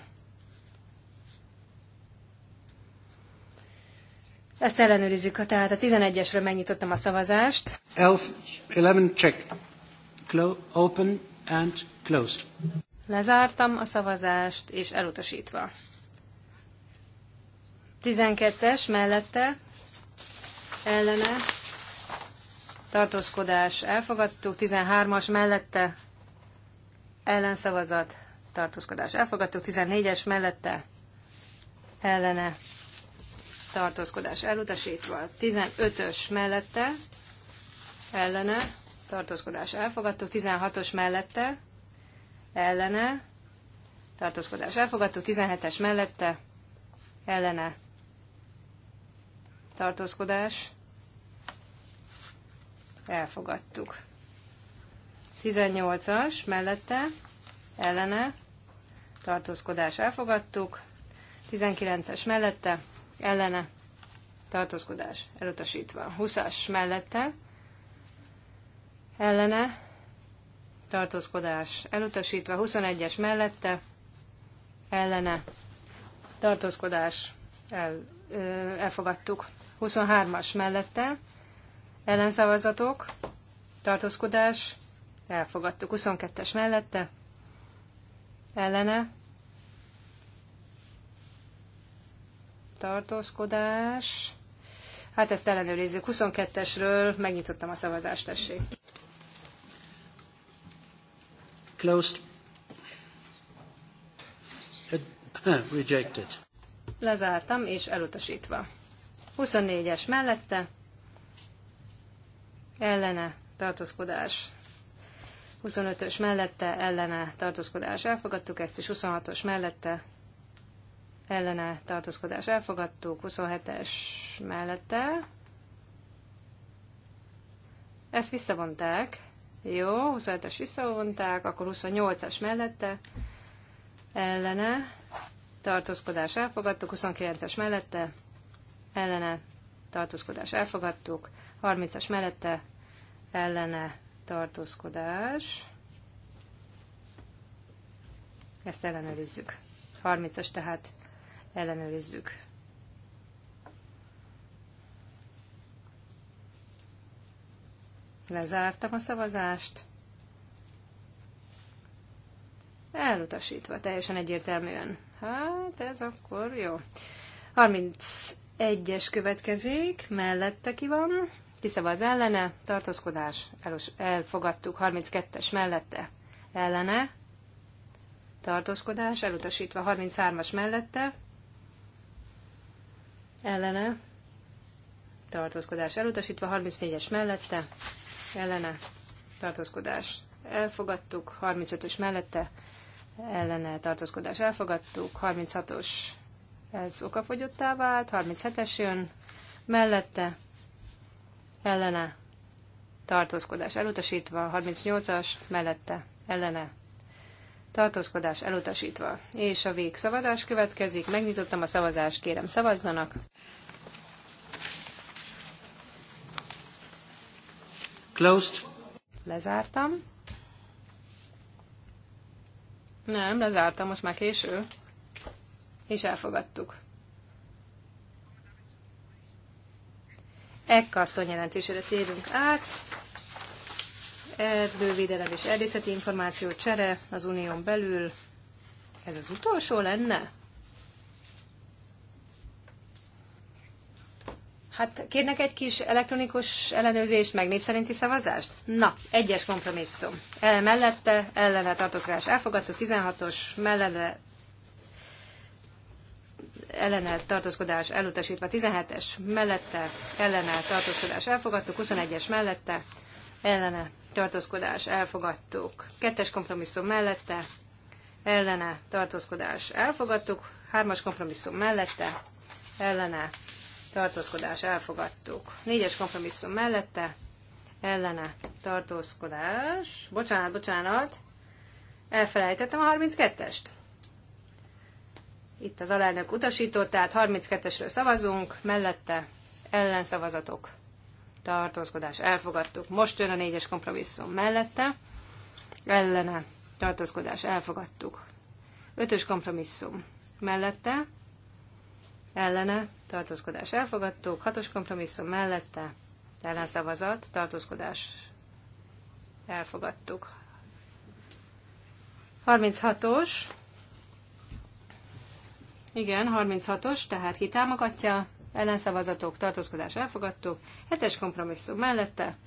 S2: Ezt ellenőrizzük, ha tehát a 11-esről megnyitottam a szavazást.
S1: 11 check.
S2: Clo- open and closed. Lezártam a szavazást, és elutasítva. 12-es mellette ellene tartózkodás elfogadtuk, 13-as mellette ellenszavazat tartózkodás elfogadtuk, 14-es mellette ellene tartózkodás elutasítva, 15-ös mellette ellene tartózkodás elfogadtuk, 16-os mellette ellene tartózkodás elfogadtuk, 17-es mellette ellene tartózkodás, elfogadtuk. 18-as mellette, ellene, tartózkodás, elfogadtuk. 19-es mellette, ellene, tartózkodás, elutasítva. 20-as mellette, ellene, tartózkodás, elutasítva. 21-es mellette, ellene, tartózkodás, el, ö, elfogadtuk. 23-as mellette, ellenszavazatok, tartózkodás, elfogadtuk. 22-es mellette, ellene, tartózkodás, hát ezt ellenőrizzük. 22-esről megnyitottam a szavazást, tessék.
S3: Closed.
S1: Rejected.
S2: Lezártam és elutasítva. 24-es mellette, ellene tartózkodás. 25-ös mellette, ellene tartózkodás elfogadtuk, ezt is 26-os mellette, ellene tartózkodás elfogadtuk, 27-es mellette. Ezt visszavonták. Jó, 27-es visszavonták, akkor 28-as mellette, ellene tartózkodás elfogadtuk, 29-es mellette, ellene tartózkodás elfogadtuk, 30-as mellette ellene tartózkodás, ezt ellenőrizzük. 30-as tehát ellenőrizzük. Lezártam a szavazást. Elutasítva, teljesen egyértelműen. Hát ez akkor jó. Egyes következik, mellette ki van, kiszavaz ellene, tartózkodás, elos, elfogadtuk, 32-es mellette, ellene, tartózkodás, elutasítva 33-as mellette, ellene, tartózkodás, elutasítva 34-es mellette, ellene, tartózkodás, elfogadtuk, 35-ös mellette, ellene, tartózkodás, elfogadtuk, 36-os ez okafogyottá vált, 37-es jön, mellette ellene tartózkodás elutasítva, 38-as mellette ellene tartózkodás elutasítva. És a végszavazás következik, megnyitottam a szavazást, kérem szavazzanak. Closed. Lezártam. Nem, lezártam, most már késő és elfogadtuk. Ekka asszony jelentésére térünk át. Erdővédelem és erdészeti információ csere az unión belül. Ez az utolsó lenne? Hát kérnek egy kis elektronikus ellenőrzést, meg népszerinti szavazást? Na, egyes kompromisszum. El mellette, ellene tartozgás elfogadtuk, 16-os mellette, ellene tartózkodás elutasítva, 17-es mellette ellene tartózkodás elfogadtuk, 21-es mellette ellene tartózkodás elfogadtuk, 2-es kompromisszum mellette ellene tartózkodás elfogadtuk, 3-as kompromisszum mellette ellene tartózkodás elfogadtuk, 4-es kompromisszum mellette ellene tartózkodás, bocsánat, bocsánat, elfelejtettem a 32-est. Itt az alelnök utasító, tehát 32-esről szavazunk, mellette ellenszavazatok, tartózkodás, elfogadtuk. Most jön a négyes kompromisszum mellette, ellene, tartózkodás, elfogadtuk. Ötös kompromisszum mellette, ellene, tartózkodás, elfogadtuk. Hatos kompromisszum mellette, ellenszavazat, tartózkodás, elfogadtuk. 36-os igen, 36-os, tehát ki támogatja, ellenszavazatok, tartózkodás elfogadtuk, 7-es kompromisszum mellette,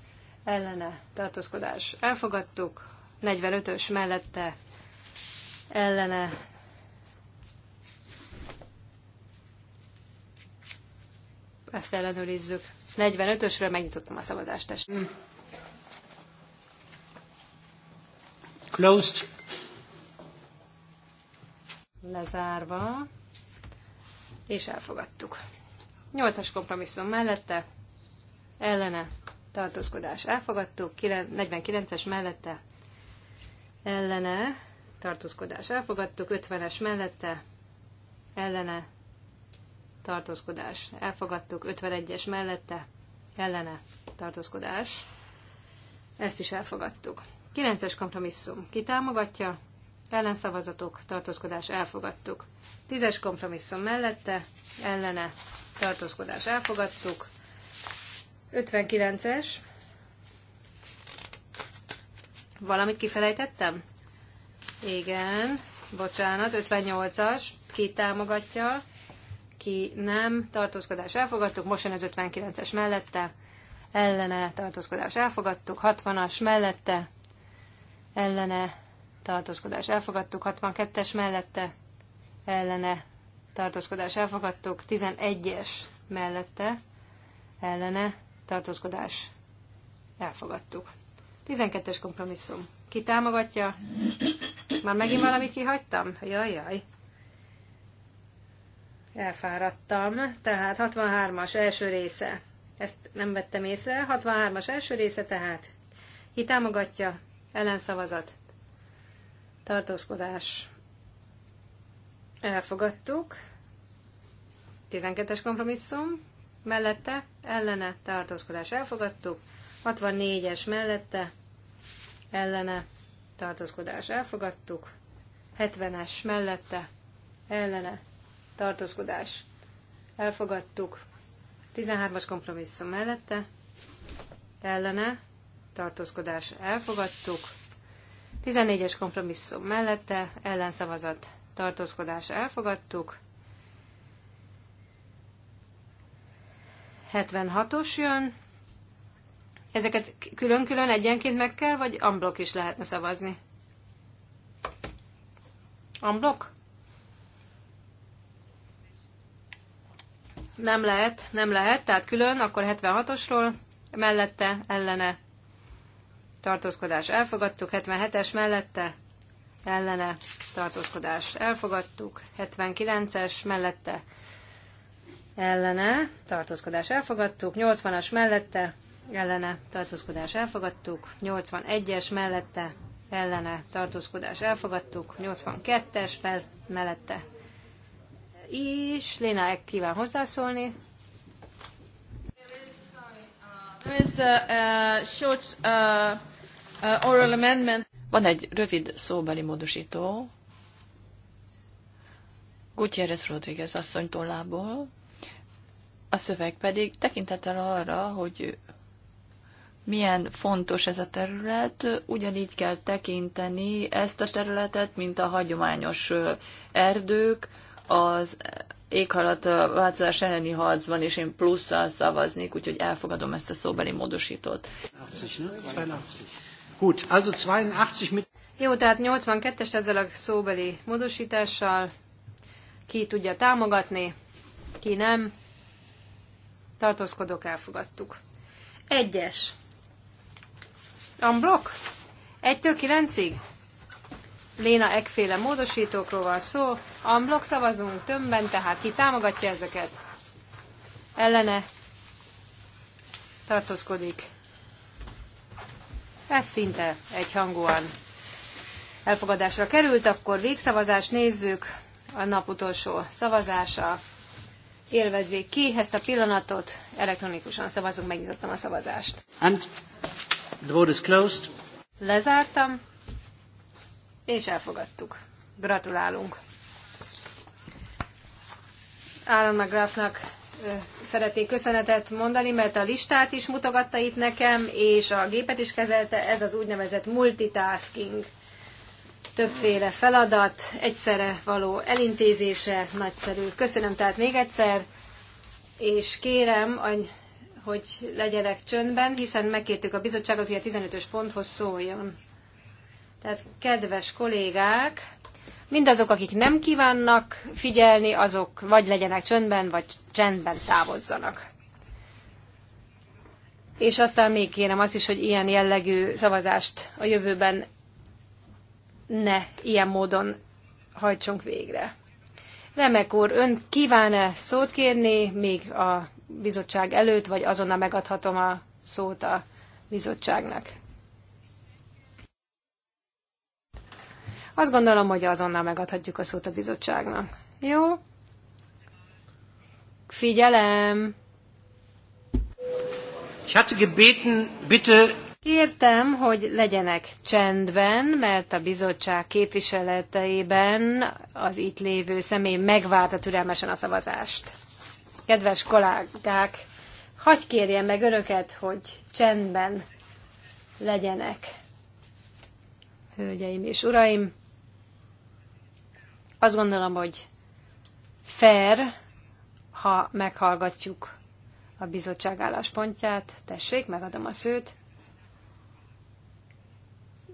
S2: ellene tartózkodás elfogadtuk, 45-ös mellette, ellene ezt ellenőrizzük. 45-ösről megnyitottam a szavazást. Test. Hmm. Closed. Lezárva és elfogadtuk. Nyolcas kompromisszum mellette, ellene, tartózkodás elfogadtuk, 49-es mellette, ellene, tartózkodás elfogadtuk, 50-es mellette, ellene, tartózkodás elfogadtuk, 51-es mellette, ellene, tartózkodás, ezt is elfogadtuk. 9-es kompromisszum, kitámogatja, ellenszavazatok, tartózkodás elfogadtuk. Tízes kompromisszum mellette, ellene, tartózkodás elfogadtuk. 59-es. Valamit kifelejtettem? Igen, bocsánat, 58-as, ki támogatja, ki nem, tartózkodás elfogadtuk, most jön az 59-es mellette, ellene, tartózkodás elfogadtuk, 60-as mellette, ellene, tartózkodás elfogadtuk, 62-es mellette ellene tartózkodás elfogadtuk, 11-es mellette ellene tartózkodás elfogadtuk. 12-es kompromisszum. Ki támogatja? Már megint valamit kihagytam? Jaj, jaj. Elfáradtam. Tehát 63-as első része. Ezt nem vettem észre. 63-as első része tehát. Ki támogatja? Ellenszavazat tartózkodás elfogadtuk. 12-es kompromisszum mellette, ellene, tartózkodás elfogadtuk. 64-es mellette, ellene, tartózkodás elfogadtuk. 70-es mellette, ellene, tartózkodás elfogadtuk. 13-as kompromisszum mellette, ellene, tartózkodás elfogadtuk. 14-es kompromisszum mellette ellenszavazat tartózkodás elfogadtuk. 76-os jön. Ezeket külön-külön egyenként meg kell, vagy amblok is lehetne szavazni? Amblok? Nem lehet, nem lehet, tehát külön, akkor 76-osról, mellette, ellene, tartózkodás elfogadtuk, 77-es mellette ellene tartózkodás elfogadtuk, 79-es mellette ellene tartózkodás elfogadtuk, 80-as mellette ellene tartózkodás elfogadtuk, 81-es mellette ellene tartózkodás elfogadtuk, 82-es fel mellette. És Léna Ek kíván hozzászólni. Uh,
S3: there is a, a short, uh... Uh, oral amendment. Van egy rövid szóbeli módosító. Gutierrez Rodriguez asszony tollából. A szöveg pedig tekintettel arra, hogy milyen fontos ez a terület, ugyanígy kell tekinteni ezt a területet, mint a hagyományos erdők, az éghajlat változás elleni harcban, és én plusszal szavaznék, úgyhogy elfogadom ezt a szóbeli módosítót. Gut, also 82 mit...
S2: Jó, tehát 82-es ezzel a szóbeli módosítással. Ki tudja támogatni, ki nem. Tartózkodók elfogadtuk. Egyes. Amblok? Egytől kilencig? Léna Ekféle módosítókról van szó. Amblok szavazunk tömbben, tehát ki támogatja ezeket? Ellene tartózkodik. Ez szinte egyhangúan elfogadásra került, akkor végszavazás nézzük, a nap utolsó szavazása. Élvezzék ki ezt a pillanatot, elektronikusan szavazunk, megnyitottam a szavazást.
S1: And the vote is closed.
S2: Lezártam, és elfogadtuk. Gratulálunk. Áron McGrathnak szeretnék köszönetet mondani, mert a listát is mutogatta itt nekem, és a gépet is kezelte, ez az úgynevezett multitasking. Többféle feladat, egyszerre való elintézése, nagyszerű. Köszönöm tehát még egyszer, és kérem, hogy legyenek csöndben, hiszen megkértük a bizottságot, hogy a 15-ös ponthoz szóljon. Tehát kedves kollégák, Mindazok, akik nem kívánnak figyelni, azok vagy legyenek csöndben, vagy csendben távozzanak. És aztán még kérem azt is, hogy ilyen jellegű szavazást a jövőben ne ilyen módon hajtsunk végre. Remek úr, ön kíván-e szót kérni még a bizottság előtt, vagy azonnal megadhatom a szót a bizottságnak? Azt gondolom, hogy azonnal megadhatjuk a szót a bizottságnak. Jó? Figyelem!
S1: Ich hatte gebeten, bitte
S2: Kértem, hogy legyenek csendben, mert a bizottság képviseleteiben az itt lévő személy megvárta türelmesen a szavazást. Kedves kollégák, hagyj kérjem meg önöket, hogy csendben legyenek. Hölgyeim és uraim! Azt gondolom, hogy fair, ha meghallgatjuk a bizottság álláspontját. Tessék, megadom a szőt.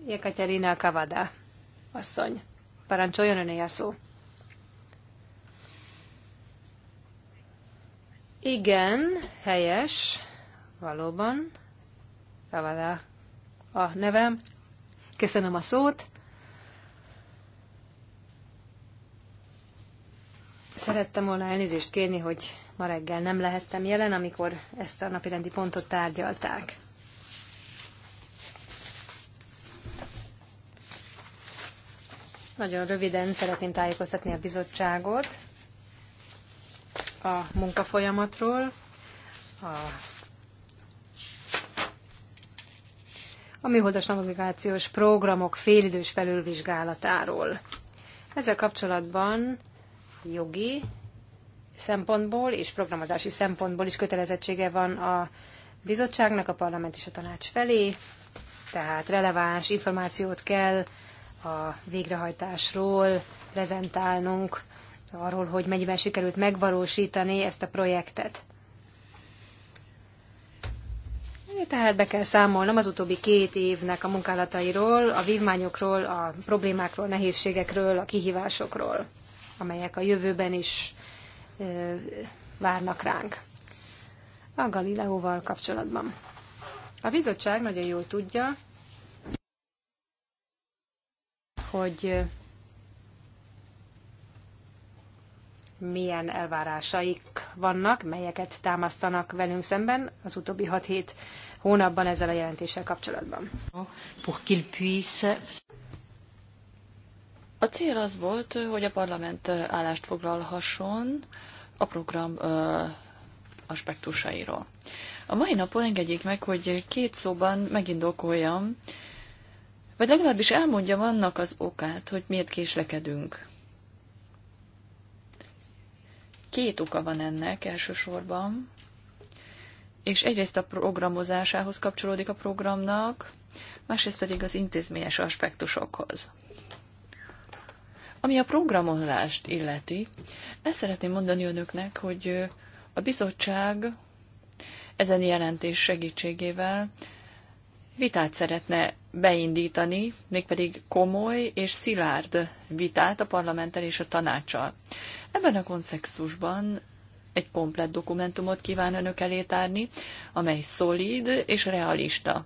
S2: Jekaterina Kavada, asszony. Parancsoljon öné a szó. Igen, helyes, valóban. Kavada a nevem. Köszönöm a szót. Szerettem volna elnézést kérni, hogy ma reggel nem lehettem jelen, amikor ezt a rendi pontot tárgyalták. Nagyon röviden szeretném tájékoztatni a bizottságot a munkafolyamatról, a a műholdas navigációs programok félidős felülvizsgálatáról. Ezzel kapcsolatban jogi szempontból és programozási szempontból is kötelezettsége van a bizottságnak, a parlament és a tanács felé, tehát releváns információt kell a végrehajtásról prezentálnunk, arról, hogy mennyiben sikerült megvalósítani ezt a projektet. Tehát be kell számolnom az utóbbi két évnek a munkálatairól, a vívmányokról, a problémákról, nehézségekről, a kihívásokról amelyek a jövőben is várnak ránk. A Galileóval kapcsolatban. A bizottság nagyon jól tudja, hogy milyen elvárásaik vannak, melyeket támasztanak velünk szemben az utóbbi hat hét hónapban ezzel a jelentéssel kapcsolatban.
S3: A cél az volt, hogy a parlament állást foglalhasson a program ö, aspektusairól. A mai napon engedjék meg, hogy két szóban megindokoljam, vagy legalábbis elmondjam annak az okát, hogy miért késlekedünk. Két oka van ennek elsősorban, és egyrészt a programozásához kapcsolódik a programnak, másrészt pedig az intézményes aspektusokhoz. Ami a programozást illeti, ezt szeretném mondani önöknek, hogy a bizottság ezen jelentés segítségével vitát szeretne beindítani, mégpedig komoly és szilárd vitát a parlamenttel és a tanácssal. Ebben a kontextusban egy komplett dokumentumot kíván önök elé tárni, amely szolíd és realista.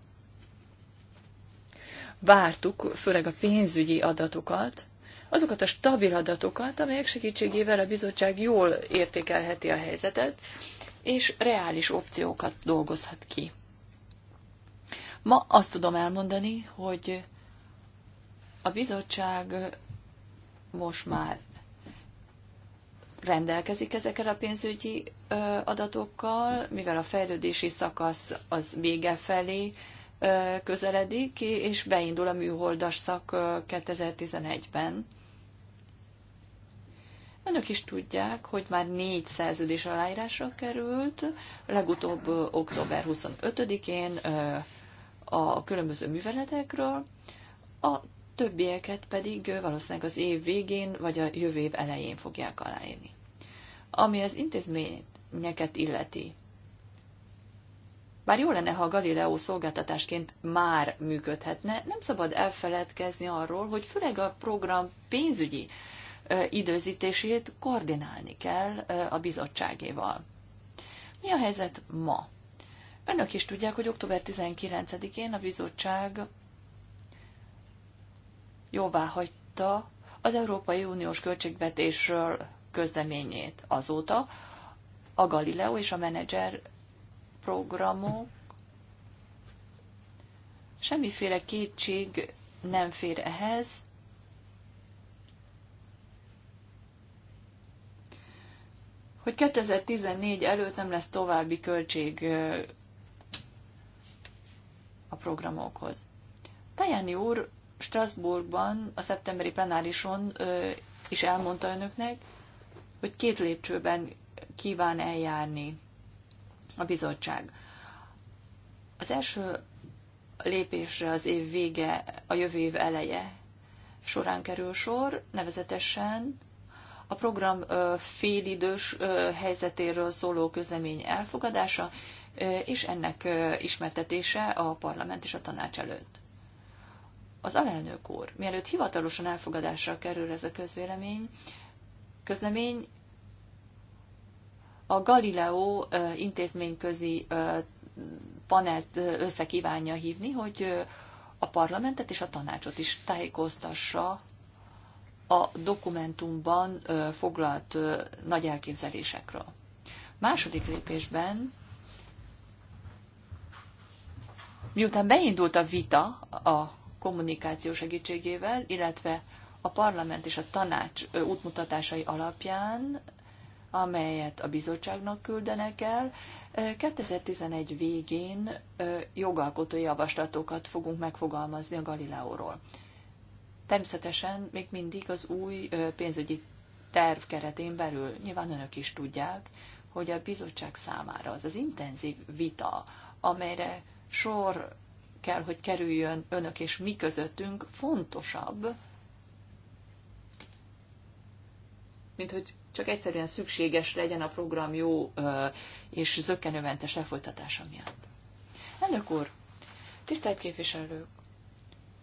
S3: Vártuk főleg a pénzügyi adatokat, azokat a stabil adatokat, amelyek segítségével a bizottság jól értékelheti a helyzetet, és reális opciókat dolgozhat ki. Ma azt tudom elmondani, hogy a bizottság most már rendelkezik ezekkel a pénzügyi adatokkal, mivel a fejlődési szakasz az vége felé közeledik, és beindul a műholdas szak 2011-ben. Önök is tudják, hogy már négy szerződés aláírásra került, legutóbb október 25-én a különböző műveletekről, a többieket pedig valószínűleg az év végén vagy a jövő év elején fogják aláírni. Ami az intézményeket illeti, bár jó lenne, ha a Galileo szolgáltatásként már működhetne, nem szabad elfeledkezni arról, hogy főleg a program pénzügyi időzítését koordinálni kell a bizottságéval. Mi a helyzet ma? Önök is tudják, hogy október 19-én a bizottság jóvá hagyta az Európai Uniós költségvetésről közleményét. Azóta a Galileo és a menedzser programok semmiféle kétség nem fér ehhez, hogy 2014 előtt nem lesz további költség a programokhoz. Tajani úr Strasbourgban a szeptemberi plenárison is elmondta önöknek, hogy két lépcsőben kíván eljárni a bizottság. Az első lépésre az év vége, a jövő év eleje során kerül sor, nevezetesen a program félidős helyzetéről szóló közlemény elfogadása, és ennek ismertetése a parlament és a tanács előtt. Az alelnök úr, mielőtt hivatalosan elfogadásra kerül ez a közvélemény, közlemény a Galileo intézményközi panelt összekívánja hívni, hogy a parlamentet és a tanácsot is tájékoztassa a dokumentumban foglalt nagy elképzelésekről. Második lépésben, miután beindult a vita a kommunikáció segítségével, illetve a parlament és a tanács útmutatásai alapján, amelyet a bizottságnak küldenek el, 2011 végén jogalkotói javaslatokat fogunk megfogalmazni a Galileóról. Természetesen még mindig az új pénzügyi terv keretén belül, nyilván önök is tudják, hogy a bizottság számára az az intenzív vita, amelyre sor kell, hogy kerüljön önök és mi közöttünk, fontosabb, mint hogy csak egyszerűen szükséges legyen a program jó és zöggenőmentes lefolytatása miatt. Elnök úr, tisztelt képviselők,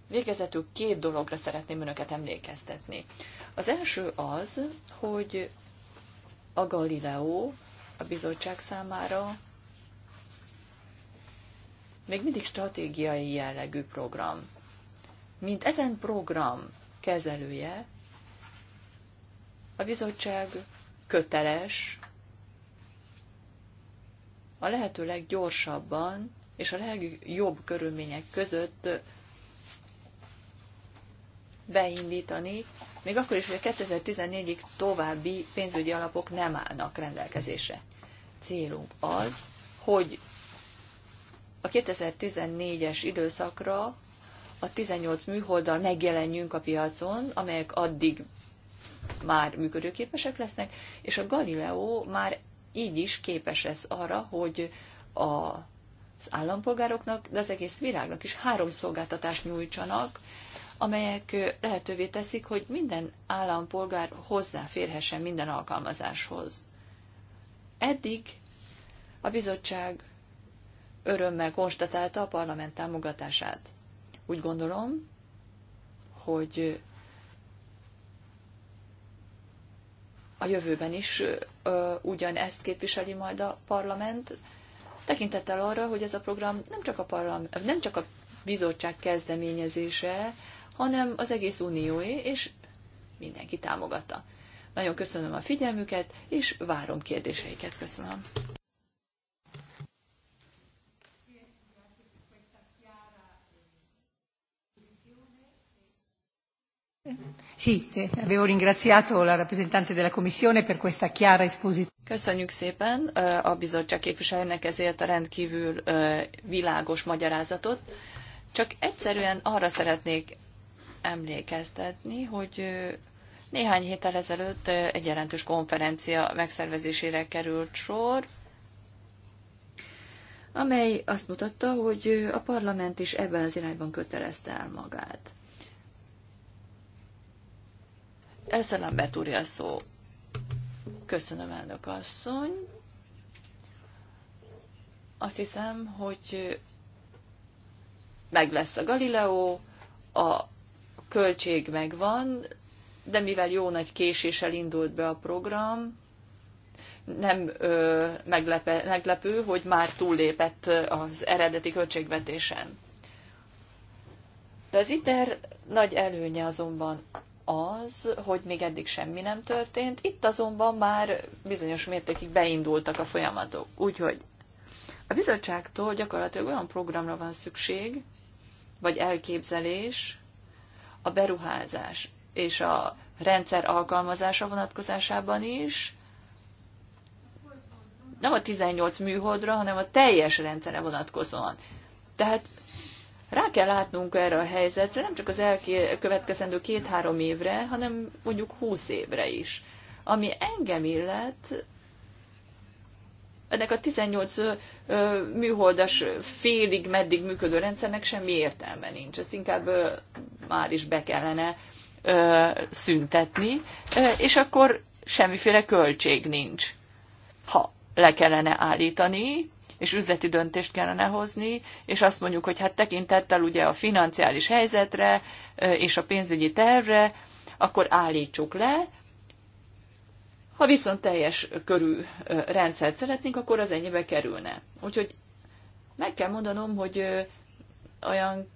S3: Végezetül két dologra szeretném önöket emlékeztetni. Az első az, hogy a Galileo a bizottság számára még mindig stratégiai jellegű program. Mint ezen program kezelője, a bizottság köteles a lehető leggyorsabban és a legjobb körülmények között beindítani, még akkor is, hogy a 2014-ig további pénzügyi alapok nem állnak rendelkezésre. Célunk az, hogy a 2014-es időszakra a 18 műholddal megjelenjünk a piacon, amelyek addig már működőképesek lesznek, és a Galileo már így is képes lesz arra, hogy a, az állampolgároknak, de az egész világnak is három szolgáltatást nyújtsanak, amelyek lehetővé teszik, hogy minden állampolgár hozzáférhessen minden alkalmazáshoz. Eddig a bizottság örömmel konstatálta a parlament támogatását. Úgy gondolom, hogy a jövőben is ö, ugyanezt képviseli majd a parlament, tekintettel arra, hogy ez a program nem csak a, parlament, nem csak a bizottság kezdeményezése, hanem az egész unióé, és mindenki támogatta. Nagyon köszönöm a figyelmüket, és várom kérdéseiket. Köszönöm.
S2: Sì, eh, avevo ringraziato la rappresentante della Commissione per questa chiara esposizione.
S3: Köszönjük szépen eh, a bizottság képviselőnek ezért a rendkívül eh, világos magyarázatot. Csak egyszerűen arra szeretnék emlékeztetni, hogy néhány héttel ezelőtt egy jelentős konferencia megszervezésére került sor, amely azt mutatta, hogy a parlament is ebben az irányban kötelezte el magát. Ezzel Lambert úr a szó. Köszönöm, elnök asszony. Azt hiszem, hogy meg lesz a Galileo, a költség megvan, de mivel jó nagy késéssel indult be a program, nem ö, meglepe, meglepő, hogy már túllépett az eredeti költségvetésen. De az ITER nagy előnye azonban az, hogy még eddig semmi nem történt, itt azonban már bizonyos mértékig beindultak a folyamatok. Úgyhogy a bizottságtól gyakorlatilag olyan programra van szükség, vagy elképzelés, a beruházás és a rendszer alkalmazása vonatkozásában is, nem a 18 műholdra, hanem a teljes rendszere vonatkozóan. Tehát rá kell látnunk erre a helyzetre, nem csak az elkövetkezendő két-három évre, hanem mondjuk húsz évre is. Ami engem illet, ennek a 18 műholdas félig meddig működő rendszernek semmi értelme nincs. Ezt inkább már is be kellene szüntetni, és akkor semmiféle költség nincs. Ha le kellene állítani, és üzleti döntést kellene hozni, és azt mondjuk, hogy hát tekintettel ugye a financiális helyzetre és a pénzügyi tervre, akkor állítsuk le, ha viszont teljes körű rendszert szeretnénk, akkor az ennyibe kerülne. Úgyhogy meg kell mondanom, hogy olyan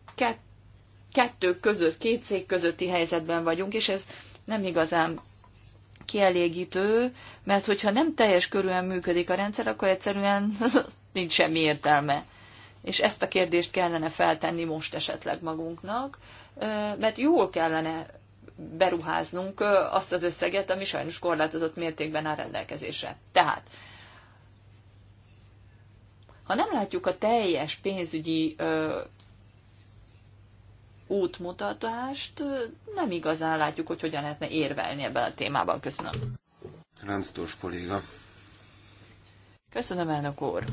S3: kettő között, két cég közötti helyzetben vagyunk, és ez nem igazán kielégítő, mert hogyha nem teljes körűen működik a rendszer, akkor egyszerűen nincs semmi értelme. És ezt a kérdést kellene feltenni most esetleg magunknak, mert jól kellene beruháznunk azt az összeget, ami sajnos korlátozott mértékben áll rendelkezésre. Tehát, ha nem látjuk a teljes pénzügyi ö, útmutatást, nem igazán látjuk, hogy hogyan lehetne érvelni ebben a témában. Köszönöm. Ránc kolléga. Köszönöm, elnök úr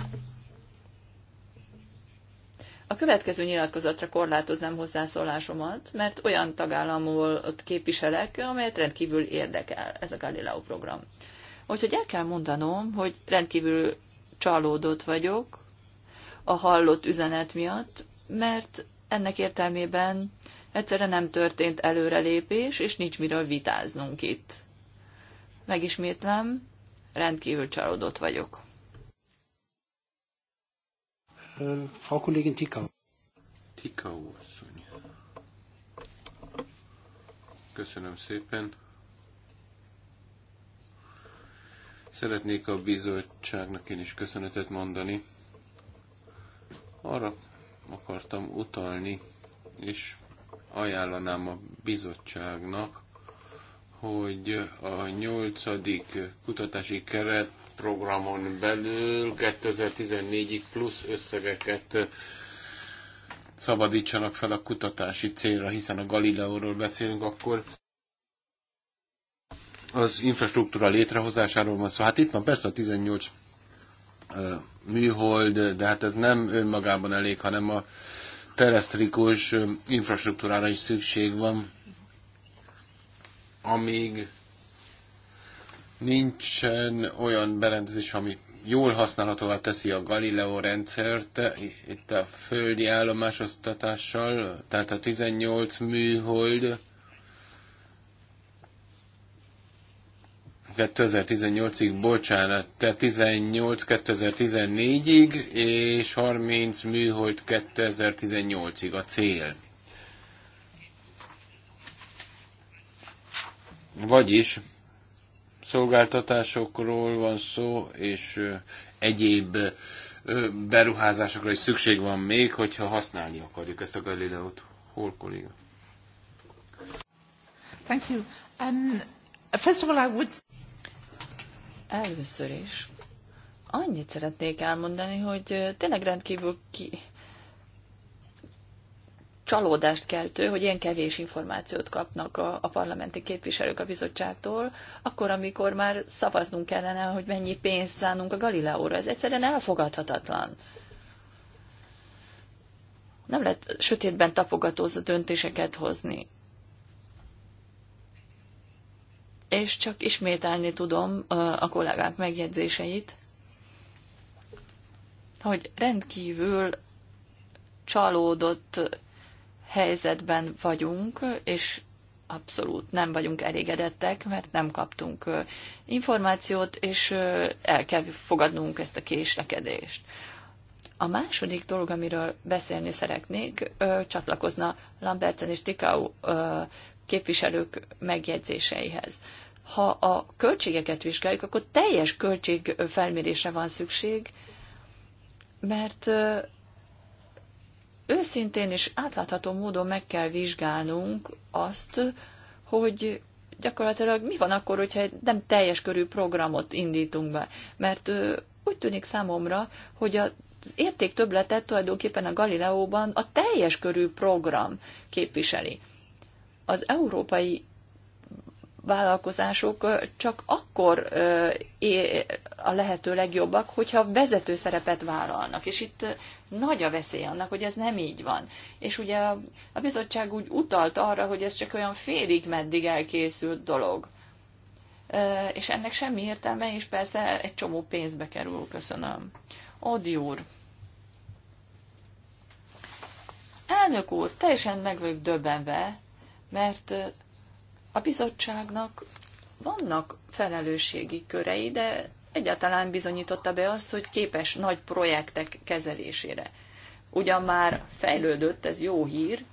S3: a következő nyilatkozatra korlátoznám hozzászólásomat, mert olyan tagállamból ott képviselek, amelyet rendkívül érdekel ez a Galileo program. Úgyhogy el kell mondanom, hogy rendkívül csalódott vagyok a hallott üzenet miatt, mert ennek értelmében egyszerre nem történt előrelépés, és nincs miről vitáznunk itt. Megismétlem, rendkívül csalódott vagyok. Äh, Frau Kollegin Tikau. Tikau asszony.
S1: Köszönöm szépen. Szeretnék a bizottságnak én is köszönetet mondani. Arra akartam utalni, és ajánlanám a bizottságnak, hogy a nyolcadik kutatási keret programon belül 2014-ig plusz összegeket szabadítsanak fel a kutatási célra, hiszen a Galileóról beszélünk, akkor az infrastruktúra létrehozásáról van szó. Hát itt van persze a 18 műhold, de hát ez nem önmagában elég, hanem a teresztrikus infrastruktúrára is szükség van, amíg Nincsen olyan berendezés, ami jól használhatóvá teszi a Galileo rendszert, itt a földi állomásosztatással, tehát a 18 műhold 2018-ig, bocsánat, tehát 18 2014-ig, és 30 műhold 2018-ig a cél. Vagyis szolgáltatásokról van szó, és egyéb beruházásokra is szükség van még, hogyha használni akarjuk ezt a Galileo-t. Hol kolléga?
S3: Thank you. Um, first of all, I would... Először is annyit szeretnék elmondani, hogy tényleg rendkívül ki, csalódást keltő, hogy ilyen kevés információt kapnak a, a parlamenti képviselők a bizottságtól, akkor, amikor már szavaznunk kellene, hogy mennyi pénzt szánunk a Galileóra. Ez egyszerűen elfogadhatatlan. Nem lehet sötétben tapogatózó döntéseket hozni. És csak ismételni tudom a kollégák megjegyzéseit, hogy rendkívül csalódott helyzetben vagyunk, és abszolút nem vagyunk elégedettek, mert nem kaptunk információt, és el kell fogadnunk ezt a késlekedést. A második dolog, amiről beszélni szeretnék, csatlakozna Lambertsen és Tikau képviselők megjegyzéseihez. Ha a költségeket vizsgáljuk, akkor teljes költségfelmérésre van szükség, mert őszintén és átlátható módon meg kell vizsgálnunk azt, hogy gyakorlatilag mi van akkor, hogyha nem teljes körű programot indítunk be. Mert úgy tűnik számomra, hogy az érték többletet tulajdonképpen a Galileóban a teljes körű program képviseli. Az európai vállalkozások csak akkor a lehető legjobbak, hogyha vezető szerepet vállalnak. És itt nagy a veszély annak, hogy ez nem így van. És ugye a bizottság úgy utalt arra, hogy ez csak olyan félig meddig elkészült dolog. És ennek semmi értelme, és persze egy csomó pénzbe kerül. Köszönöm. Odi úr. Elnök úr, teljesen meg vagyok döbbenve, mert a bizottságnak vannak felelősségi körei, de egyáltalán bizonyította be azt, hogy képes nagy projektek kezelésére. Ugyan már fejlődött, ez jó hír.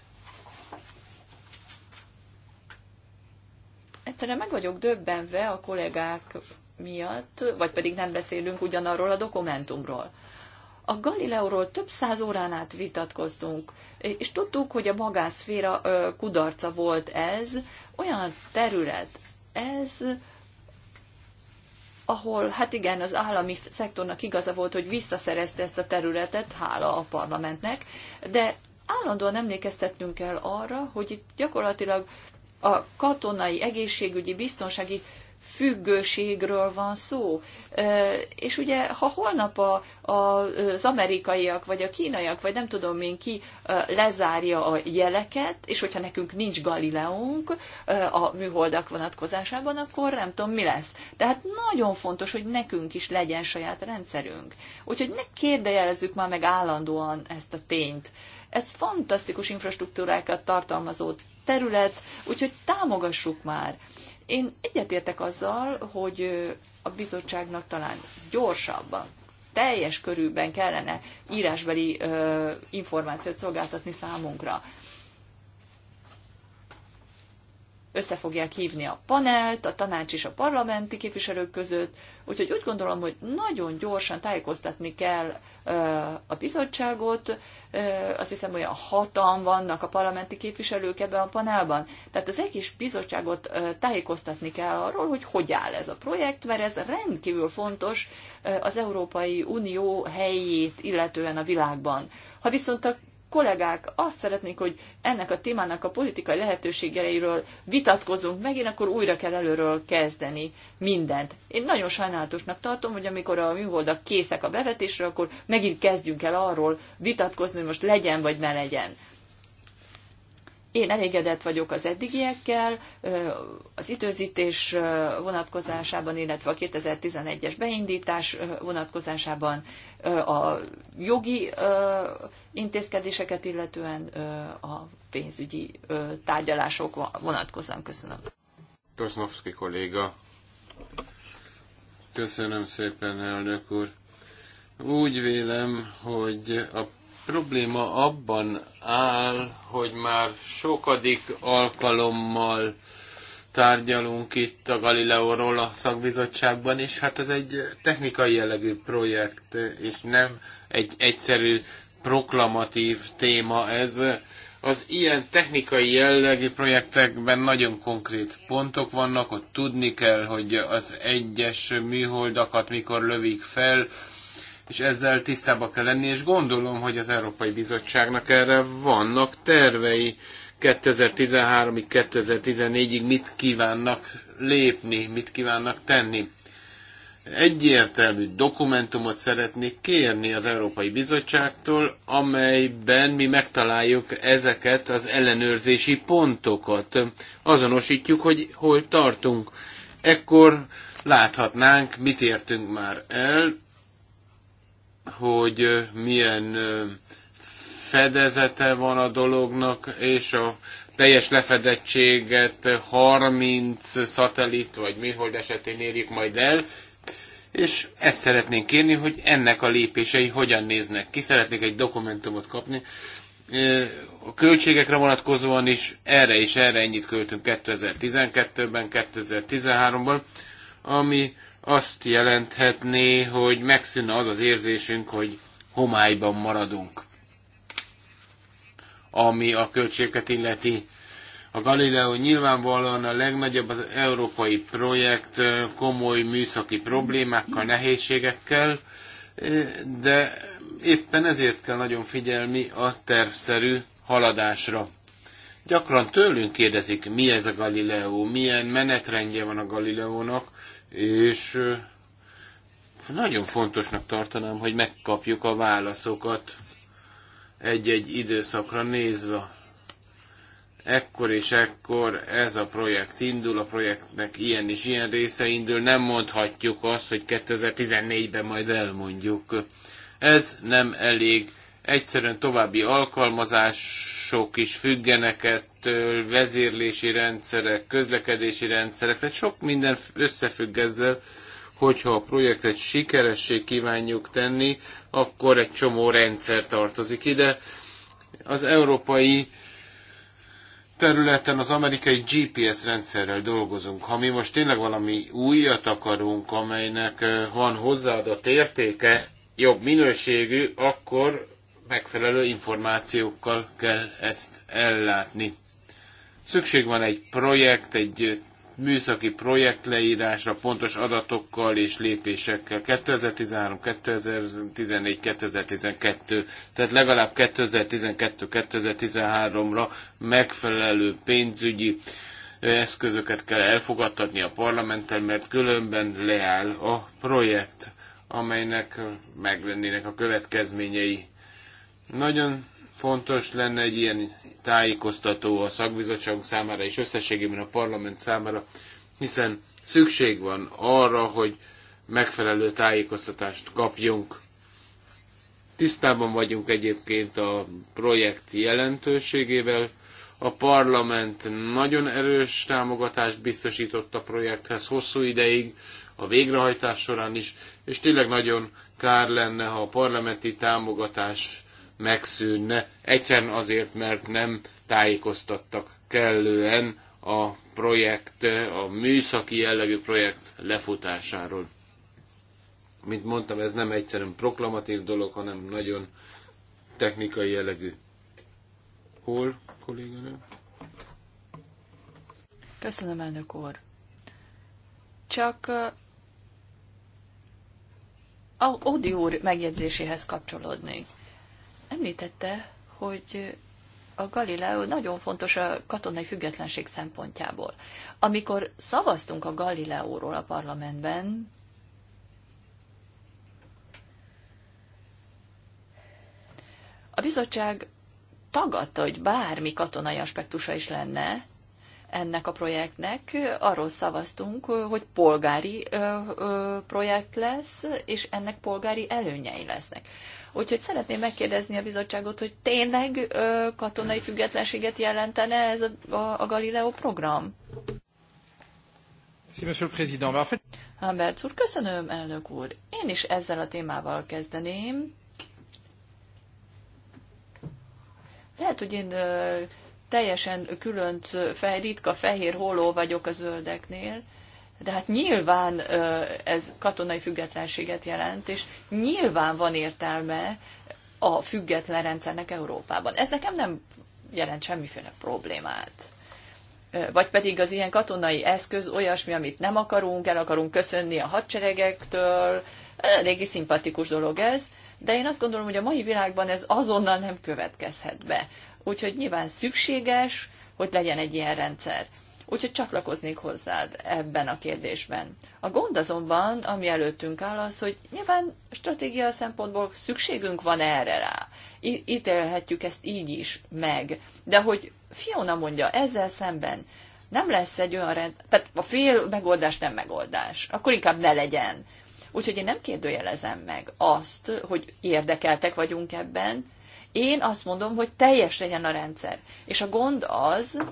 S3: Egyszerűen meg vagyok döbbenve a kollégák miatt, vagy pedig nem beszélünk ugyanarról a dokumentumról. A Galileóról több száz órán át vitatkoztunk, és tudtuk, hogy a magánszféra kudarca volt ez, olyan terület ez, ahol, hát igen, az állami szektornak igaza volt, hogy visszaszerezte ezt a területet, hála a parlamentnek, de állandóan emlékeztetnünk kell arra, hogy itt gyakorlatilag a katonai, egészségügyi, biztonsági függőségről van szó. És ugye, ha holnap a, a, az amerikaiak, vagy a kínaiak, vagy nem tudom én ki lezárja a jeleket, és hogyha nekünk nincs Galileónk a műholdak vonatkozásában, akkor nem tudom, mi lesz. Tehát nagyon fontos, hogy nekünk is legyen saját rendszerünk. Úgyhogy ne kérdejelezzük már meg állandóan ezt a tényt. Ez fantasztikus infrastruktúrákat tartalmazó terület, úgyhogy támogassuk már. Én egyetértek azzal, hogy a bizottságnak talán gyorsabban, teljes körülben kellene írásbeli ö, információt szolgáltatni számunkra. Össze fogják hívni a panelt, a tanács és a parlamenti képviselők között, Úgyhogy úgy gondolom, hogy nagyon gyorsan tájékoztatni kell a bizottságot, azt hiszem olyan hatan vannak a parlamenti képviselők ebben a panelban. Tehát az egész bizottságot tájékoztatni kell arról, hogy hogy áll ez a projekt, mert ez rendkívül fontos az Európai Unió helyét, illetően a világban. Ha viszont a kollégák azt szeretnék, hogy ennek a témának a politikai lehetőségeiről vitatkozunk meg, én akkor újra kell előről kezdeni mindent. Én nagyon sajnálatosnak tartom, hogy amikor a műholdak készek a bevetésre, akkor megint kezdjünk el arról vitatkozni, hogy most legyen vagy ne legyen. Én elégedett vagyok az eddigiekkel, az időzítés vonatkozásában, illetve a 2011-es beindítás vonatkozásában, a jogi intézkedéseket illetően a pénzügyi tárgyalások vonatkozóan. Köszönöm.
S1: Tosnovszki kolléga. Köszönöm szépen, elnök úr. Úgy vélem, hogy a probléma abban áll, hogy már sokadik alkalommal tárgyalunk itt a Galileóról a szakbizottságban, és hát ez egy technikai jellegű projekt, és nem egy egyszerű proklamatív téma ez. Az ilyen technikai jellegű projektekben nagyon konkrét pontok vannak, ott tudni kell, hogy az egyes műholdakat mikor lövik fel, és ezzel tisztába kell lenni, és gondolom, hogy az Európai Bizottságnak erre vannak tervei 2013-ig, 2014-ig mit kívánnak lépni, mit kívánnak tenni. Egyértelmű dokumentumot szeretnék kérni az Európai Bizottságtól, amelyben mi megtaláljuk ezeket az ellenőrzési pontokat. Azonosítjuk, hogy hol tartunk. Ekkor láthatnánk, mit értünk már el, hogy milyen fedezete van a dolognak, és a teljes lefedettséget 30 szatellit vagy műhold esetén érjük majd el, és ezt szeretnénk kérni, hogy ennek a lépései hogyan néznek ki. Szeretnék egy dokumentumot kapni. A költségekre vonatkozóan is erre és erre ennyit költünk 2012-ben, 2013-ban, ami azt jelenthetné, hogy megszűnne az az érzésünk, hogy homályban maradunk, ami a költségeket illeti. A Galileo nyilvánvalóan a legnagyobb az európai projekt komoly műszaki problémákkal, nehézségekkel, de éppen ezért kell nagyon figyelni a tervszerű haladásra. Gyakran tőlünk kérdezik, mi ez a Galileo, milyen menetrendje van a Galileónak, és nagyon fontosnak tartanám, hogy megkapjuk a válaszokat egy-egy időszakra nézve. Ekkor és ekkor ez a projekt indul, a projektnek ilyen és ilyen része indul, nem mondhatjuk azt, hogy 2014-ben majd elmondjuk. Ez nem elég Egyszerűen további alkalmazások is függenek ettől, vezérlési rendszerek, közlekedési rendszerek, tehát sok minden összefügg ezzel, hogyha a projektet sikeressé kívánjuk tenni, akkor egy csomó rendszer tartozik ide. Az európai területen az amerikai GPS rendszerrel dolgozunk. Ha mi most tényleg valami újat akarunk, amelynek eh, van hozzáadott értéke, jobb minőségű, akkor megfelelő információkkal kell ezt ellátni. Szükség van egy projekt, egy műszaki projekt leírásra, pontos adatokkal és lépésekkel. 2013, 2014, 2012, tehát legalább 2012-2013-ra megfelelő pénzügyi eszközöket kell elfogadtatni a parlamenttel, mert különben leáll a projekt, amelynek meglennének a következményei nagyon fontos lenne egy ilyen tájékoztató a szakbizottságunk számára és összességében a parlament számára, hiszen szükség van arra, hogy megfelelő tájékoztatást kapjunk. Tisztában vagyunk egyébként a projekt jelentőségével. A parlament nagyon erős támogatást biztosított a projekthez hosszú ideig, a végrehajtás során is, és tényleg nagyon kár lenne, ha a parlamenti támogatás megszűnne, egyszerűen azért, mert nem tájékoztattak kellően a projekt, a műszaki jellegű projekt lefutásáról. Mint mondtam, ez nem egyszerűen proklamatív dolog, hanem nagyon technikai jellegű. Hol, kolléganő?
S3: Köszönöm, elnök úr. Csak a Odi úr megjegyzéséhez kapcsolódnék. Említette, hogy a Galileo nagyon fontos a katonai függetlenség szempontjából. Amikor szavaztunk a Galileóról a parlamentben, a bizottság tagadta, hogy bármi katonai aspektusa is lenne, ennek a projektnek. Arról szavaztunk, hogy polgári projekt lesz, és ennek polgári előnyei lesznek. Úgyhogy szeretném megkérdezni a bizottságot, hogy tényleg katonai függetlenséget jelentene ez a Galileo program? Lambert úr, köszönöm, elnök úr. Én is ezzel a témával kezdeném. Lehet, hogy én teljesen különc, ritka fehér holó vagyok a zöldeknél, de hát nyilván ez katonai függetlenséget jelent, és nyilván van értelme a független rendszernek Európában. Ez nekem nem jelent semmiféle problémát. Vagy pedig az ilyen katonai eszköz olyasmi, amit nem akarunk, el akarunk köszönni a hadseregektől, eléggé szimpatikus dolog ez, de én azt gondolom, hogy a mai világban ez azonnal nem következhet be. Úgyhogy nyilván szükséges, hogy legyen egy ilyen rendszer. Úgyhogy csatlakoznék hozzád ebben a kérdésben. A gond azonban, ami előttünk áll, az, hogy nyilván stratégia szempontból szükségünk van erre rá. I- ítélhetjük ezt így is meg. De hogy Fiona mondja, ezzel szemben nem lesz egy olyan rend, tehát a fél megoldás nem megoldás, akkor inkább ne legyen. Úgyhogy én nem kérdőjelezem meg azt, hogy érdekeltek vagyunk ebben, én azt mondom, hogy teljes legyen a rendszer. És a gond az,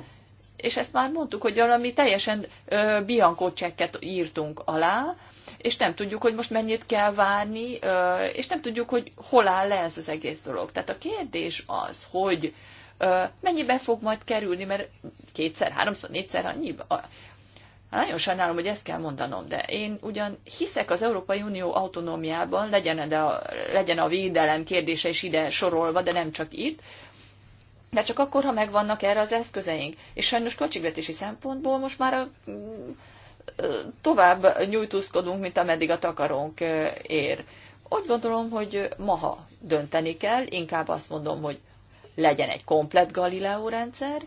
S3: és ezt már mondtuk, hogy valami teljesen ö, biankó csekket írtunk alá, és nem tudjuk, hogy most mennyit kell várni, ö, és nem tudjuk, hogy hol áll le ez az egész dolog. Tehát a kérdés az, hogy ö, mennyibe fog majd kerülni, mert kétszer, háromszor, négyszer annyi, Hát nagyon sajnálom, hogy ezt kell mondanom, de én ugyan hiszek az Európai Unió autonómiában, legyen, de a, legyen a védelem kérdése is ide sorolva, de nem csak itt, de csak akkor, ha megvannak erre az eszközeink. És sajnos költségvetési szempontból most már a, tovább nyújtózkodunk, mint ameddig a takarónk ér. Úgy gondolom, hogy maha dönteni kell, inkább azt mondom, hogy legyen egy komplet Galileo rendszer,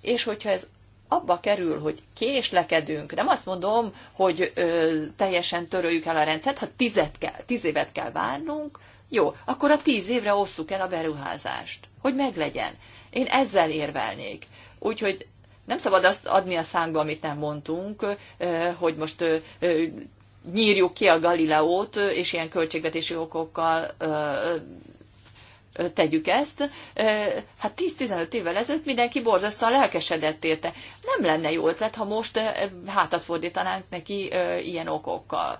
S3: és hogyha ez abba kerül, hogy késlekedünk, nem azt mondom, hogy ö, teljesen töröljük el a rendszert, ha tizet kell, tíz évet kell várnunk, jó, akkor a tíz évre osszuk el a beruházást, hogy meglegyen. Én ezzel érvelnék. Úgyhogy nem szabad azt adni a szánkba, amit nem mondtunk, hogy most nyírjuk ki a Galileót, és ilyen költségvetési okokkal tegyük ezt, hát 10-15 évvel ezelőtt mindenki borzasztóan lelkesedett érte. Nem lenne jó ötlet, ha most hátat fordítanánk neki ilyen okokkal.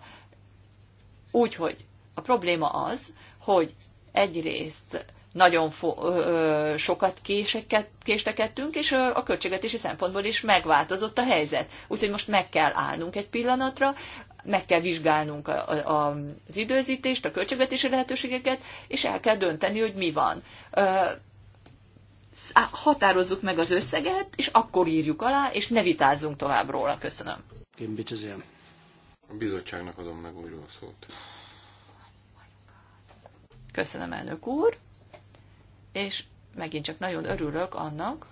S3: Úgyhogy a probléma az, hogy egyrészt nagyon fo- ö, sokat késeket, késtekedtünk, és a költségvetési szempontból is megváltozott a helyzet. Úgyhogy most meg kell állnunk egy pillanatra, meg kell vizsgálnunk a, a, az időzítést, a költségvetési lehetőségeket, és el kell dönteni, hogy mi van. Határozzuk meg az összeget, és akkor írjuk alá, és ne vitázzunk tovább róla. Köszönöm.
S1: A bizottságnak adom meg újra a szót.
S3: Köszönöm, elnök úr. És megint csak nagyon örülök annak,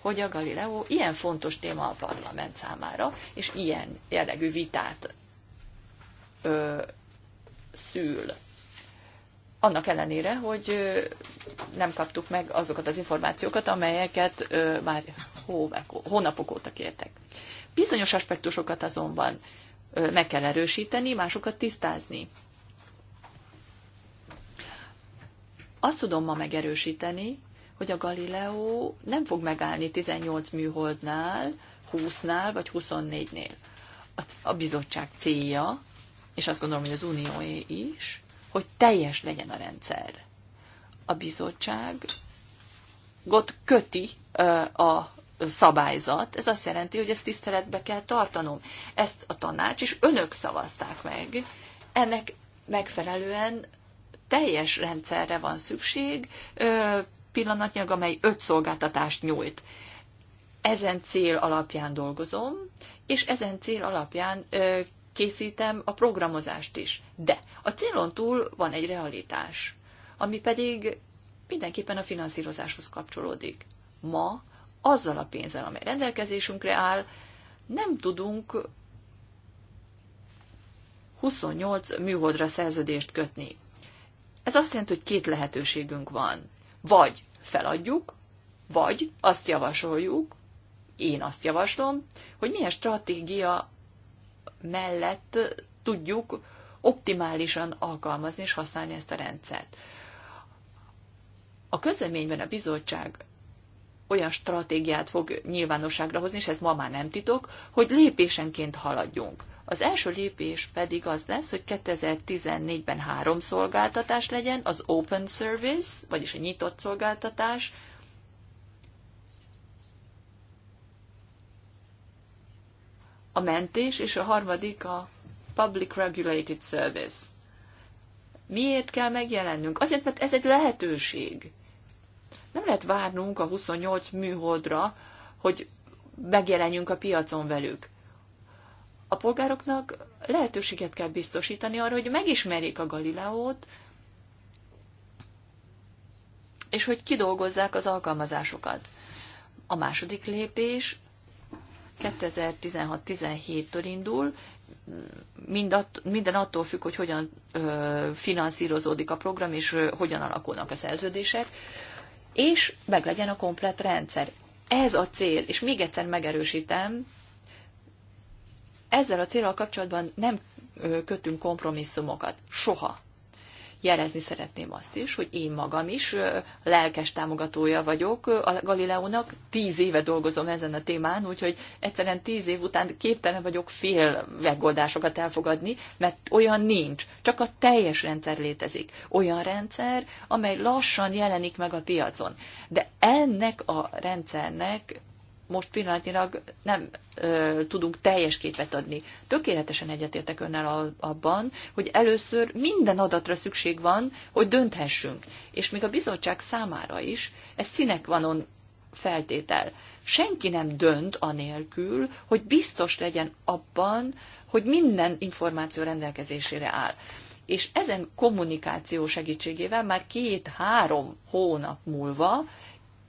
S3: hogy a Galileo ilyen fontos téma a parlament számára, és ilyen jellegű vitát ö, szül. Annak ellenére, hogy nem kaptuk meg azokat az információkat, amelyeket már hóvek, hónapok óta kértek. Bizonyos aspektusokat azonban meg kell erősíteni, másokat tisztázni. Azt tudom ma megerősíteni, hogy a Galileo nem fog megállni 18 műholdnál, 20-nál vagy 24-nél. A bizottság célja és azt gondolom, hogy az unióé is, hogy teljes legyen a rendszer. A bizottság ott köti a szabályzat, ez azt jelenti, hogy ezt tiszteletbe kell tartanom. Ezt a tanács és önök szavazták meg. Ennek megfelelően teljes rendszerre van szükség, pillanatnyilag, amely öt szolgáltatást nyújt. Ezen cél alapján dolgozom, és ezen cél alapján készítem a programozást is. De a célon túl van egy realitás, ami pedig mindenképpen a finanszírozáshoz kapcsolódik. Ma azzal a pénzzel, amely rendelkezésünkre áll, nem tudunk 28 műholdra szerződést kötni. Ez azt jelenti, hogy két lehetőségünk van. Vagy feladjuk, vagy azt javasoljuk, én azt javaslom, hogy milyen stratégia mellett tudjuk optimálisan alkalmazni és használni ezt a rendszert. A közleményben a bizottság olyan stratégiát fog nyilvánosságra hozni, és ez ma már nem titok, hogy lépésenként haladjunk. Az első lépés pedig az lesz, hogy 2014-ben három szolgáltatás legyen, az Open Service, vagyis a nyitott szolgáltatás, a mentés, és a harmadik a Public Regulated Service. Miért kell megjelennünk? Azért, mert ez egy lehetőség. Nem lehet várnunk a 28 műholdra, hogy megjelenjünk a piacon velük. A polgároknak lehetőséget kell biztosítani arra, hogy megismerjék a Galileót, és hogy kidolgozzák az alkalmazásokat. A második lépés 2016-17-től indul, mind att, minden attól függ, hogy hogyan ö, finanszírozódik a program, és ö, hogyan alakulnak a szerződések, és meglegyen a komplet rendszer. Ez a cél, és még egyszer megerősítem, ezzel a célral kapcsolatban nem kötünk kompromisszumokat. Soha jelezni szeretném azt is, hogy én magam is lelkes támogatója vagyok a Galileónak. Tíz éve dolgozom ezen a témán, úgyhogy egyszerűen tíz év után képtelen vagyok fél megoldásokat elfogadni, mert olyan nincs. Csak a teljes rendszer létezik. Olyan rendszer, amely lassan jelenik meg a piacon. De ennek a rendszernek most pillanatnyilag nem ö, tudunk teljes képet adni. Tökéletesen egyetértek önnel abban, hogy először minden adatra szükség van, hogy dönthessünk. És még a bizottság számára is, ez színek on feltétel. Senki nem dönt anélkül, hogy biztos legyen abban, hogy minden információ rendelkezésére áll. És ezen kommunikáció segítségével már két-három hónap múlva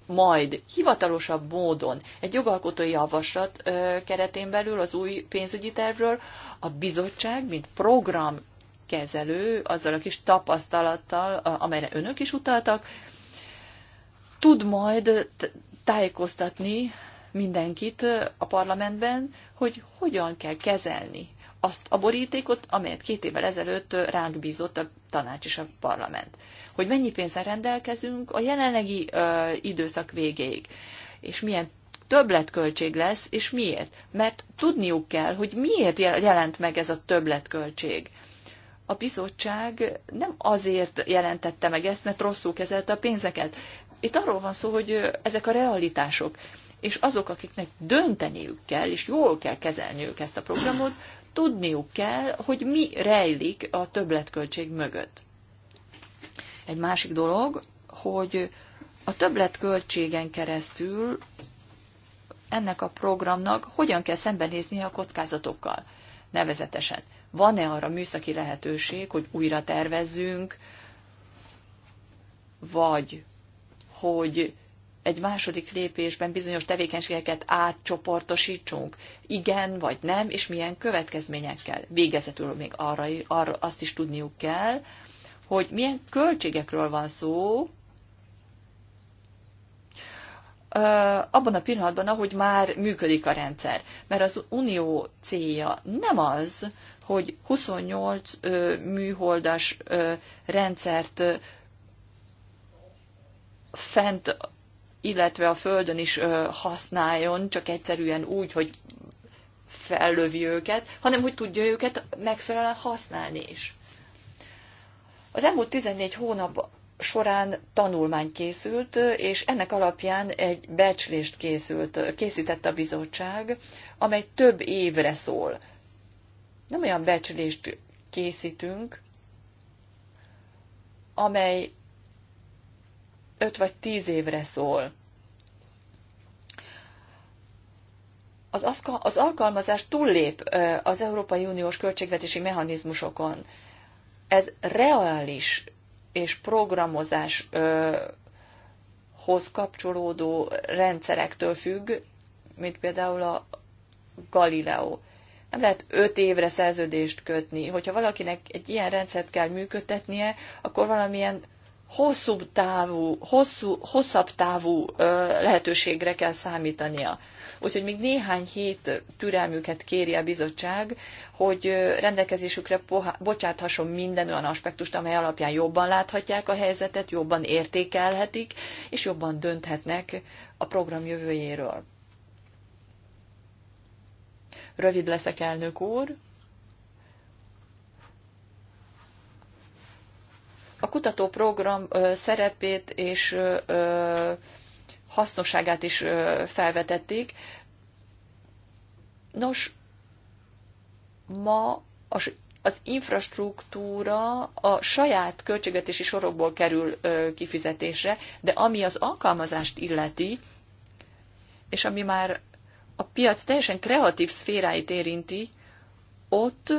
S3: majd hivatalosabb módon egy jogalkotói javaslat keretén belül az új pénzügyi tervről a bizottság, mint programkezelő, azzal a kis tapasztalattal, amelyre önök is utaltak, tud majd tájékoztatni mindenkit a parlamentben, hogy hogyan kell kezelni azt a borítékot, amelyet két évvel ezelőtt ránk bízott a tanács és a parlament. Hogy mennyi pénzzel rendelkezünk a jelenlegi ö, időszak végéig, és milyen többletköltség lesz, és miért. Mert tudniuk kell, hogy miért jelent meg ez a többletköltség. A bizottság nem azért jelentette meg ezt, mert rosszul kezelte a pénzeket. Itt arról van szó, hogy ezek a realitások és azok, akiknek dönteniük kell, és jól kell kezelniük ezt a programot, tudniuk kell, hogy mi rejlik a többletköltség mögött. Egy másik dolog, hogy a többletköltségen keresztül ennek a programnak hogyan kell szembenéznie a kockázatokkal. Nevezetesen, van-e arra műszaki lehetőség, hogy újra tervezzünk, vagy hogy egy második lépésben bizonyos tevékenységeket átcsoportosítsunk, igen vagy nem, és milyen következményekkel. Végezetül még arra, arra azt is tudniuk kell, hogy milyen költségekről van szó, abban a pillanatban, ahogy már működik a rendszer. Mert az unió célja nem az, hogy 28 ö, műholdas ö, rendszert ö, fent illetve a Földön is használjon, csak egyszerűen úgy, hogy fellövi őket, hanem hogy tudja őket megfelelően használni is. Az elmúlt 14 hónap során tanulmány készült, és ennek alapján egy becslést készült, készített a bizottság, amely több évre szól. Nem olyan becslést készítünk, amely 5 vagy 10 évre szól. Az, az alkalmazás túllép az Európai Uniós költségvetési mechanizmusokon. Ez reális és programozáshoz kapcsolódó rendszerektől függ, mint például a Galileo. Nem lehet öt évre szerződést kötni. Hogyha valakinek egy ilyen rendszert kell működtetnie, akkor valamilyen hosszú távú, hosszú, hosszabb távú lehetőségre kell számítania. Úgyhogy még néhány hét türelmüket kéri a bizottság, hogy rendelkezésükre pohá- bocsáthasson minden olyan aspektust, amely alapján jobban láthatják a helyzetet, jobban értékelhetik, és jobban dönthetnek a program jövőjéről. Rövid leszek, elnök úr. a kutatóprogram szerepét és hasznosságát is felvetették. Nos, ma az az infrastruktúra a saját költségvetési sorokból kerül kifizetésre, de ami az alkalmazást illeti, és ami már a piac teljesen kreatív szféráit érinti, ott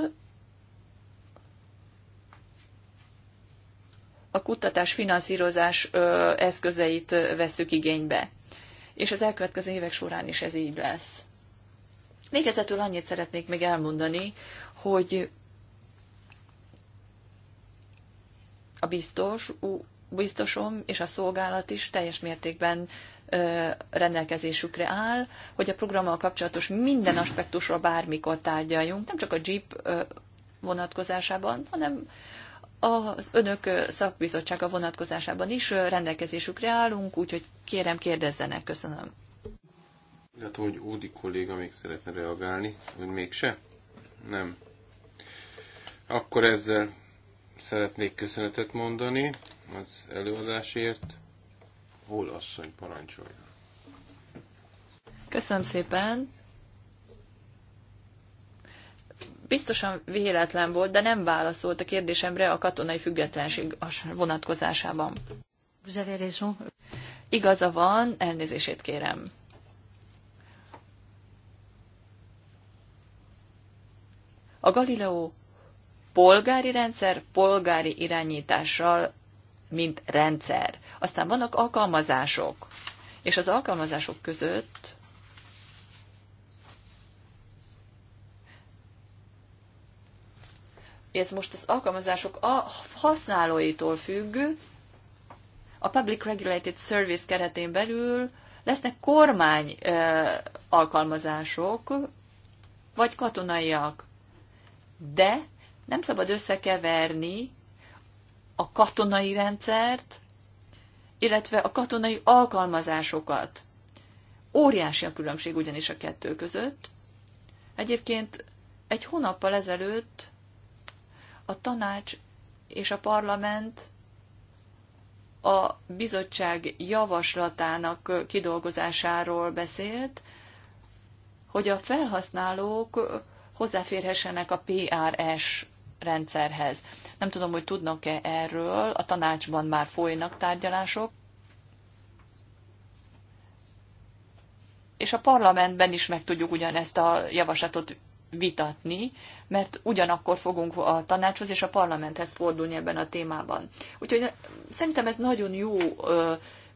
S3: a kutatás finanszírozás eszközeit vesszük igénybe. És az elkövetkező évek során is ez így lesz. Végezetül annyit szeretnék még elmondani, hogy a biztos, biztosom és a szolgálat is teljes mértékben rendelkezésükre áll, hogy a programmal kapcsolatos minden aspektusról bármikor tárgyaljunk, nem csak a Jeep vonatkozásában, hanem az önök szakbizottsága vonatkozásában is rendelkezésükre állunk, úgyhogy kérem kérdezzenek, köszönöm.
S1: Látom, hogy Ódi kolléga még szeretne reagálni, hogy mégse? Nem. Akkor ezzel szeretnék köszönetet mondani az előadásért. Hol asszony parancsolja?
S3: Köszönöm szépen. biztosan véletlen volt, de nem válaszolt a kérdésemre a katonai függetlenség vonatkozásában. Igaza van, elnézését kérem. A Galileo polgári rendszer polgári irányítással, mint rendszer. Aztán vannak alkalmazások, és az alkalmazások között ez most az alkalmazások a használóitól függ, a Public Regulated Service keretén belül lesznek kormány alkalmazások, vagy katonaiak. De nem szabad összekeverni a katonai rendszert, illetve a katonai alkalmazásokat. Óriási a különbség ugyanis a kettő között. Egyébként egy hónappal ezelőtt a tanács és a parlament a bizottság javaslatának kidolgozásáról beszélt, hogy a felhasználók hozzáférhessenek a PRS rendszerhez. Nem tudom, hogy tudnak-e erről, a tanácsban már folynak tárgyalások, és a parlamentben is meg tudjuk ugyanezt a javaslatot vitatni, mert ugyanakkor fogunk a tanácshoz és a parlamenthez fordulni ebben a témában. Úgyhogy szerintem ez nagyon jó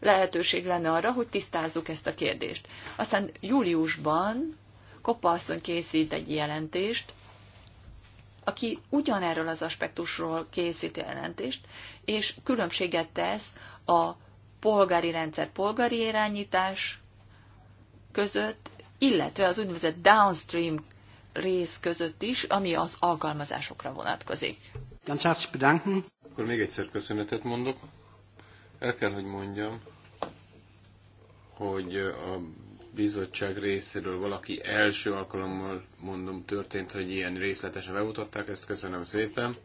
S3: lehetőség lenne arra, hogy tisztázzuk ezt a kérdést. Aztán júliusban Koppa asszony készít egy jelentést, aki ugyanerről az aspektusról készít jelentést, és különbséget tesz a polgári rendszer, polgári irányítás között, illetve az úgynevezett downstream rész között is, ami az alkalmazásokra vonatkozik.
S1: Ganz herzlich bedanken. Akkor még egyszer köszönetet mondok. El kell, hogy mondjam, hogy a bizottság részéről valaki első alkalommal, mondom, történt, hogy ilyen részletesen bemutatták, ezt köszönöm szépen.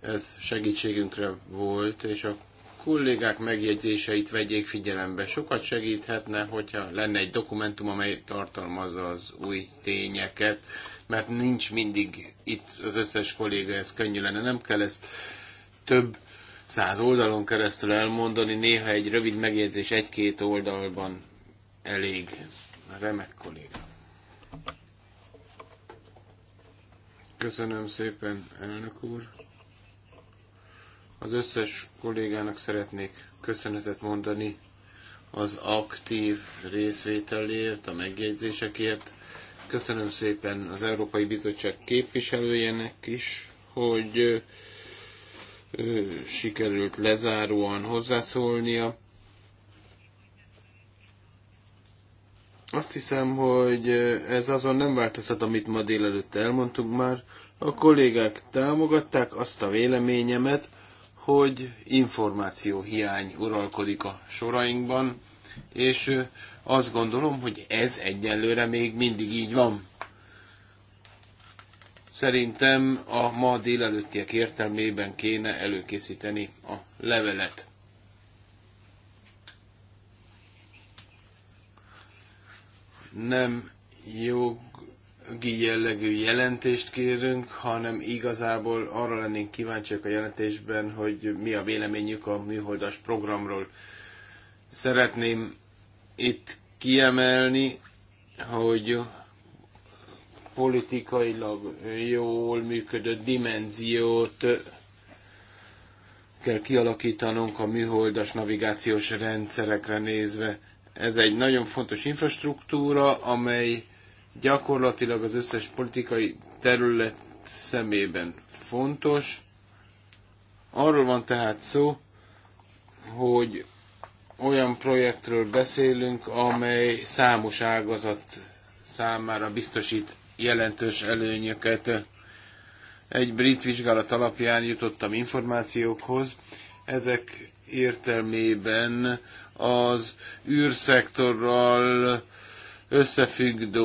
S1: Ez segítségünkre volt, és a kollégák megjegyzéseit vegyék figyelembe. Sokat segíthetne, hogyha lenne egy dokumentum, amely tartalmazza az új tényeket, mert nincs mindig itt az összes kolléga, ez könnyű lenne. Nem kell ezt több száz oldalon keresztül elmondani, néha egy rövid megjegyzés egy-két oldalban elég. Remek kolléga. Köszönöm szépen, elnök úr. Az összes kollégának szeretnék köszönetet mondani az aktív részvételért, a megjegyzésekért. Köszönöm szépen az Európai Bizottság képviselőjének is, hogy sikerült lezáróan hozzászólnia. Azt hiszem, hogy ez azon nem változtat, amit ma délelőtt elmondtunk már. A kollégák támogatták azt a véleményemet, hogy információ hiány uralkodik a sorainkban, és azt gondolom, hogy ez egyelőre még mindig így van. Szerintem a ma délelőttiek értelmében kéne előkészíteni a levelet. Nem jó jellegű jelentést kérünk, hanem igazából arra lennénk kíváncsiak a jelentésben, hogy mi a véleményük a műholdas programról. Szeretném itt kiemelni, hogy politikailag jól működő dimenziót kell kialakítanunk a műholdas navigációs rendszerekre nézve. Ez egy nagyon fontos infrastruktúra, amely gyakorlatilag az összes politikai terület szemében fontos. Arról van tehát szó, hogy olyan projektről beszélünk, amely számos ágazat számára biztosít jelentős előnyöket. Egy brit vizsgálat alapján jutottam információkhoz. Ezek értelmében az űrszektorral összefüggő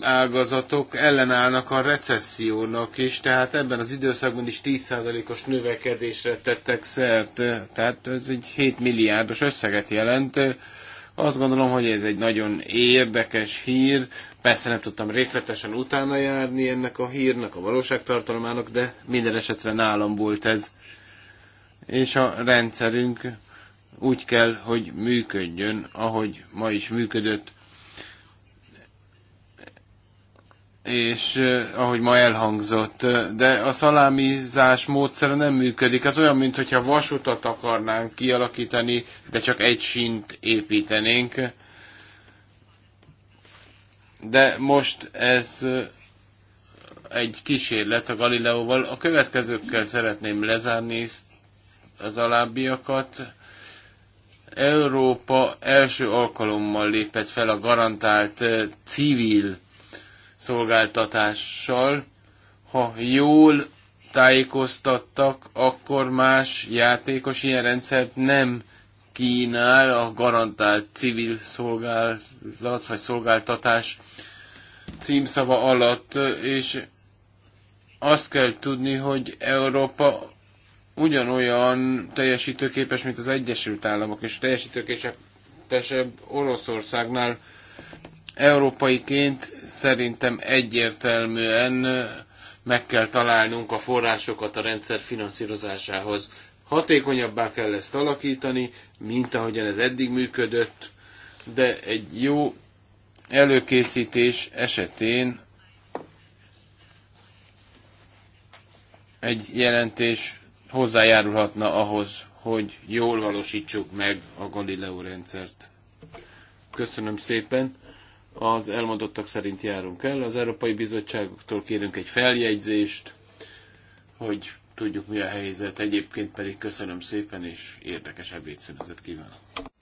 S1: ágazatok ellenállnak a recessziónak is, tehát ebben az időszakban is 10%-os növekedésre tettek szert, tehát ez egy 7 milliárdos összeget jelent. Azt gondolom, hogy ez egy nagyon érdekes hír, persze nem tudtam részletesen utána járni ennek a hírnek, a valóságtartalmának, de minden esetre nálam volt ez. És a rendszerünk úgy kell, hogy működjön, ahogy ma is működött és ahogy ma elhangzott, de a szalámizás módszere nem működik. Ez olyan, mintha vasutat akarnánk kialakítani, de csak egy sint építenénk. De most ez egy kísérlet a Galileóval. A következőkkel szeretném lezárni az alábbiakat. Európa első alkalommal lépett fel a garantált civil szolgáltatással. Ha jól tájékoztattak, akkor más játékos ilyen rendszert nem kínál a garantált civil szolgálat vagy szolgáltatás címszava alatt, és azt kell tudni, hogy Európa ugyanolyan teljesítőképes, mint az Egyesült Államok, és teljesítőképesebb Oroszországnál európaiként Szerintem egyértelműen meg kell találnunk a forrásokat a rendszer finanszírozásához. Hatékonyabbá kell ezt alakítani, mint ahogyan ez eddig működött, de egy jó előkészítés esetén egy jelentés hozzájárulhatna ahhoz, hogy jól valósítsuk meg a Galileo rendszert. Köszönöm szépen az elmondottak szerint járunk el. Az Európai Bizottságoktól kérünk egy feljegyzést, hogy tudjuk mi a helyzet. Egyébként pedig köszönöm szépen, és érdekes ebédszünetet kívánok.